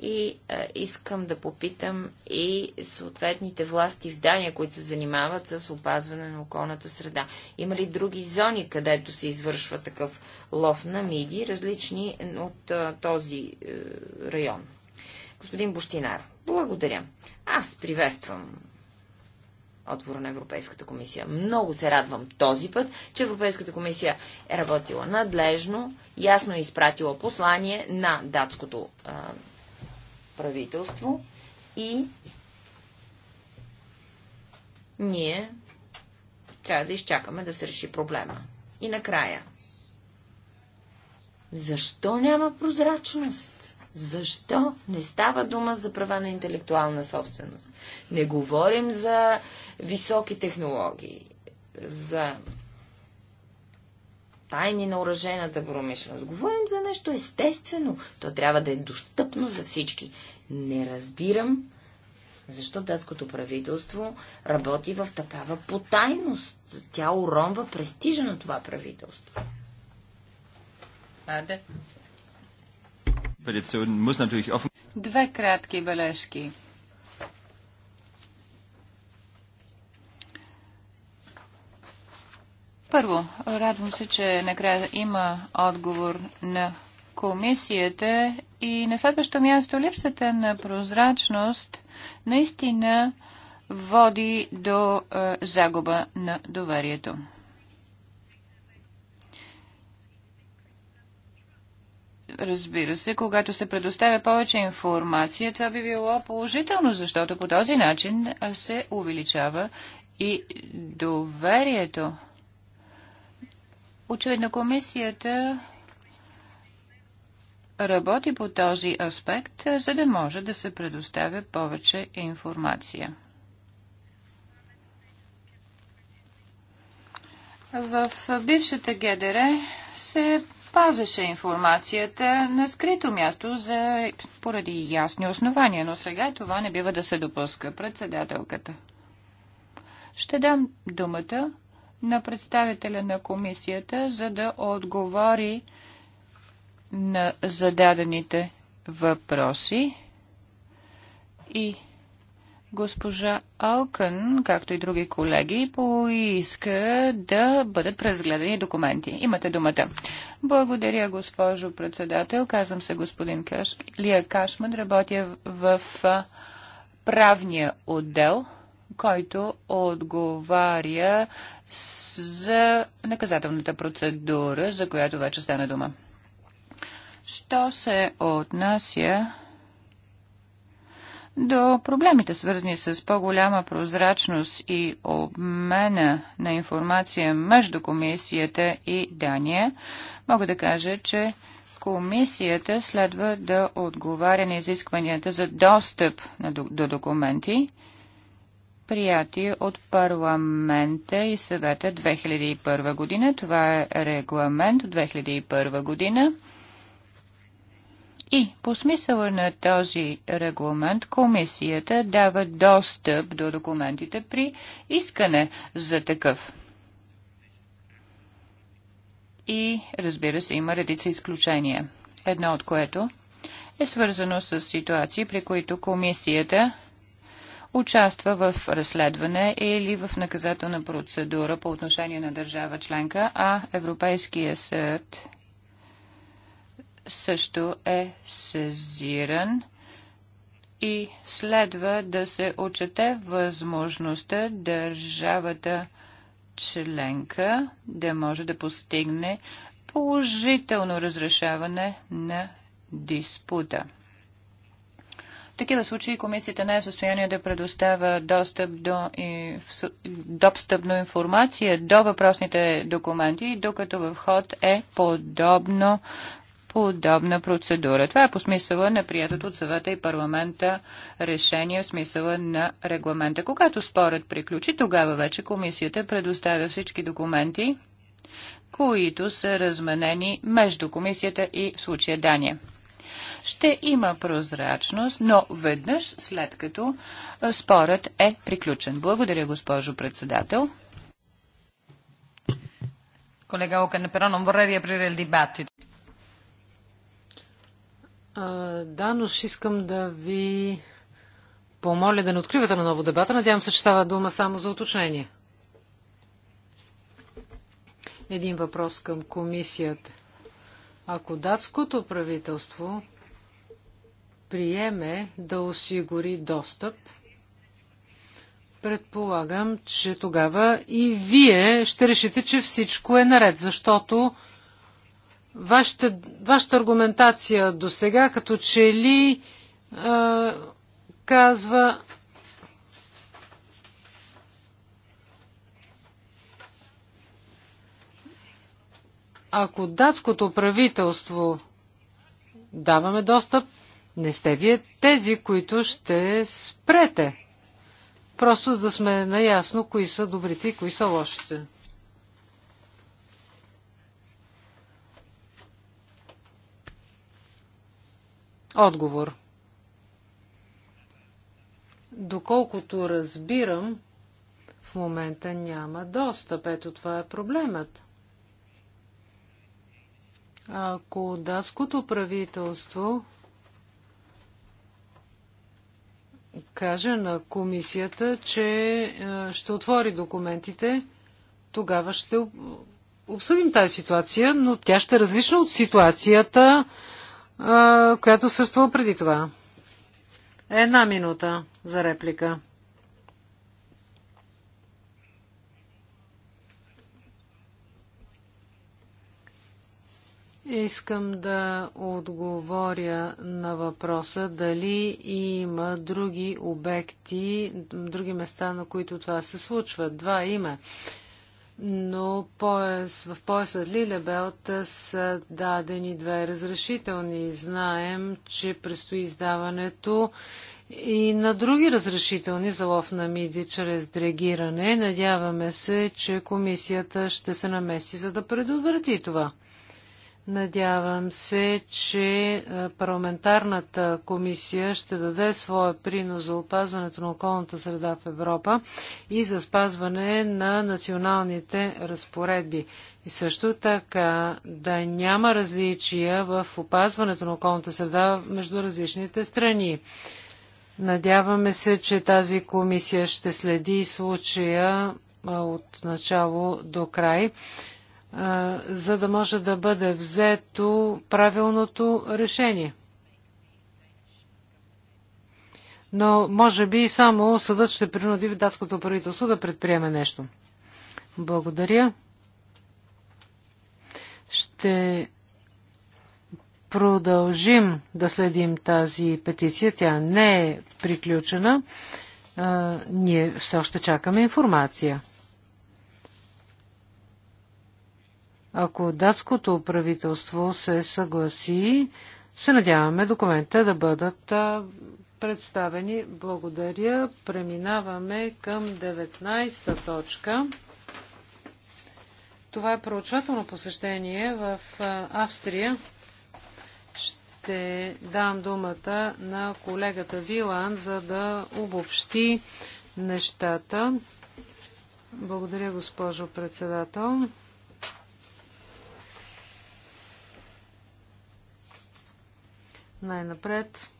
и а, искам да попитам и съответните власти в Дания, които се занимават с опазване на околната среда. Има ли други зони, където се извършва такъв лов на миди, различни от а, този е, район? Господин Бощинар, благодаря. Аз приветствам отговора на Европейската комисия. Много се радвам този път, че Европейската комисия е работила надлежно, ясно е изпратила послание на датското а, правителство и ние трябва да изчакаме да се реши проблема. И накрая. Защо няма прозрачност? Защо не става дума за права на интелектуална собственост? Не говорим за високи технологии, за тайни на оръжената промишленост. Говорим за нещо естествено. То трябва да е достъпно за всички. Не разбирам защо датското правителство работи в такава потайност. Тя уронва престижа на това правителство. Аде. Да. Две кратки бележки. Първо, радвам се, че накрая има отговор на комисията и на следващо място липсата на прозрачност наистина води до е, загуба на доверието. Разбира се, когато се предоставя повече информация, това би било положително, защото по този начин се увеличава и доверието. Очевидно комисията работи по този аспект, за да може да се предоставя повече информация. В бившата ГДР се пазеше информацията на скрито място за, поради ясни основания, но сега това не бива да се допуска председателката. Ще дам думата на представителя на комисията, за да отговори на зададените въпроси и Госпожа Алкън, както и други колеги, поиска да бъдат презгледани документи. Имате думата. Благодаря, госпожо председател. Казвам се господин Каш... Лия Кашман. Работя в правния отдел, който отговаря за наказателната процедура, за която вече стана дума. Що се отнася до проблемите, свързани с по-голяма прозрачност и обмена на информация между комисията и Дания, мога да кажа, че комисията следва да отговаря на изискванията за достъп до документи, прияти от парламента и съвета 2001 година. Това е регламент от 2001 година и по смисъла на този регламент комисията дава достъп до документите при искане за такъв. И разбира се, има редица изключения. Едно от което е свързано с ситуации, при които комисията участва в разследване или в наказателна процедура по отношение на държава членка, а Европейския съд също е сезиран и следва да се отчете възможността държавата членка да може да постигне положително разрешаване на диспута. В такива случаи комисията не е в състояние да предоставя достъп до, и, достъп до информация до въпросните документи, докато в ход е подобно подобна процедура. Това е по смисъла на приятото от съвета и парламента решение в смисъла на регламента. Когато спорът приключи, тогава вече комисията предоставя всички документи, които са разменени между комисията и в случая Дания ще има прозрачност, но веднъж след като спорът е приключен. Благодаря, госпожо председател. Колега Окане, però non vorrei riaprire il dibattito. Да, но ще искам да ви помоля да не откривате на ново дебата. Надявам се, че става дума само за уточнение. Един въпрос към комисията. Ако датското правителство приеме да осигури достъп, предполагам, че тогава и вие ще решите, че всичко е наред, защото Вашата, вашата аргументация до сега, като че ли а, е, казва ако датското правителство даваме достъп, не сте вие тези, които ще спрете. Просто да сме наясно кои са добрите и кои са лошите. Отговор. Доколкото разбирам, в момента няма достъп. Ето това е проблемът. Ако датското правителство каже на комисията, че е, ще отвори документите, тогава ще обсъдим тази ситуация, но тя ще е различна от ситуацията, която съществува преди това. Една минута за реплика. Искам да отговоря на въпроса дали има други обекти, други места, на които това се случва. Два има но пояс, в пояса Лилебелт са дадени две разрешителни. Знаем, че предстои издаването и на други разрешителни за лов на миди чрез дрегиране. Надяваме се, че комисията ще се намеси, за да предотврати това. Надявам се, че парламентарната комисия ще даде своя принос за опазването на околната среда в Европа и за спазване на националните разпоредби. И също така да няма различия в опазването на околната среда между различните страни. Надяваме се, че тази комисия ще следи случая от начало до край за да може да бъде взето правилното решение. Но може би само съдът ще принуди датското правителство да предприеме нещо. Благодаря. Ще продължим да следим тази петиция. Тя не е приключена. А, ние все още чакаме информация. Ако датското правителство се съгласи, се надяваме документа да бъдат представени. Благодаря. Преминаваме към 19-та точка. Това е проучвателно посещение в Австрия. Ще дам думата на колегата Вилан, за да обобщи нещата. Благодаря, госпожо председател. Най-напред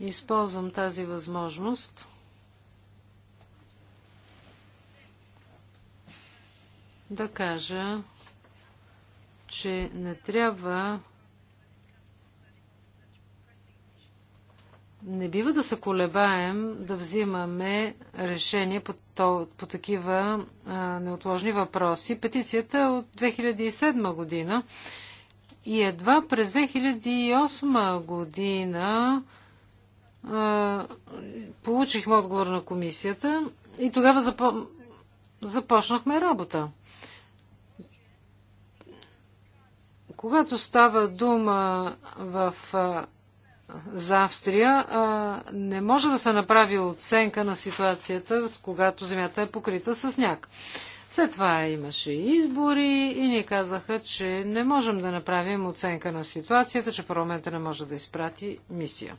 използвам тази възможност да кажа, че не трябва не бива да се колебаем да взимаме решение по, то, по такива а, неотложни въпроси. Петицията е от 2007 година и едва през 2008 година а, получихме отговор на комисията и тогава запо... започнахме работа. Когато става дума в, а, за Австрия, а, не може да се направи оценка на ситуацията, когато земята е покрита с сняг. След това имаше избори и ни казаха, че не можем да направим оценка на ситуацията, че парламента не може да изпрати мисия.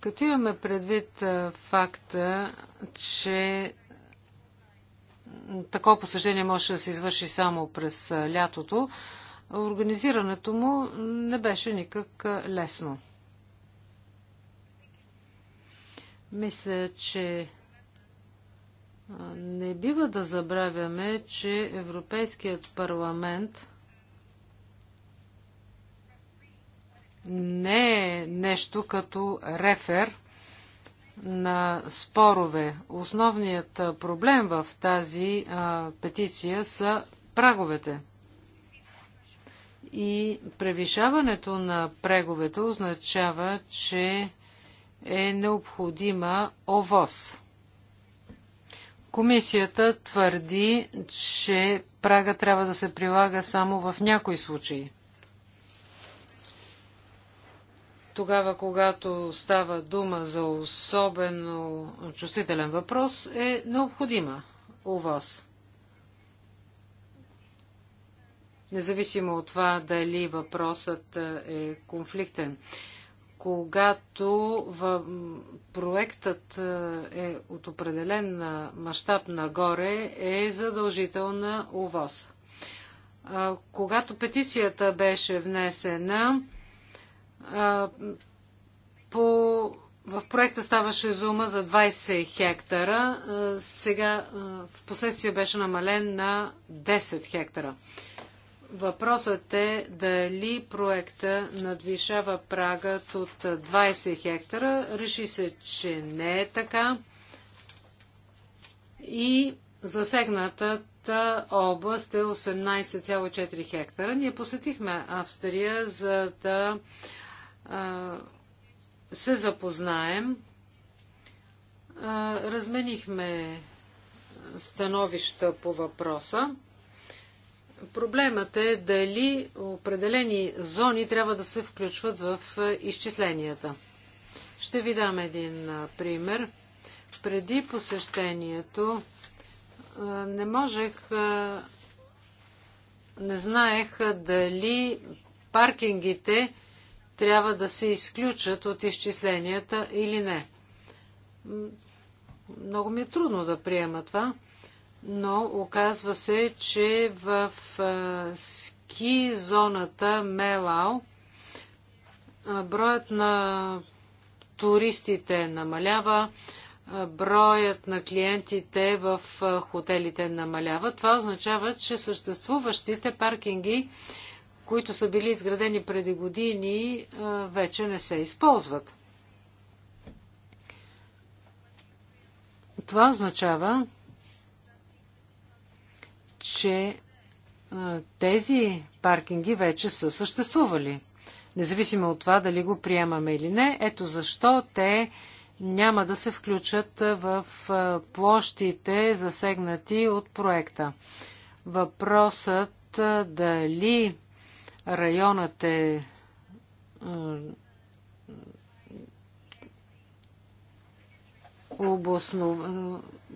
Като имаме предвид факта, че такова посещение може да се извърши само през лятото, организирането му не беше никак лесно. Мисля, че не бива да забравяме, че Европейският парламент не е нещо като рефер на спорове. Основният проблем в тази а, петиция са праговете. И превишаването на преговете означава, че е необходима ОВОС. Комисията твърди, че прага трябва да се прилага само в някои случаи. Тогава, когато става дума за особено чувствителен въпрос, е необходима вас. Независимо от това дали въпросът е конфликтен когато в проектът е, е от определен мащаб нагоре, е задължителна увоз. Когато петицията беше внесена, по, в проекта ставаше зума за 20 хектара, сега в последствие беше намален на 10 хектара. Въпросът е дали проекта надвишава прагът от 20 хектара. Реши се, че не е така. И засегнатата област е 18,4 хектара. Ние посетихме Австрия, за да а, се запознаем. А, разменихме становища по въпроса. Проблемът е дали определени зони трябва да се включват в е, изчисленията. Ще ви дам един е, пример. Преди посещението е, не можех, не знаех дали паркингите трябва да се изключат от изчисленията или не. Много ми е трудно да приема това но оказва се, че в ски зоната Мелао броят на туристите намалява, броят на клиентите в хотелите намалява. Това означава, че съществуващите паркинги, които са били изградени преди години, вече не се използват. Това означава, че тези паркинги вече са съществували. Независимо от това дали го приемаме или не, ето защо те няма да се включат в площите засегнати от проекта. Въпросът дали районът е обоснов...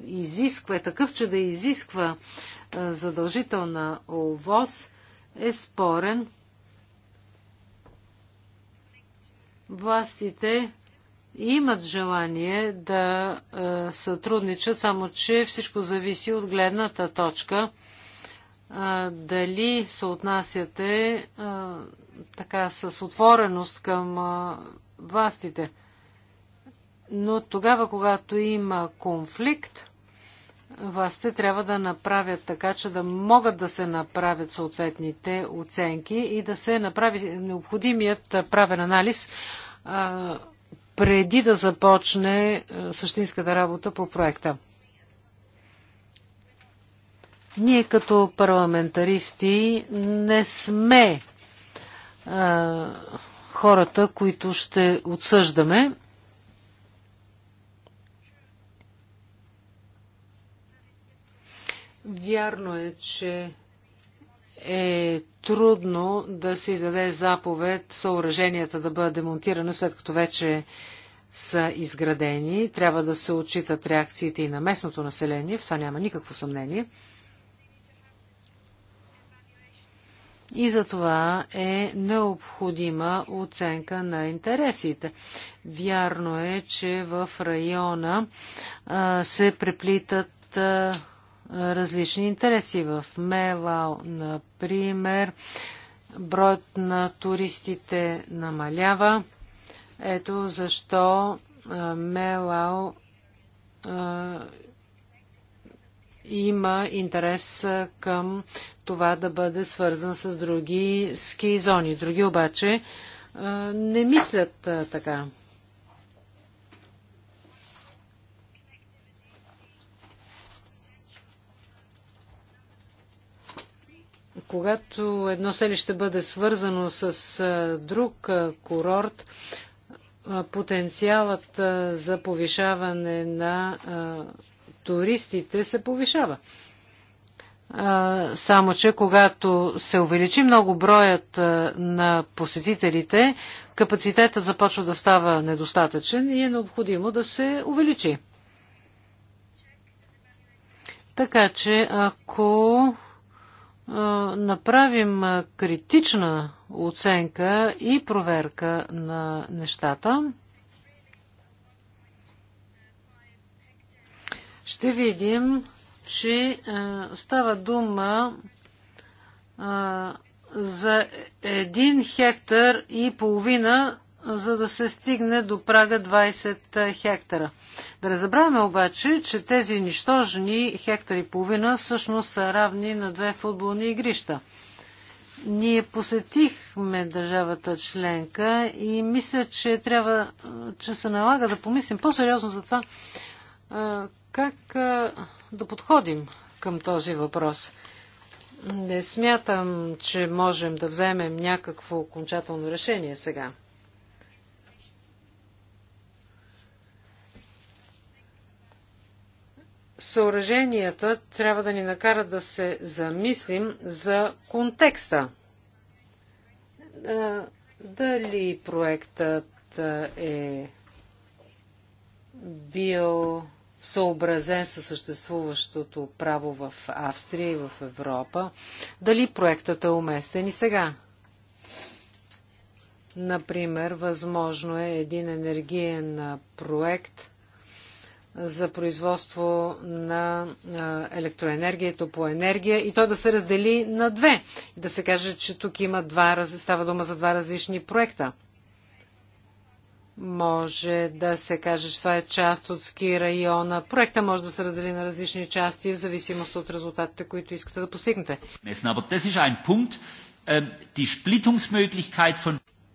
изисква, е такъв, че да изисква е, задължителна ОВОз е спорен. Властите имат желание да е, сътрудничат, само че всичко зависи от гледната точка. Е, дали се отнасяте така с отвореност към властите. Но тогава, когато има конфликт, властите трябва да направят така, че да могат да се направят съответните оценки и да се направи необходимият правен анализ преди да започне същинската работа по проекта. Ние като парламентаристи не сме хората, които ще отсъждаме Вярно е, че е трудно да се издаде заповед съоръженията да бъдат демонтирани, след като вече са изградени. Трябва да се отчитат реакциите и на местното население, в това няма никакво съмнение. И за това е необходима оценка на интересите. Вярно е, че в района а, се преплитат а, различни интереси. В Мелао, например, броят на туристите намалява. Ето защо Мелао има интерес към това да бъде свързан с други ски зони. Други обаче не мислят така. Когато едно селище бъде свързано с друг курорт, потенциалът за повишаване на туристите се повишава. Само, че когато се увеличи много броят на посетителите, капацитетът започва да става недостатъчен и е необходимо да се увеличи. Така че, ако направим критична оценка и проверка на нещата. Ще видим, че става дума за един хектар и половина за да се стигне до прага 20 хектара. Да разбравяме обаче, че тези нищожни хектари и половина всъщност са равни на две футболни игрища. Ние посетихме държавата членка и мисля, че трябва, че се налага да помислим по-сериозно за това как да подходим към този въпрос. Не смятам, че можем да вземем някакво окончателно решение сега. съоръженията трябва да ни накарат да се замислим за контекста. Дали проектът е бил съобразен със съществуващото право в Австрия и в Европа, дали проектът е уместен и сега. Например, възможно е един енергиен проект – за производство на електроенергия, топлоенергия и той да се раздели на две. Да се каже, че тук има два, става дума за два различни проекта. Може да се каже, че това е част от ски района. Проекта може да се раздели на различни части в зависимост от резултатите, които искате да постигнете.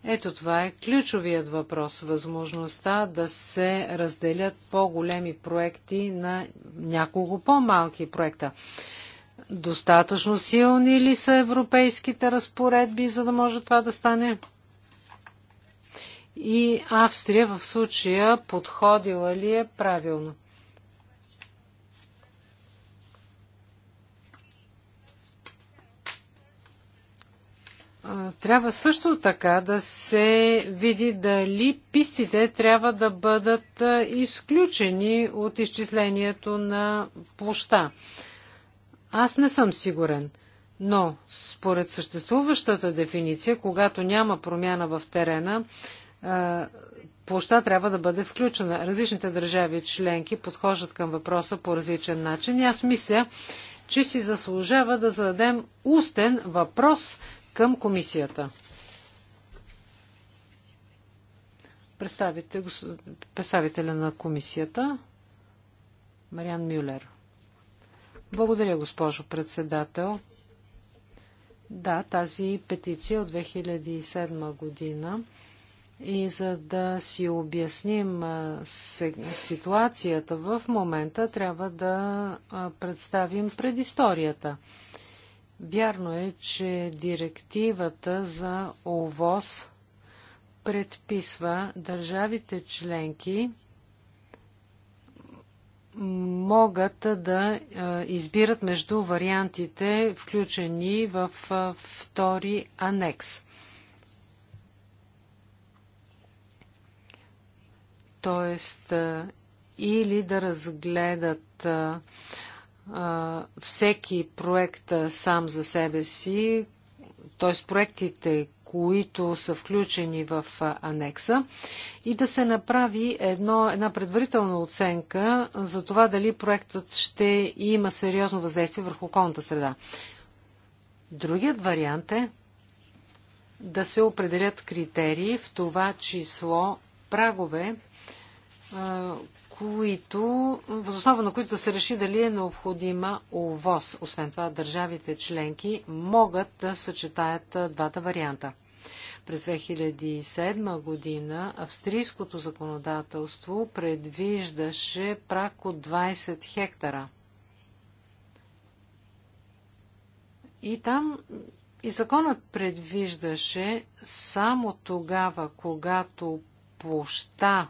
Ето това е ключовият въпрос. Възможността да се разделят по-големи проекти на няколко по-малки проекта. Достатъчно силни ли са европейските разпоредби, за да може това да стане? И Австрия в случая подходила ли е правилно? трябва също така да се види дали пистите трябва да бъдат изключени от изчислението на площа. Аз не съм сигурен, но според съществуващата дефиниция, когато няма промяна в терена, площа трябва да бъде включена. Различните държави членки подхождат към въпроса по различен начин и аз мисля, че си заслужава да зададем устен въпрос – към комисията. Представите, представителя на комисията Мариан Мюлер. Благодаря, госпожо председател. Да, тази петиция от 2007 година и за да си обясним ситуацията в момента, трябва да представим предисторията. Вярно е, че директивата за ОВОз предписва държавите членки могат да избират между вариантите, включени в втори анекс. Тоест, или да разгледат а, всеки проект сам за себе си, т.е. проектите, които са включени в анекса, и да се направи едно, една предварителна оценка за това дали проектът ще има сериозно въздействие върху околната среда. Другият вариант е да се определят критерии, в това число прагове, които, възоснова на които да се реши дали е необходима ОВОз. Освен това, държавите членки могат да съчетаят двата варианта. През 2007 година австрийското законодателство предвиждаше прак от 20 хектара. И там и законът предвиждаше само тогава, когато площа,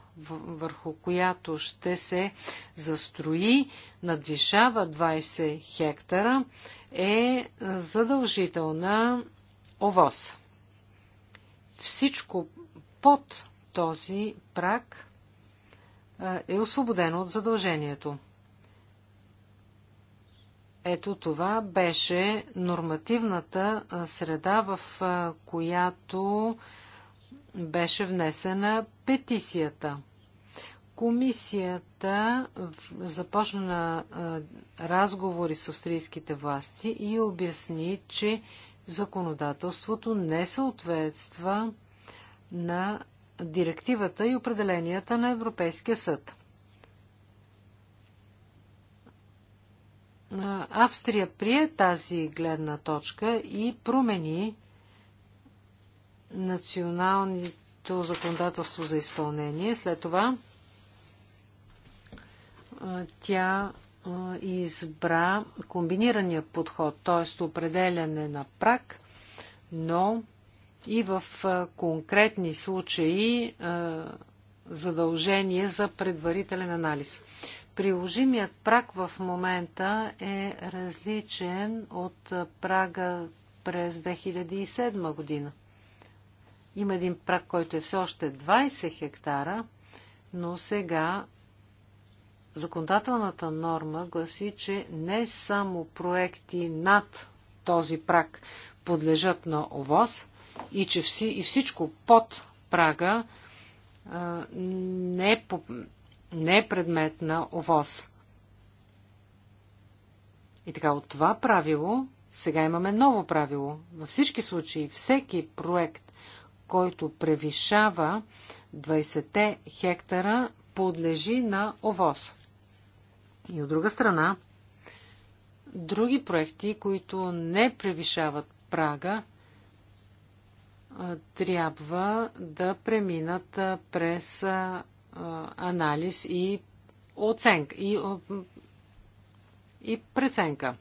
върху която ще се застрои, надвишава 20 хектара, е задължителна овоз. Всичко под този прак е освободено от задължението. Ето това беше нормативната среда, в която беше внесена петицията. Комисията започна разговори с австрийските власти и обясни, че законодателството не съответства на директивата и определенията на Европейския съд. Австрия прие тази гледна точка и промени националното законодателство за изпълнение. След това тя избра комбинирания подход, т.е. определяне на прак, но и в конкретни случаи задължение за предварителен анализ. Приложимият прак в момента е различен от прага през 2007 година. Има един прак, който е все още 20 хектара, но сега законодателната норма гласи, че не само проекти над този прак подлежат на ОВОз и че вси, и всичко под прага а, не, е по, не е предмет на ОВОз. И така, от това правило сега имаме ново правило. Във всички случаи, всеки проект който превишава 20 хектара, подлежи на ОВОз. И от друга страна, други проекти, които не превишават прага, трябва да преминат през анализ и оценка и, и преценка.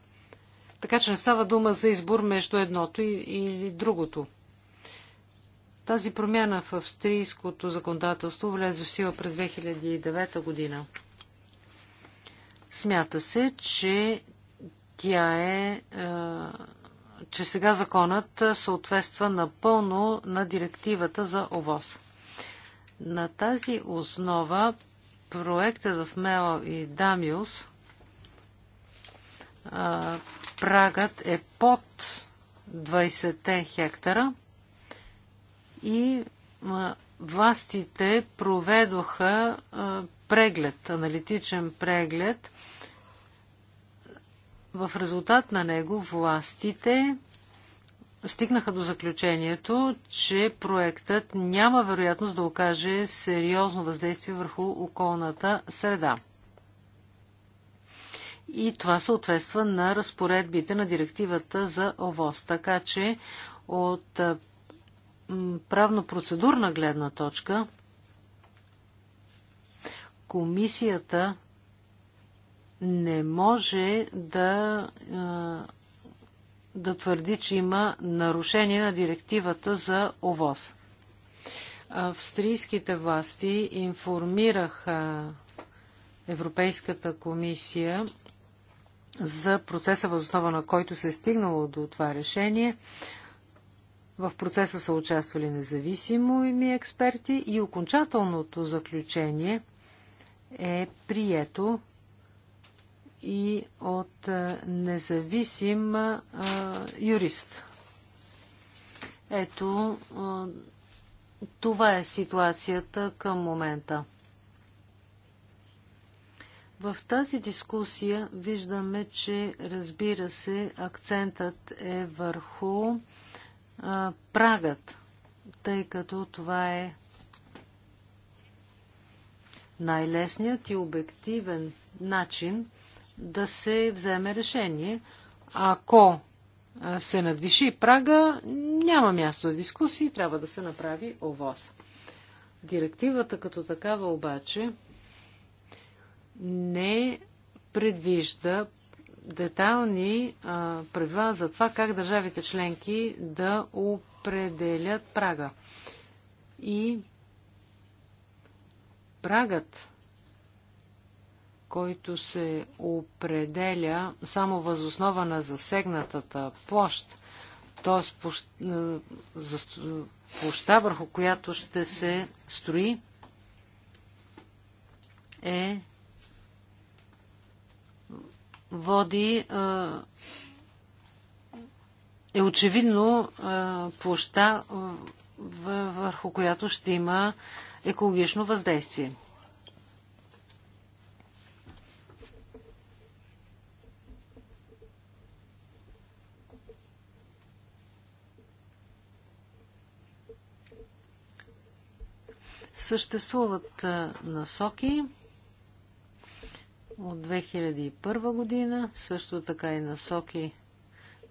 Така че не става дума за избор между едното или другото. Тази промяна в австрийското законодателство влезе в сила през 2009 година. Смята се, че тя е, е, че сега законът съответства напълно на директивата за ОВОС. На тази основа проектът в Мела и Дамиус е, прагът е под 20 хектара – и властите проведоха преглед, аналитичен преглед. В резултат на него властите стигнаха до заключението, че проектът няма вероятност да окаже сериозно въздействие върху околната среда. И това съответства на разпоредбите на директивата за ОВОС. Така че от правно-процедурна гледна точка, комисията не може да, да твърди, че има нарушение на директивата за ОВОз. Австрийските власти информираха Европейската комисия за процеса възоснова на който се е стигнало до това решение. В процеса са участвали независимо ми експерти и окончателното заключение е прието и от независим а, юрист. Ето, а, това е ситуацията към момента. В тази дискусия виждаме, че разбира се, акцентът е върху прагът, тъй като това е най-лесният и обективен начин да се вземе решение. Ако се надвиши прага, няма място за дискусии, трябва да се направи ОВОз. Директивата като такава обаче не предвижда детайлни а, правила за това как държавите членки да определят прага. И прагът, който се определя само възоснова на засегнатата площ, т.е. Площ, площа, върху която ще се строи, е води е очевидно площа, върху която ще има екологично въздействие. Съществуват насоки от 2001 година, също така и насоки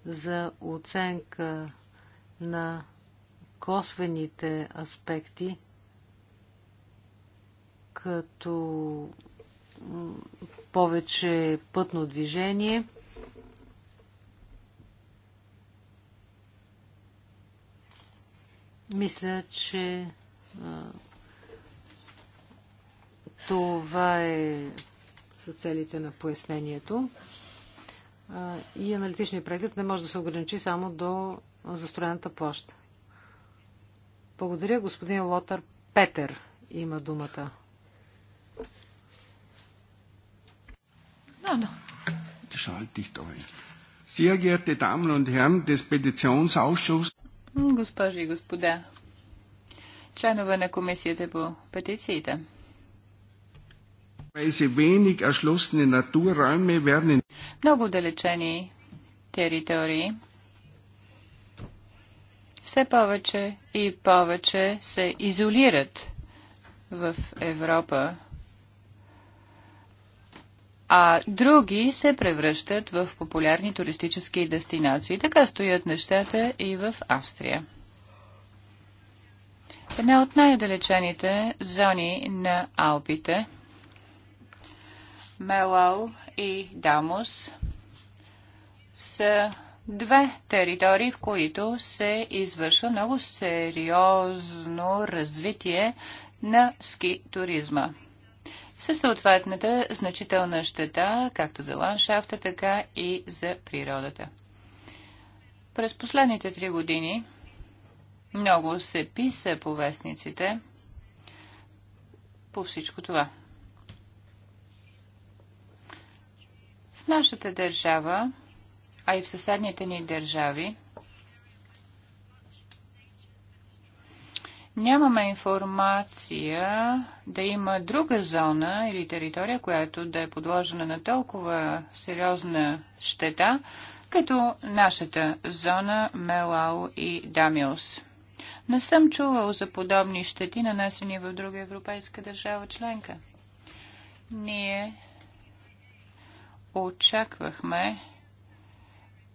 за оценка на косвените аспекти, като повече пътно движение. Мисля, че това е с целите на пояснението. И аналитичният преглед не може да се ограничи само до застроената площ. Благодаря, господин Лотър Петер има думата. Да, да. Sehr geehrte Damen und er Herren des Petitionsausschusses. Госпожи и господа, членове на комисията по петициите. Много отдалечени територии все повече и повече се изолират в Европа, а други се превръщат в популярни туристически дестинации. Така стоят нещата и в Австрия. Една от най-далечените зони на Алпите – Мелал и Дамус са две територии, в които се извършва много сериозно развитие на ски туризма. Със съответната значителна щета, както за ландшафта, така и за природата. През последните три години много се писа по вестниците по всичко това. нашата държава, а и в съседните ни държави, нямаме информация да има друга зона или територия, която да е подложена на толкова сериозна щета, като нашата зона Мелао и Дамиус. Не съм чувал за подобни щети, нанесени в друга европейска държава членка. Ние очаквахме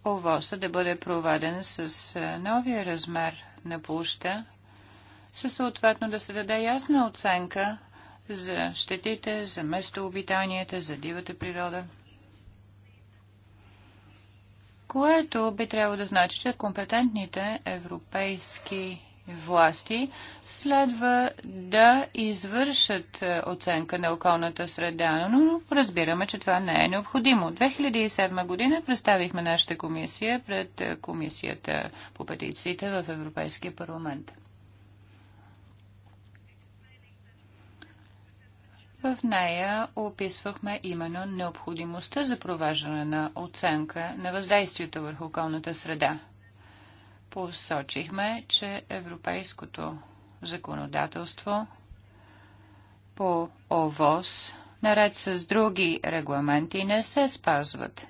овоса да бъде проведен с е, новия размер на площа, със съответно да се даде ясна оценка за щетите, за местообитанията, за дивата природа. Което би трябвало да значи, че компетентните европейски власти следва да извършат е, оценка на околната среда, но разбираме, че това не е необходимо. 2007 година представихме нашата комисия пред е, комисията по петициите в Европейския парламент. В нея описвахме именно необходимостта за провеждане на оценка на въздействието върху околната среда – посочихме, че европейското законодателство по ОВОС, наред с други регламенти, не се спазват.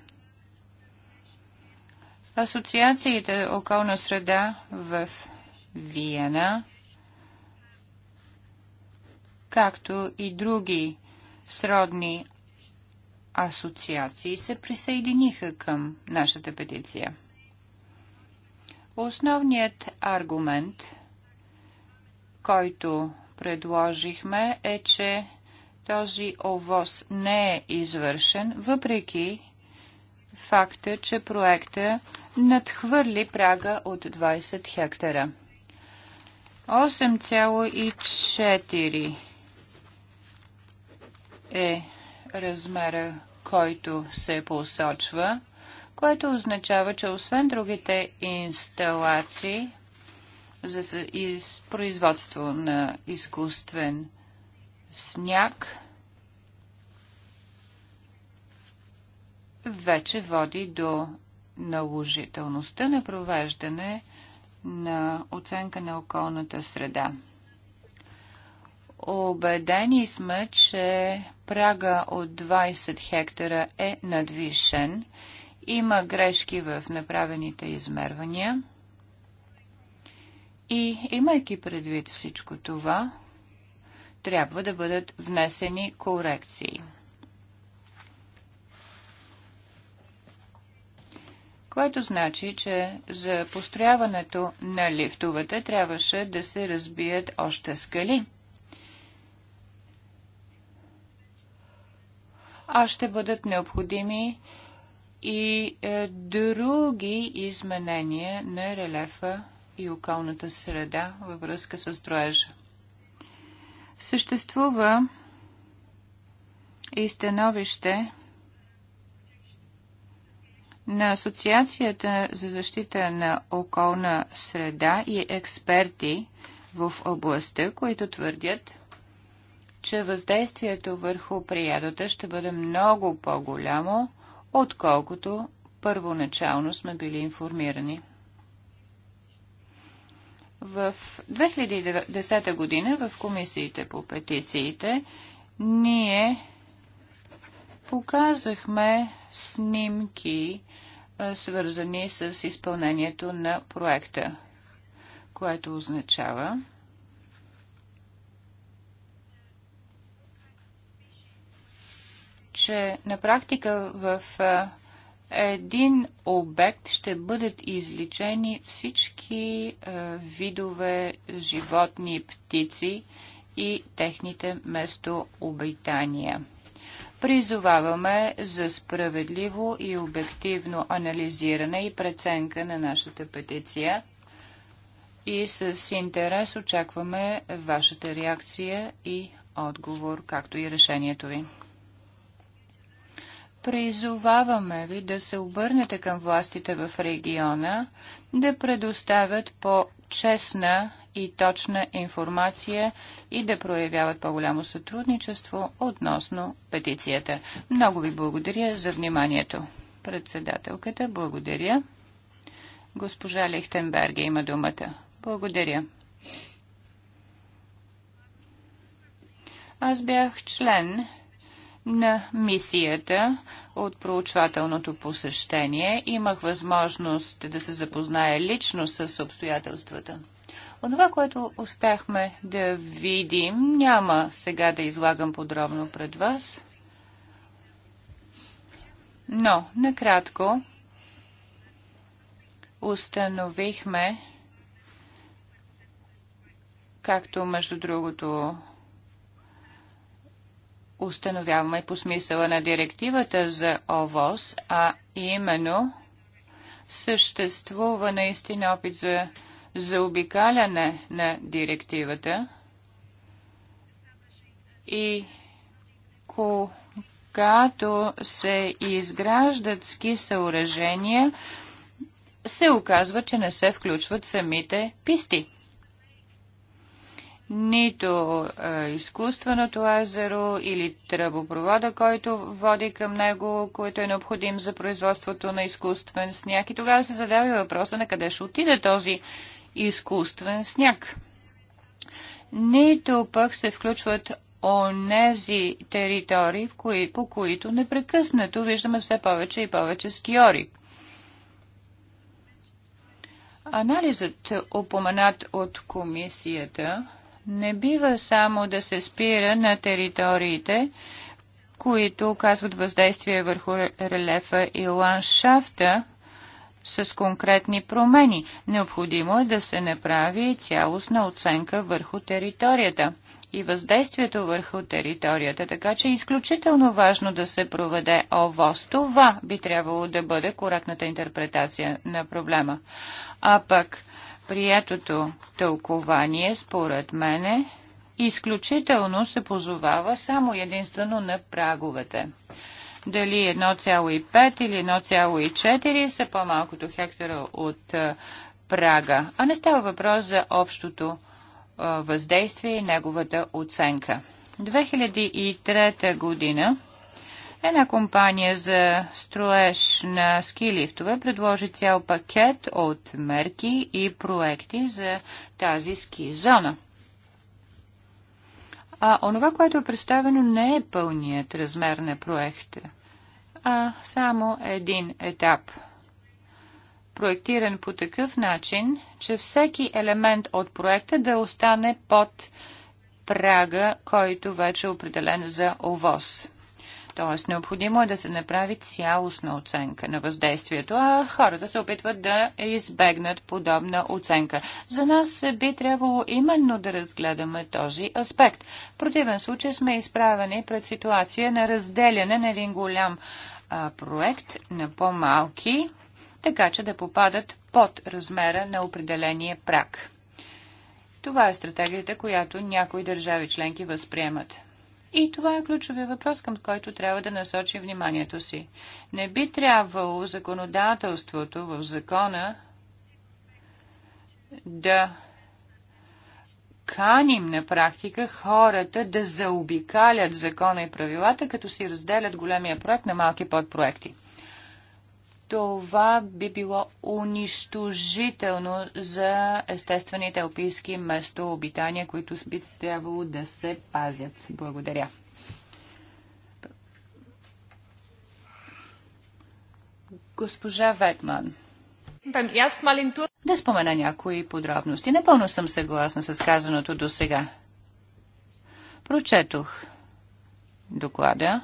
Асоциациите околна среда в Виена, както и други сродни асоциации, се присъединиха към нашата петиция. Основният аргумент, който предложихме е, че този овоз не е извършен, въпреки факта, че проекта надхвърли прага от 20 хектара. 8,4 е размера, който се посочва – което означава, че освен другите инсталации за производство на изкуствен сняг, вече води до наложителността на провеждане на оценка на околната среда. Обедени сме, че прага от 20 хектара е надвишен има грешки в направените измервания. И имайки предвид всичко това, трябва да бъдат внесени корекции. което значи, че за построяването на лифтовете трябваше да се разбият още скали. А ще бъдат необходими и е, други изменения на релефа и околната среда във връзка с строежа. Съществува и становище на Асоциацията за защита на околна среда и експерти в областта, които твърдят, че въздействието върху приядата ще бъде много по-голямо, отколкото първоначално сме били информирани. В 2010 година в комисиите по петициите ние показахме снимки, свързани с изпълнението на проекта, което означава, че на практика в един обект ще бъдат изличени всички видове животни и птици и техните местообитания. Призоваваме за справедливо и обективно анализиране и преценка на нашата петиция и с интерес очакваме вашата реакция и отговор, както и решението ви. Призоваваме ви да се обърнете към властите в региона, да предоставят по-честна и точна информация и да проявяват по-голямо сътрудничество относно петицията. Много ви благодаря за вниманието. Председателката, благодаря. Госпожа Лихтенберге има думата. Благодаря. Аз бях член на мисията от проучвателното посещение. Имах възможност да се запозная лично с обстоятелствата. Онова, което успяхме да видим, няма сега да излагам подробно пред вас. Но, накратко, установихме, както между другото установяваме по смисъла на директивата за ОВОС, а именно съществува наистина опит за заобикаляне на директивата и когато се изграждат ски съоръжения, се оказва, че не се включват самите писти нито а, е, изкуственото езеро или тръбопровода, който води към него, който е необходим за производството на изкуствен сняг. И тогава се задава въпроса на къде ще отиде този изкуствен сняг. Нито пък се включват онези територии, в кои, по които непрекъснато виждаме все повече и повече скиори. Анализът, опоменат от комисията, не бива само да се спира на териториите, които оказват въздействие върху релефа и ландшафта с конкретни промени. Необходимо е да се направи цялостна оценка върху територията и въздействието върху територията, така че е изключително важно да се проведе ОВОС. Това би трябвало да бъде коректната интерпретация на проблема. А пък приетото тълкование, според мене, изключително се позовава само единствено на праговете. Дали 1,5 или 1,4 са по-малкото хектара от прага, а не става въпрос за общото въздействие и неговата оценка. 2003 година Една компания за строеж на ски лифтове предложи цял пакет от мерки и проекти за тази ски зона. А онова, което е представено, не е пълният размер на проекта, а само един етап. Проектиран по такъв начин, че всеки елемент от проекта да остане под прага, който вече е определен за ОВОз. Тоест, необходимо е да се направи цялостна оценка на въздействието, а хората се опитват да избегнат подобна оценка. За нас би трябвало именно да разгледаме този аспект. В противен случай сме изправени пред ситуация на разделяне на един голям а, проект на по-малки, така че да попадат под размера на определения прак. Това е стратегията, която някои държави членки възприемат. И това е ключовия въпрос, към който трябва да насочи вниманието си. Не би трябвало законодателството в закона да каним на практика хората да заобикалят закона и правилата, като си разделят големия проект на малки подпроекти това би било унищожително за естествените алпийски местообитания, които би трябвало да се пазят. Благодаря. Госпожа Ветман. Да спомена някои подробности. Непълно съм съгласна с казаното до сега. Прочетох доклада.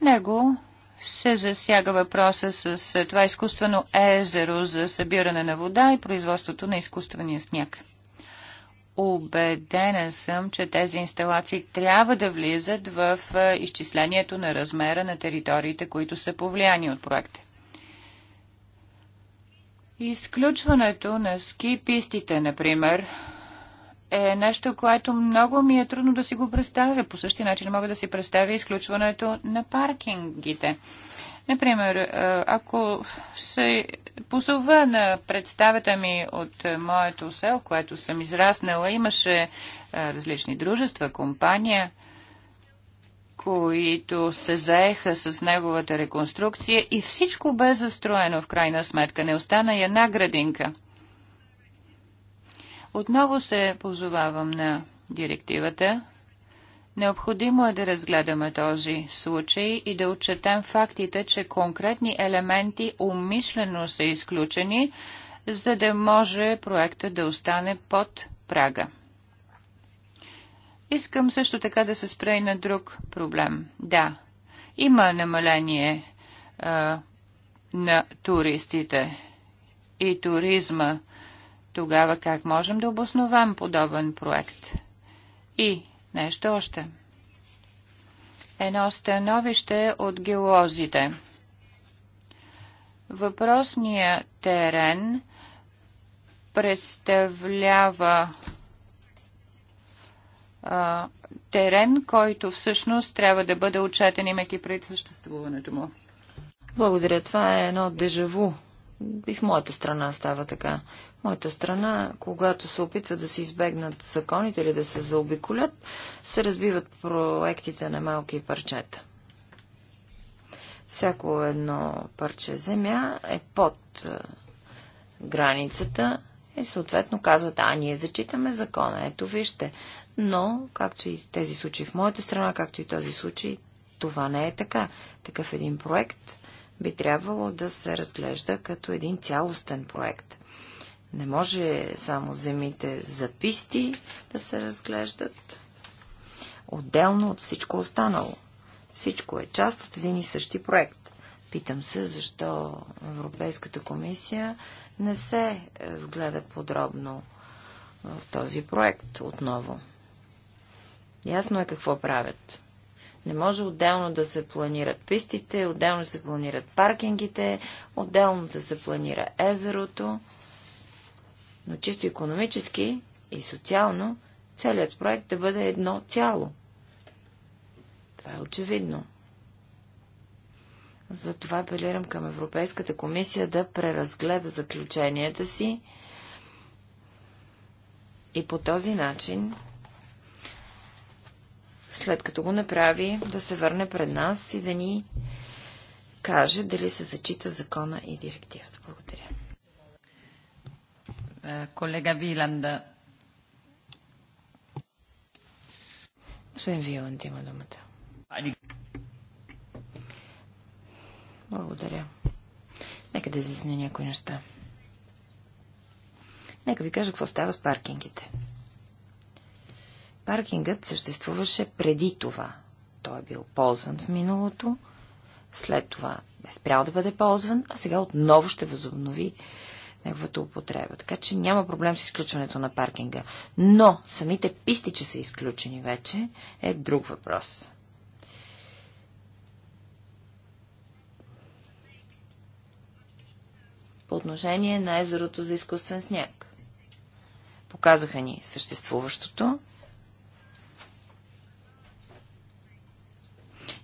Него се засяга въпроса с това изкуствено езеро за събиране на вода и производството на изкуствения сняг. Обедена съм, че тези инсталации трябва да влизат в е, изчислението на размера на териториите, които са повлияни от проекта. Изключването на ски пистите, например, е нещо, което много ми е трудно да си го представя. По същия начин мога да си представя изключването на паркингите. Например, е, ако се посува на представата ми от моето сел, което съм израснала, имаше е, различни дружества, компания, които се заеха с неговата реконструкция и всичко бе застроено в крайна сметка. Не остана и една градинка – отново се позовавам на директивата. Необходимо е да разгледаме този случай и да отчетем фактите, че конкретни елементи умишлено са изключени, за да може проекта да остане под прага. Искам също така да се спре и на друг проблем. Да, има намаление а, на туристите и туризма тогава как можем да обосновам подобен проект? И нещо още. Едно становище от геолозите. Въпросният терен представлява а, терен, който всъщност трябва да бъде отчетен, имайки пред съществуването му. Благодаря. Това е едно дежаву. И в моята страна става така моята страна, когато се опитват да се избегнат законите или да се заобиколят, се разбиват проектите на малки парчета. Всяко едно парче земя е под е, границата и съответно казват, а ние зачитаме закона, ето вижте. Но, както и тези случаи в моята страна, както и този случай, това не е така. Такъв един проект би трябвало да се разглежда като един цялостен проект. Не може само земите за писти да се разглеждат отделно от всичко останало. Всичко е част от един и същи проект. Питам се, защо Европейската комисия не се е, вгледа подробно в този проект отново. Ясно е какво правят. Не може отделно да се планират пистите, отделно да се планират паркингите, отделно да се планира езерото но чисто економически и социално целият проект да бъде едно цяло. Това е очевидно. Затова апелирам към Европейската комисия да преразгледа заключенията си и по този начин, след като го направи, да се върне пред нас и да ни каже дали се зачита закона и директивата. Благодаря. Е, колега Виланд. Господин Виланд има думата. Благодаря. Нека да изясня някои неща. Нека ви кажа какво става с паркингите. Паркингът съществуваше преди това. Той е бил ползван в миналото, след това е спрял да бъде ползван, а сега отново ще възобнови неговата употреба. Така че няма проблем с изключването на паркинга. Но самите писти, че са изключени вече, е друг въпрос. По отношение на езерото за изкуствен сняг. Показаха ни съществуващото,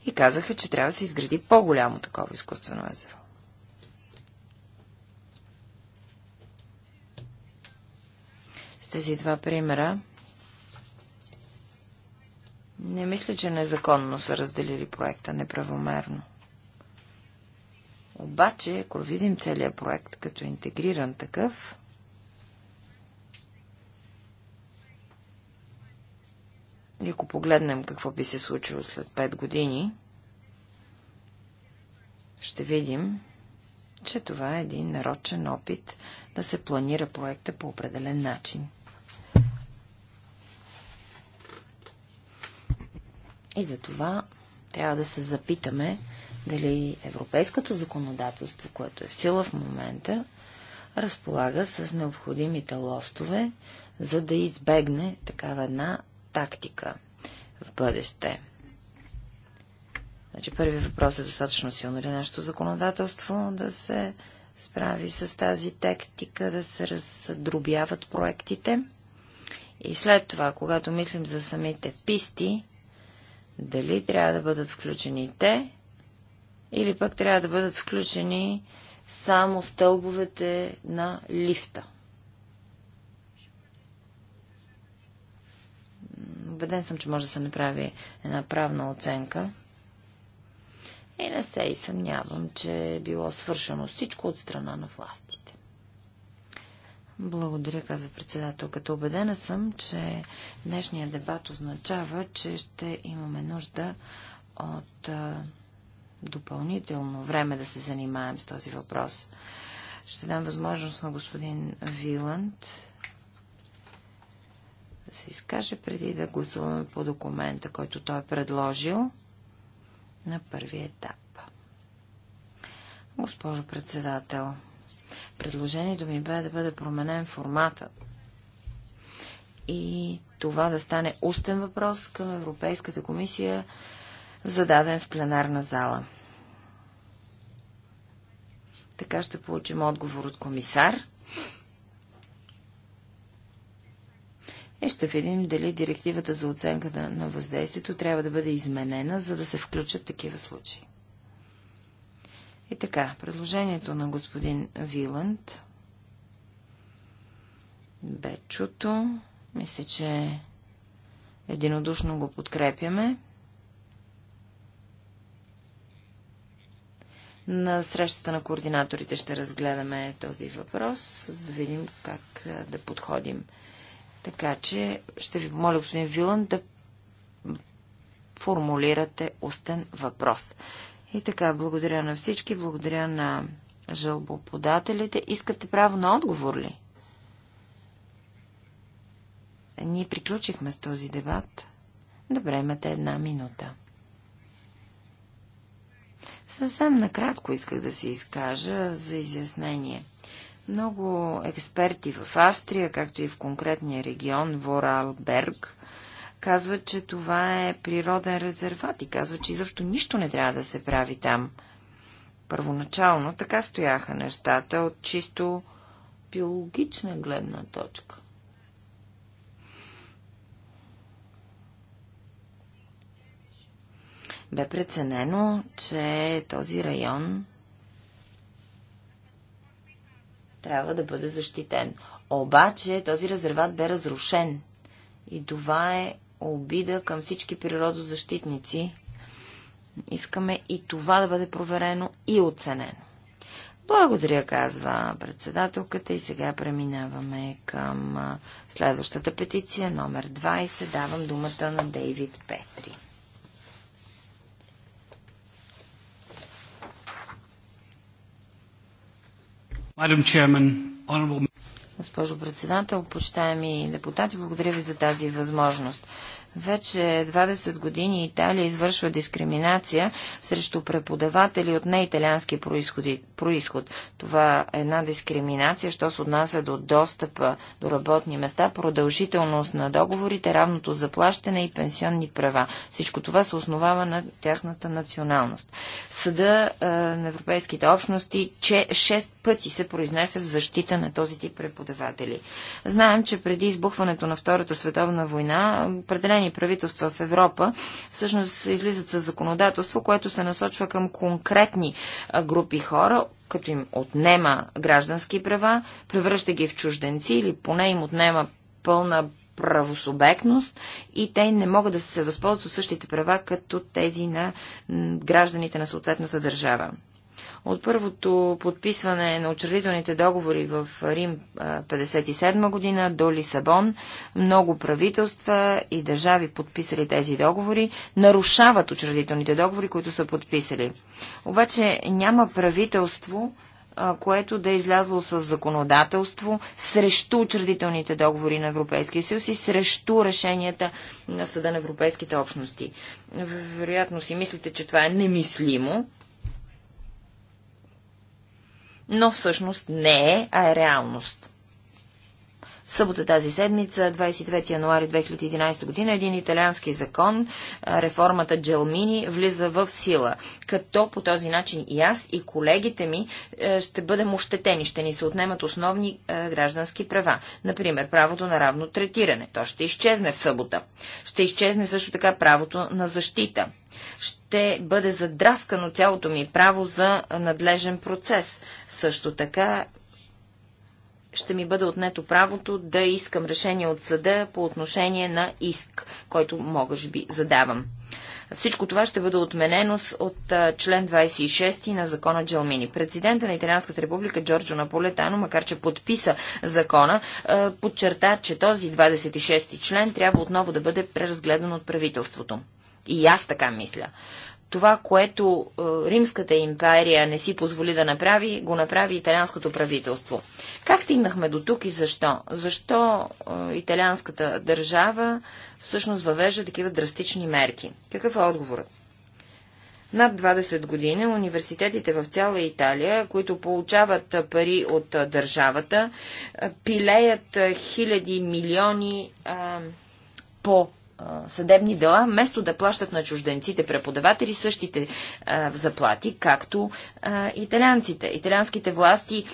и казаха, че трябва да се изгради по-голямо такова изкуствено езеро. тези два примера, не мисля, че незаконно са разделили проекта неправомерно. Обаче, ако видим целият проект като интегриран такъв, и ако погледнем какво би се случило след 5 години, ще видим, че това е един нарочен опит да се планира проекта по определен начин – И за това трябва да се запитаме дали европейското законодателство, което е в сила в момента, разполага с необходимите лостове, за да избегне такава една тактика в бъдеще. Значи първият въпрос е достатъчно силно ли е нашето законодателство да се справи с тази тактика, да се раздробяват проектите. И след това, когато мислим за самите писти, дали трябва да бъдат включени те, или пък трябва да бъдат включени само стълбовете на лифта. Убеден съм, че може да се направи една правна оценка. И не се и съмнявам, че е било свършено всичко от страна на властите. Благодаря, казва Като убедена съм, че днешния дебат означава, че ще имаме нужда от допълнително време да се занимаем с този въпрос. Ще дам възможност на господин Виланд да се изкаже преди да гласуваме по документа, който той е предложил на първи етап. Госпожо председател, Предложението ми бе да бъде променен формата и това да стане устен въпрос към Европейската комисия, зададен в пленарна зала. Така ще получим отговор от комисар. И ще видим дали директивата за оценка на въздействието трябва да бъде изменена, за да се включат такива случаи. И така, предложението на господин Виланд бе чуто. Мисля, че единодушно го подкрепяме. На срещата на координаторите ще разгледаме този въпрос, за да видим как да подходим. Така че ще ви помоля, господин Вилан, да формулирате устен въпрос. И така, благодаря на всички, благодаря на жалбоподателите. Искате право на отговор ли? Ние приключихме с този дебат. Добре, имате една минута. Съвсем накратко исках да се изкажа за изяснение. Много експерти в Австрия, както и в конкретния регион Воралберг, казват, че това е природен резерват и казват, че изобщо нищо не трябва да се прави там. Първоначално така стояха нещата от чисто биологична гледна точка. Бе преценено, че този район трябва да бъде защитен. Обаче този резерват бе разрушен. И това е обида към всички природозащитници. Искаме и това да бъде проверено и оценено. Благодаря, казва председателката и сега преминаваме към следващата петиция, номер 20. Давам думата на Дейвид Петри. Madam Chairman, honorable... Госпожо председател, почитаеми депутати, благодаря ви за тази възможност. Вече 20 години Италия извършва дискриминация срещу преподаватели от неиталиански происход. Това е една дискриминация, що се отнася до достъпа до работни места, продължителност на договорите, равното заплащане и пенсионни права. Всичко това се основава на тяхната националност. Съда е, на европейските общности че 6 пъти се произнесе в защита на този тип преподаватели. Знаем, че преди избухването на Втората световна война, определен определени правителства в Европа всъщност излизат с законодателство, което се насочва към конкретни групи хора, като им отнема граждански права, превръща ги в чужденци или поне им отнема пълна правосубектност и те не могат да се възползват от същите права, като тези на гражданите на съответната държава. От първото подписване на учредителните договори в Рим 57 година до Лисабон, много правителства и държави подписали тези договори, нарушават учредителните договори, които са подписали. Обаче няма правителство, което да е излязло с законодателство срещу учредителните договори на Европейския съюз и срещу решенията на Съда на Европейските общности. Вероятно си мислите, че това е немислимо, но всъщност не е, а е реалност събота тази седмица, 29 януари 2011 година, един италиански закон, реформата Джелмини, влиза в сила. Като по този начин и аз, и колегите ми ще бъдем ощетени, ще ни се отнемат основни граждански права. Например, правото на равно третиране. То ще изчезне в събота. Ще изчезне също така правото на защита ще бъде задраскано цялото ми право за надлежен процес. Също така ще ми бъде отнето правото да искам решение от съда по отношение на иск, който могаш би задавам. Всичко това ще бъде отменено от член 26 на закона Джалмини. Президента на Италианската република Джорджо Наполетано, макар че подписа закона, подчерта, че този 26 член трябва отново да бъде преразгледан от правителството. И аз така мисля това, което е, Римската империя не си позволи да направи, го направи италианското правителство. Как стигнахме до тук и защо? Защо е, италианската държава всъщност въвежда такива драстични мерки? Какъв е отговорът? Над 20 години университетите в цяла Италия, които получават е, пари от държавата, пилеят хиляди милиони а, по съдебни дела, вместо да плащат на чужденците преподаватели същите а, заплати, както а, италианците. Италианските власти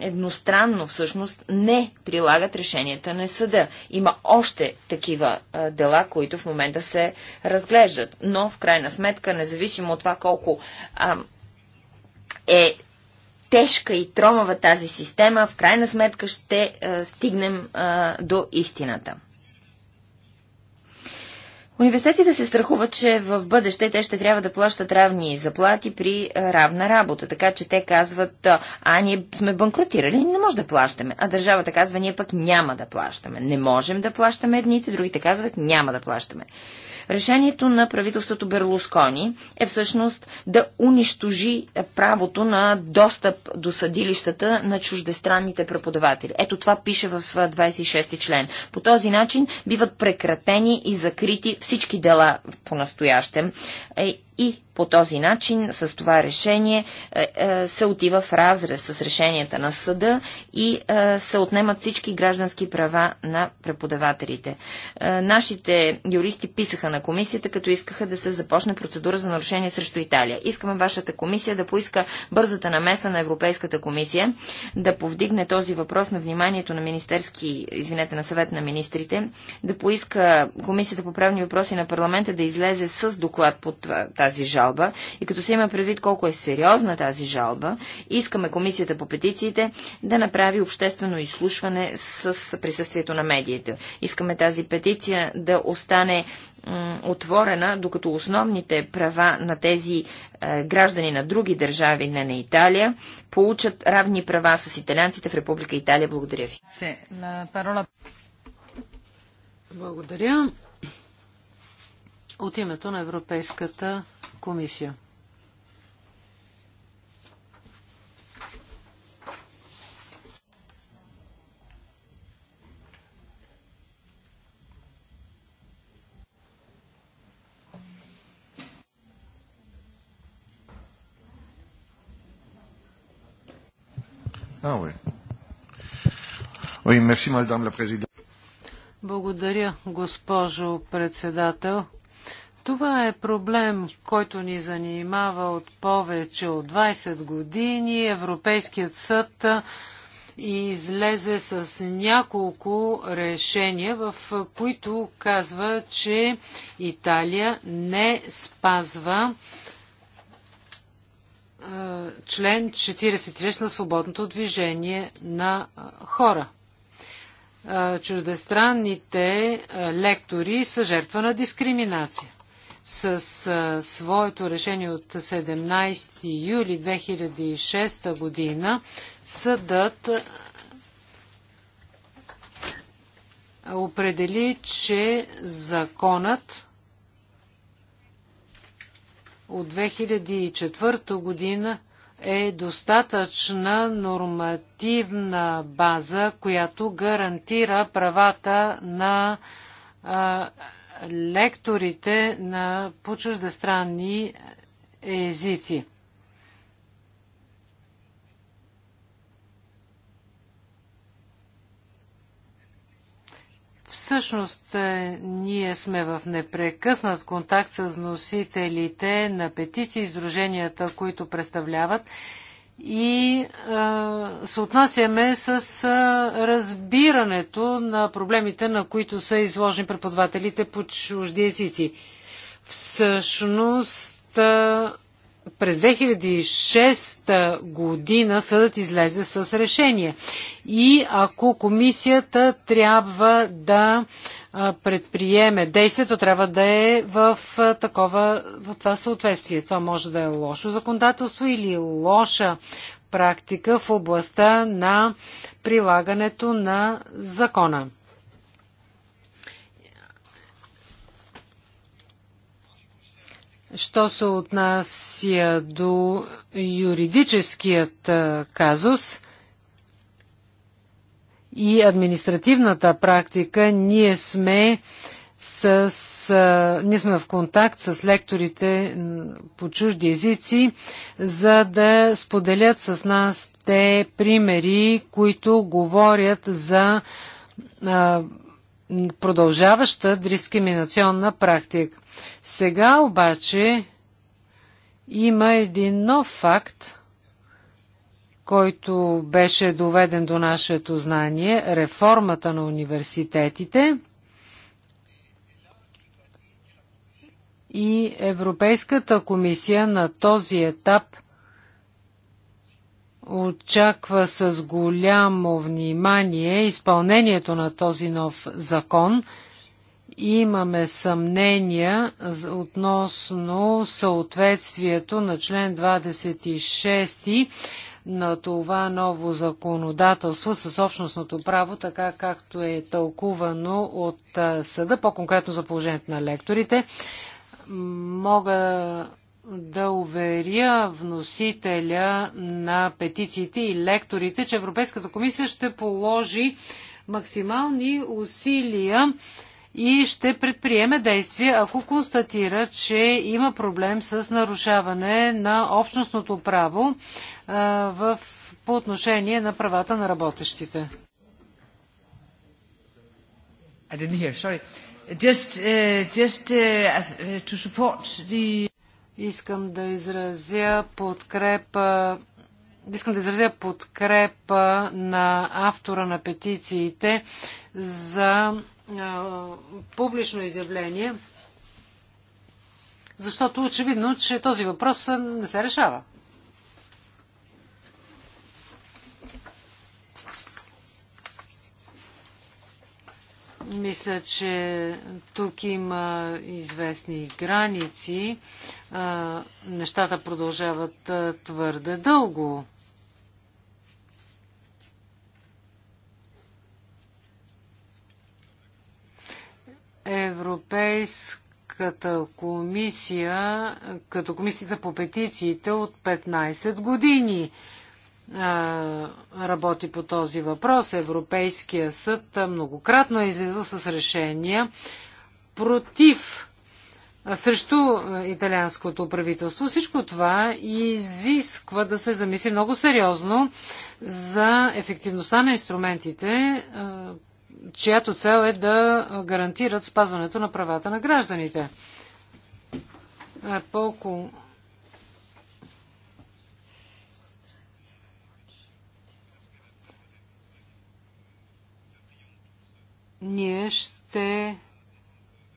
едностранно всъщност не прилагат решенията на съда. Има още такива а, дела, които в момента се разглеждат. Но в крайна сметка, независимо от това колко а, е тежка и тромава тази система, в крайна сметка ще а, стигнем а, до истината. Университетите се страхуват, че в бъдеще те ще трябва да плащат равни заплати при е, равна работа. Така че те казват, а ние сме банкротирали, не може да плащаме. А държавата казва, ние пък няма да плащаме. Не можем да плащаме едните, другите казват, няма да плащаме. Решението на правителството Берлускони е всъщност да унищожи правото на достъп до съдилищата на чуждестранните преподаватели. Ето това пише в 26 член. По този начин биват прекратени и закрити всички дела по настоящем е, и по този начин с това решение е, е, се отива в разрез с решенията на съда и е, се отнемат всички граждански права на преподавателите. Нашите юристи писаха на комисията, като искаха да се започне процедура за нарушение срещу Италия. Искаме вашата комисия да поиска бързата намеса на Европейската комисия, да повдигне този въпрос на вниманието на министерски, извинете, на съвет на министрите, да поиска комисията по правни въпроси на парламента да излезе с доклад под тази тази жалба и като се има предвид колко е сериозна тази жалба, искаме Комисията по петициите да направи обществено изслушване с присъствието на медиите. Искаме тази петиция да остане отворена, докато основните права на тези е, граждани на други държави, не на Италия, получат равни права с италианците в Република Италия. Благодаря ви. Благодаря. От името на Европейската комисия. Ah Благодаря, госпожо председател. Това е проблем, който ни занимава от повече от 20 години. Европейският съд излезе с няколко решения, в които казва, че Италия не спазва член 46 на свободното движение на хора. Чуждестранните лектори са жертва на дискриминация с своето решение от 17 юли 2006 година съдът определи, че законът от 2004 година е достатъчна нормативна база, която гарантира правата на а, лекторите на, по чуждестранни езици. Всъщност, е, ние сме в непрекъснат контакт с носителите на петиции, издруженията, които представляват и а, се отнасяме с а, разбирането на проблемите, на които са изложени преподавателите по чужди езици. Всъщност, а, през 2006 година съдът излезе с решение. И ако комисията трябва да предприеме действието, трябва да е в, такова, в това съответствие. Това може да е лошо законодателство или лоша практика в областта на прилагането на закона. Що се отнася до юридическият казус и административната практика, ние сме с, ние сме в контакт с лекторите по чужди езици, за да споделят с нас те примери, които говорят за а, продължаваща дискриминационна практика. Сега обаче има един нов факт, който беше доведен до нашето знание реформата на университетите и Европейската комисия на този етап очаква с голямо внимание изпълнението на този нов закон – имаме съмнения относно съответствието на член 26 на това ново законодателство с общностното право, така както е тълкувано от съда, по-конкретно за положението на лекторите. Мога да уверя вносителя на петициите и лекторите, че Европейската комисия ще положи максимални усилия и ще предприеме действия, ако констатира, че има проблем с нарушаване на общностното право в, по отношение на правата на работещите. I didn't hear, sorry. Just, uh, just uh, uh, to support the... Искам да изразя подкрепа искам да изразя подкрепа на автора на петициите за а, публично изявление, защото очевидно, че този въпрос не се решава. Мисля, че тук има известни граници. Нещата продължават твърде дълго. Европейската комисия, като комисията по петициите от 15 години работи по този въпрос. Европейския съд многократно е излизал с решения против срещу италианското правителство. Всичко това изисква да се замисли много сериозно за ефективността на инструментите, чиято цел е да гарантират спазването на правата на гражданите. Е, ние ще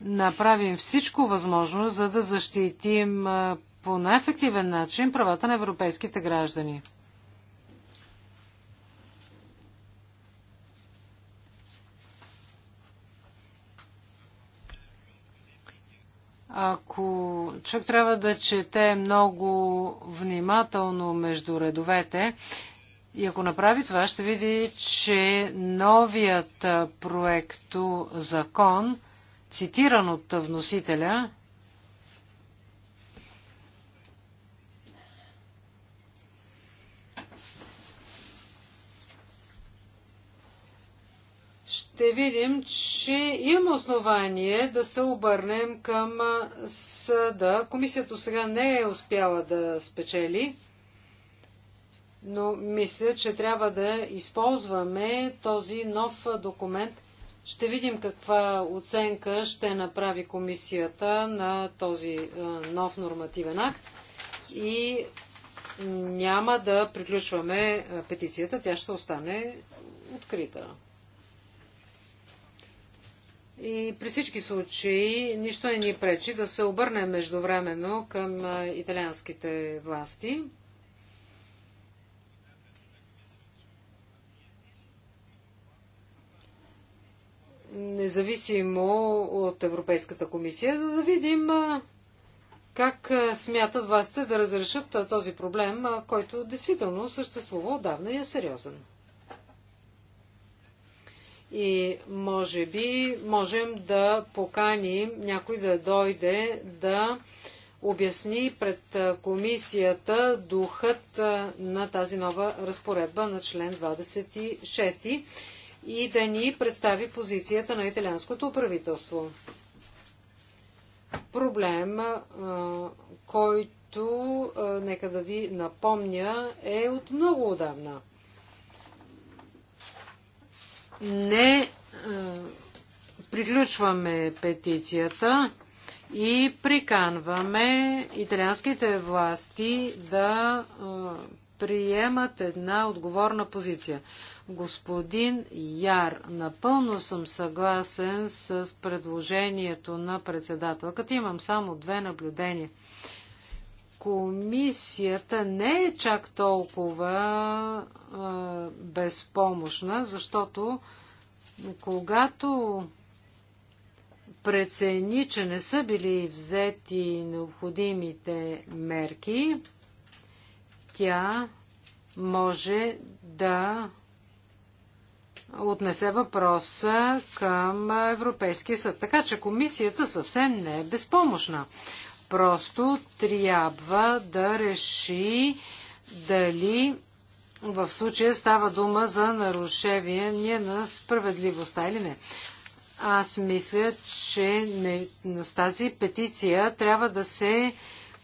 направим всичко възможно, за да защитим е, по най-ефективен начин правата на европейските граждани. Ако човек трябва да чете много внимателно между редовете, и ако направи това, ще види, че новият проекто закон, цитиран от вносителя, ще видим, че има основание да се обърнем към съда. Комисията сега не е успяла да спечели, но мисля, че трябва да използваме този нов документ. Ще видим каква оценка ще направи комисията на този нов нормативен акт и няма да приключваме петицията, тя ще остане открита. И при всички случаи нищо не ни пречи да се обърнем междувременно към италианските власти. Независимо от Европейската комисия, да видим как смятат властите да разрешат този проблем, който действително съществува отдавна и е сериозен. И може би можем да поканим някой да дойде да обясни пред комисията духът на тази нова разпоредба на член 26 и да ни представи позицията на италианското правителство. Проблем, който, нека да ви напомня, е от много отдавна не е, приключваме петицията и приканваме италианските власти да е, приемат една отговорна позиция. Господин Яр, напълно съм съгласен с предложението на председателката. Имам само две наблюдения – комисията не е чак толкова а, безпомощна, защото когато прецени, че не са били взети необходимите мерки, тя може да отнесе въпроса към Европейския съд. Така че комисията съвсем не е безпомощна. Просто трябва да реши дали в случая става дума за нарушение на справедливостта или не. Аз мисля, че не, с тази петиция трябва да се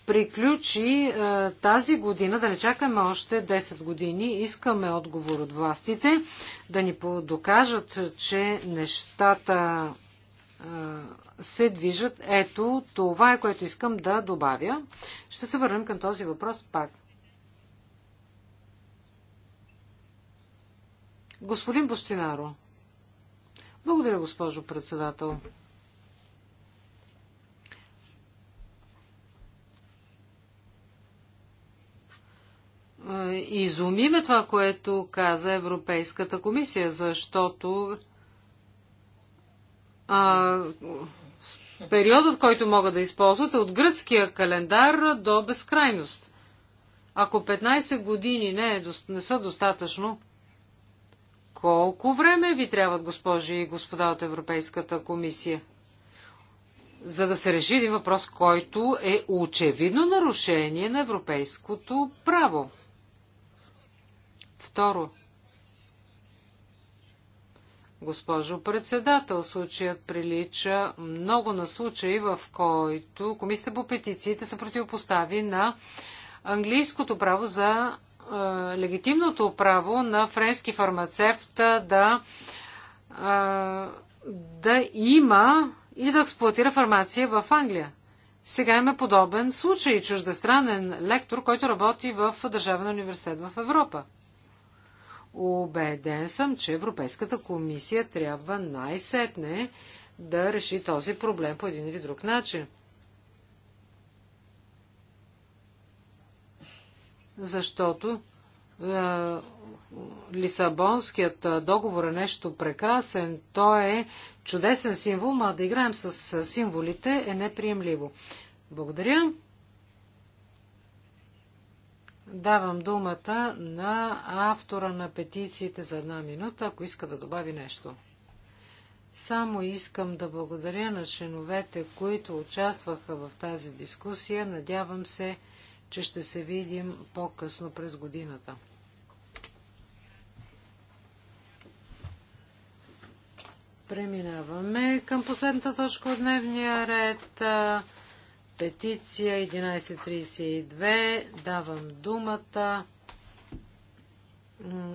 приключи е, тази година, да не чакаме още 10 години. Искаме отговор от властите да ни докажат, че нещата се движат. Ето, това е което искам да добавя. Ще се върнем към този въпрос пак. Господин Бостинаро. Благодаря, госпожо председател. Е, изумиме това, което каза Европейската комисия, защото а, периодът, който могат да използват е от гръцкия календар до безкрайност. Ако 15 години не, е, не са достатъчно, колко време ви трябват, госпожи и господа от Европейската комисия? За да се реши един въпрос, който е очевидно нарушение на европейското право. Второ, Госпожо председател, случаят прилича много на случаи, в който Комисията по петициите се противопостави на английското право за е, легитимното право на френски фармацевт да, е, да има или да експлуатира фармация в Англия. Сега има подобен случай чуждестранен лектор, който работи в Държавен университет в Европа. Убеден съм, че Европейската комисия трябва най-сетне да реши този проблем по един или друг начин. Защото е, Лисабонският договор е нещо прекрасен, той е чудесен символ, а да играем с символите е неприемливо. Благодаря. Давам думата на автора на петициите за една минута, ако иска да добави нещо. Само искам да благодаря на членовете, които участваха в тази дискусия. Надявам се, че ще се видим по-късно през годината. Преминаваме към последната точка от дневния ред петиция 1132. Давам думата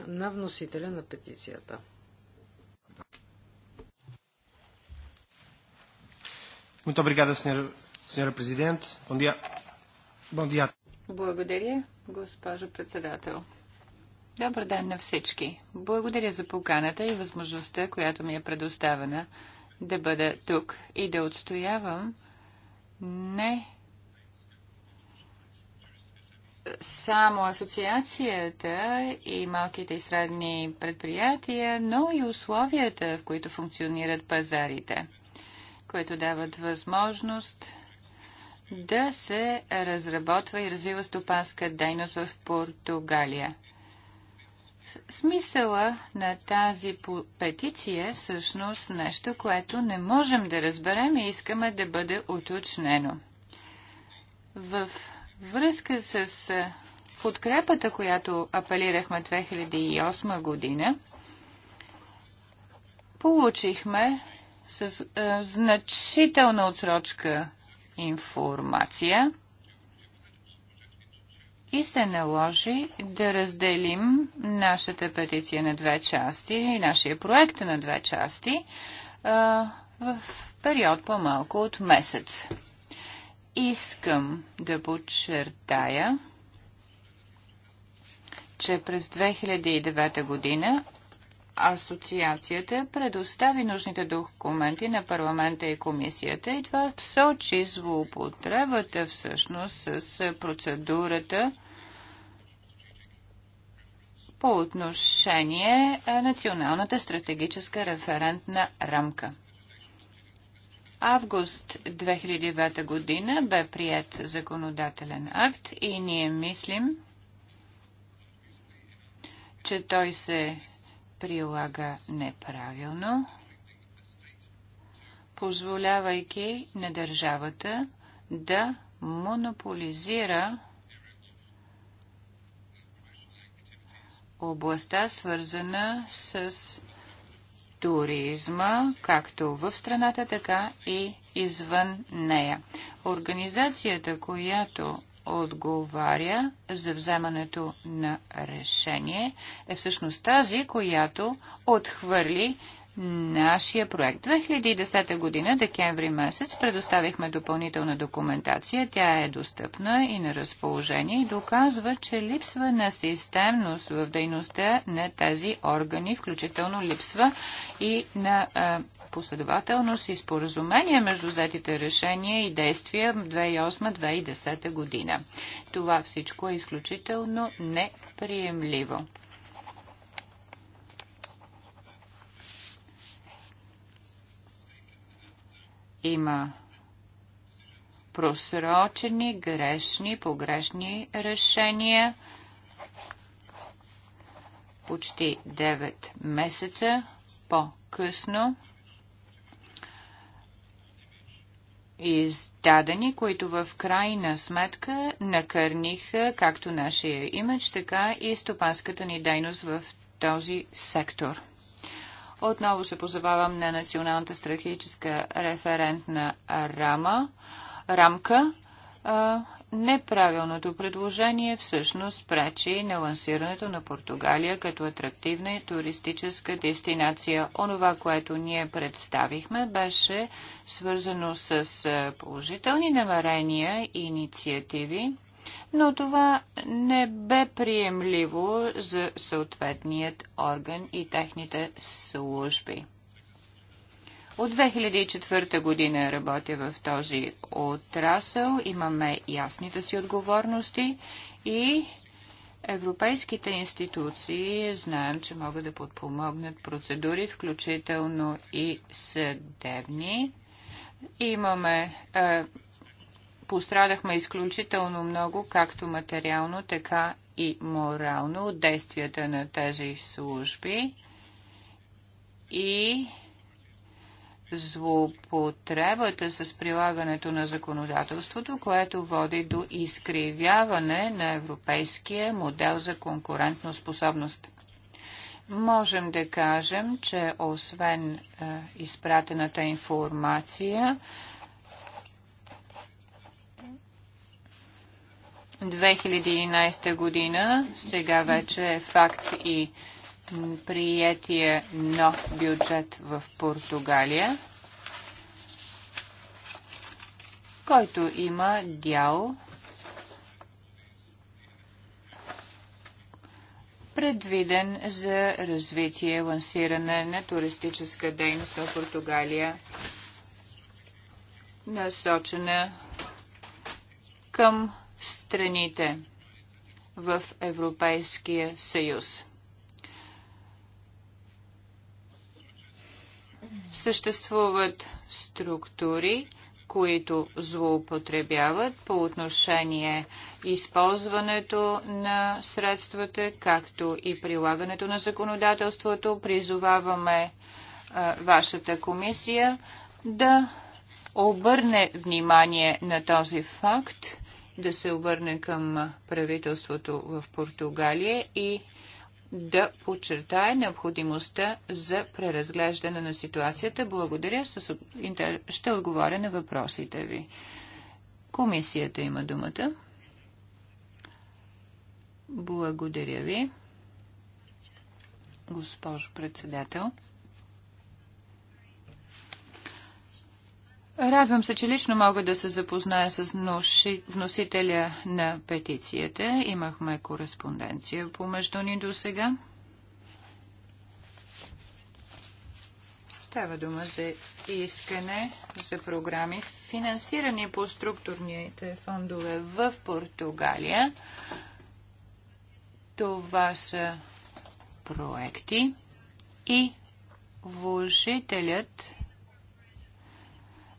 на вносителя на петицията. Muito senhora, senhora Presidente. Bom dia. Bom dia. Благодаря, госпожо председател. Добър ден на всички. Благодаря за поканата и възможността, която ми е предоставена да бъда тук и да отстоявам не само асоциацията и малките и средни предприятия, но и условията, в които функционират пазарите, които дават възможност да се разработва и развива стопанска дейност в Португалия. Смисъла на тази петиция е всъщност нещо, което не можем да разберем и искаме да бъде уточнено. В връзка с подкрепата, която апелирахме 2008 година, получихме с е, значителна отсрочка информация – и се наложи да разделим нашата петиция на две части и нашия проект на две части а, в период по-малко от месец. Искам да подчертая, че през 2009 година асоциацията предостави нужните документи на парламента и комисията и това сочи злоупотребата всъщност с процедурата по отношение на Националната стратегическа референтна рамка. Август 2009 година бе прият законодателен акт и ние мислим, че той се прилага неправилно, позволявайки на държавата да монополизира областта, свързана с туризма, както в страната, така и извън нея. Организацията, която отговаря за вземането на решение, е всъщност тази, която отхвърли нашия проект. 2010 година, декември месец, предоставихме допълнителна документация. Тя е достъпна и на разположение и доказва, че липсва на системност в дейността на тези органи, включително липсва и на а, последователност и споразумение между взетите решения и действия 2008-2010 година. Това всичко е изключително неприемливо. Има просрочени, грешни, погрешни решения почти 9 месеца по-късно издадени, които в крайна сметка накърниха както нашия имидж, така и стопанската ни дейност в този сектор. Отново се позовавам на Националната стратегическа референтна рама, рамка, а, неправилното предложение всъщност пречи на лансирането на Португалия като атрактивна и туристическа дестинация. Онова, което ние представихме, беше свързано с положителни намерения и инициативи, но това не бе приемливо за съответният орган и техните служби. От 2004 година работя в този отрасъл, имаме ясните си отговорности и Европейските институции знаем, че могат да подпомогнат процедури, включително и съдебни. Имаме, е, пострадахме изключително много, както материално, така и морално от действията на тези служби. И злоупотребата с прилагането на законодателството, което води до изкривяване на европейския модел за конкурентно способност. Можем да кажем, че освен е, изпратената информация, 2011 година сега вече е факт и приятия нов бюджет в Португалия, който има дял предвиден за развитие, и лансиране на туристическа дейност в Португалия, насочена към страните в Европейския съюз. Съществуват структури, които злоупотребяват по отношение използването на средствата, както и прилагането на законодателството. Призоваваме а, вашата комисия да обърне внимание на този факт, да се обърне към правителството в Португалия и да подчертае необходимостта за преразглеждане на ситуацията. Благодаря. Ще отговоря на въпросите ви. Комисията има думата. Благодаря ви, госпожо председател. Радвам се, че лично мога да се запозная с вносителя на петицията. Имахме кореспонденция помежду ни до сега. Става дума за искане за програми, финансирани по структурните фондове в Португалия. Това са проекти и вложителят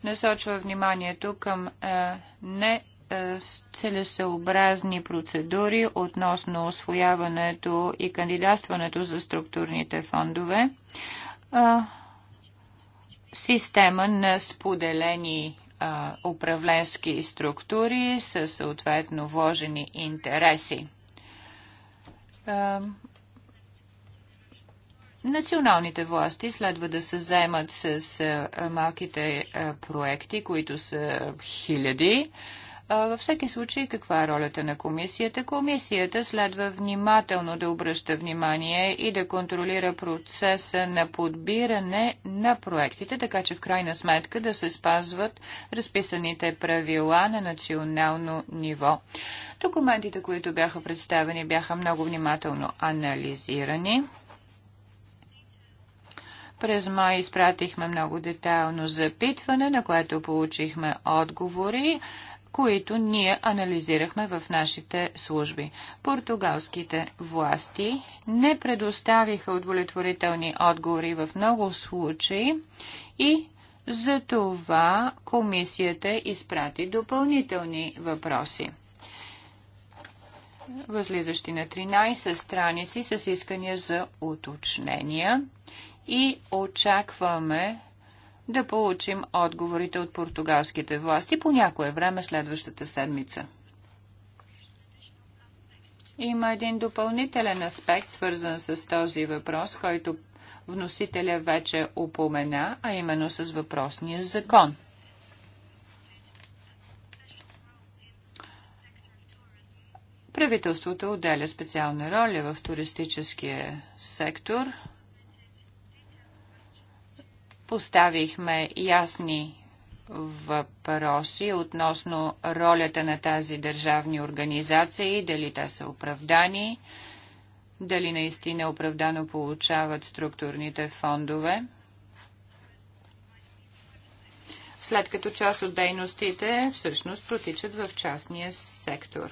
насочва вниманието към а, е, не е, целесообразни процедури относно освояването и кандидатстването за структурните фондове, а, е, система на споделени а, управленски структури със съответно вложени интереси. Националните власти следва да се заемат с малките проекти, които са хиляди. Във всеки случай, каква е ролята на комисията? Комисията следва внимателно да обръща внимание и да контролира процеса на подбиране на проектите, така че в крайна сметка да се спазват разписаните правила на национално ниво. Документите, които бяха представени, бяха много внимателно анализирани. През май изпратихме много детайлно запитване, на което получихме отговори, които ние анализирахме в нашите служби. Португалските власти не предоставиха удовлетворителни отговори в много случаи и за това комисията изпрати допълнителни въпроси. Възлизащи на 13 страници с искания за уточнения и очакваме да получим отговорите от португалските власти по някое време следващата седмица. Има един допълнителен аспект, свързан с този въпрос, който вносителя вече упомена, а именно с въпросния закон. Правителството отделя специална роля в туристическия сектор – Поставихме ясни въпроси относно ролята на тази държавни организации, дали те са оправдани, дали наистина оправдано получават структурните фондове. След като част от дейностите всъщност протичат в частния сектор.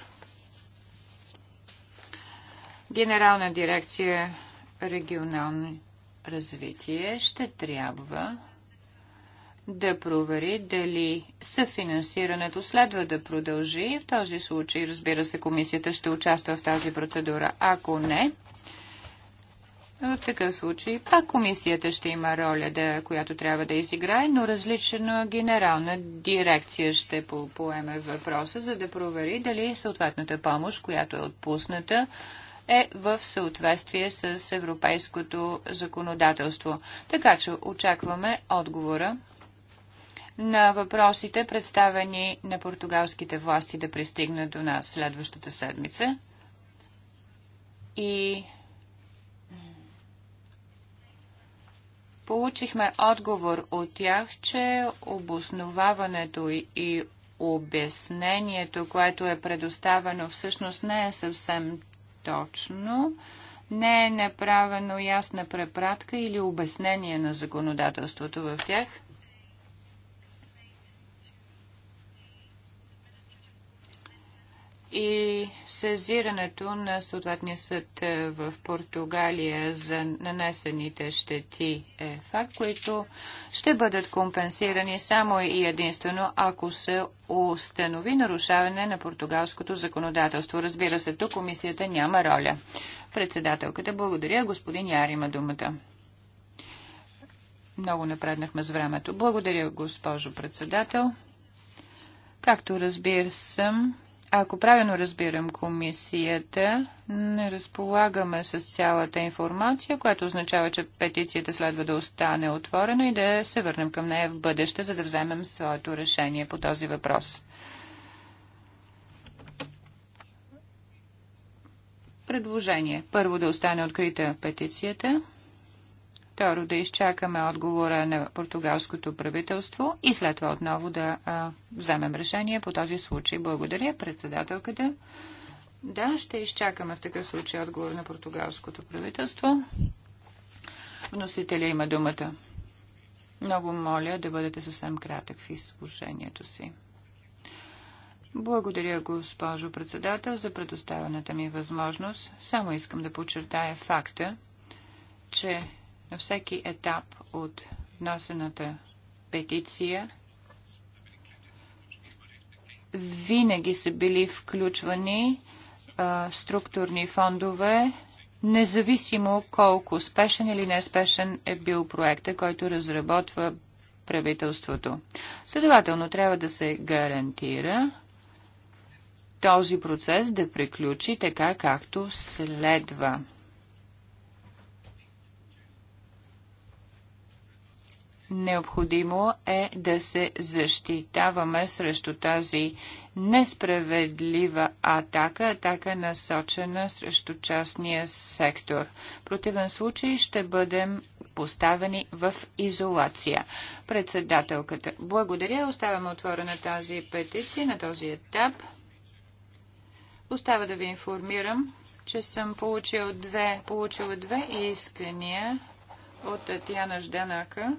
Генерална дирекция регионални развитие ще трябва да провери дали съфинансирането следва да продължи. В този случай, разбира се, комисията ще участва в тази процедура. Ако не, в такъв случай пак комисията ще има роля, да, която трябва да изиграе, но различна генерална дирекция ще поеме въпроса, за да провери дали съответната помощ, която е отпусната, е в съответствие с европейското законодателство. Така че очакваме отговора на въпросите, представени на португалските власти да пристигнат до нас следващата седмица. И получихме отговор от тях, че обосноваването и обяснението, което е предоставено, всъщност не е съвсем точно не е направено ясна препратка или обяснение на законодателството в тях – и сезирането на съответния съд е, в Португалия за нанесените щети е факт, които ще бъдат компенсирани само и единствено, ако се установи нарушаване на португалското законодателство. Разбира се, тук комисията няма роля. Председателката, благодаря. Господин Яр има думата. Много напреднахме с времето. Благодаря, госпожо председател. Както разбира съм, ако правилно разбирам комисията, не разполагаме с цялата информация, което означава, че петицията следва да остане отворена и да се върнем към нея в бъдеще, за да вземем своето решение по този въпрос. Предложение. Първо да остане открита петицията. Второ, да изчакаме отговора на португалското правителство и след това отново да а, вземем решение по този случай. Благодаря, председателката. Да, ще изчакаме в такъв случай отговор на португалското правителство. Вносителя има думата. Много моля да бъдете съвсем кратък в изслушението си. Благодаря, госпожо председател, за предоставената ми възможност. Само искам да подчертая факта, че на всеки етап от внасената петиция винаги са били включвани а, структурни фондове, независимо колко спешен или неспешен е бил проекта, който разработва правителството. Следователно, трябва да се гарантира този процес да приключи така, както следва. Необходимо е да се защитаваме срещу тази несправедлива атака, атака насочена срещу частния сектор. В противен случай ще бъдем поставени в изолация. Председателката, благодаря. Оставяме отворена тази петиция на този етап. Остава да ви информирам, че съм получил две, получила две искания от Татьяна Жданака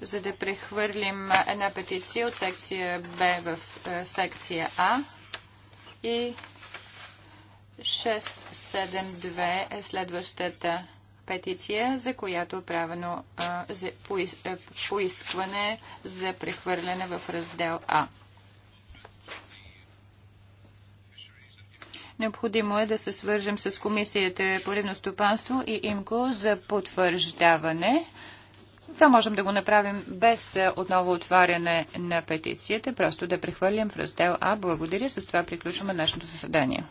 за да прехвърлим една петиция от секция Б в е, секция А и 672 е следващата петиция, за която е правено е, за е, поискване за прехвърляне в раздел А. Необходимо е да се свържем с Комисията по ревностопанство и ИМКО за потвърждаване това можем да го направим без е, отново отваряне на петицията, просто да прехвърлим в раздел А. Благодаря. С това приключваме нашето заседание.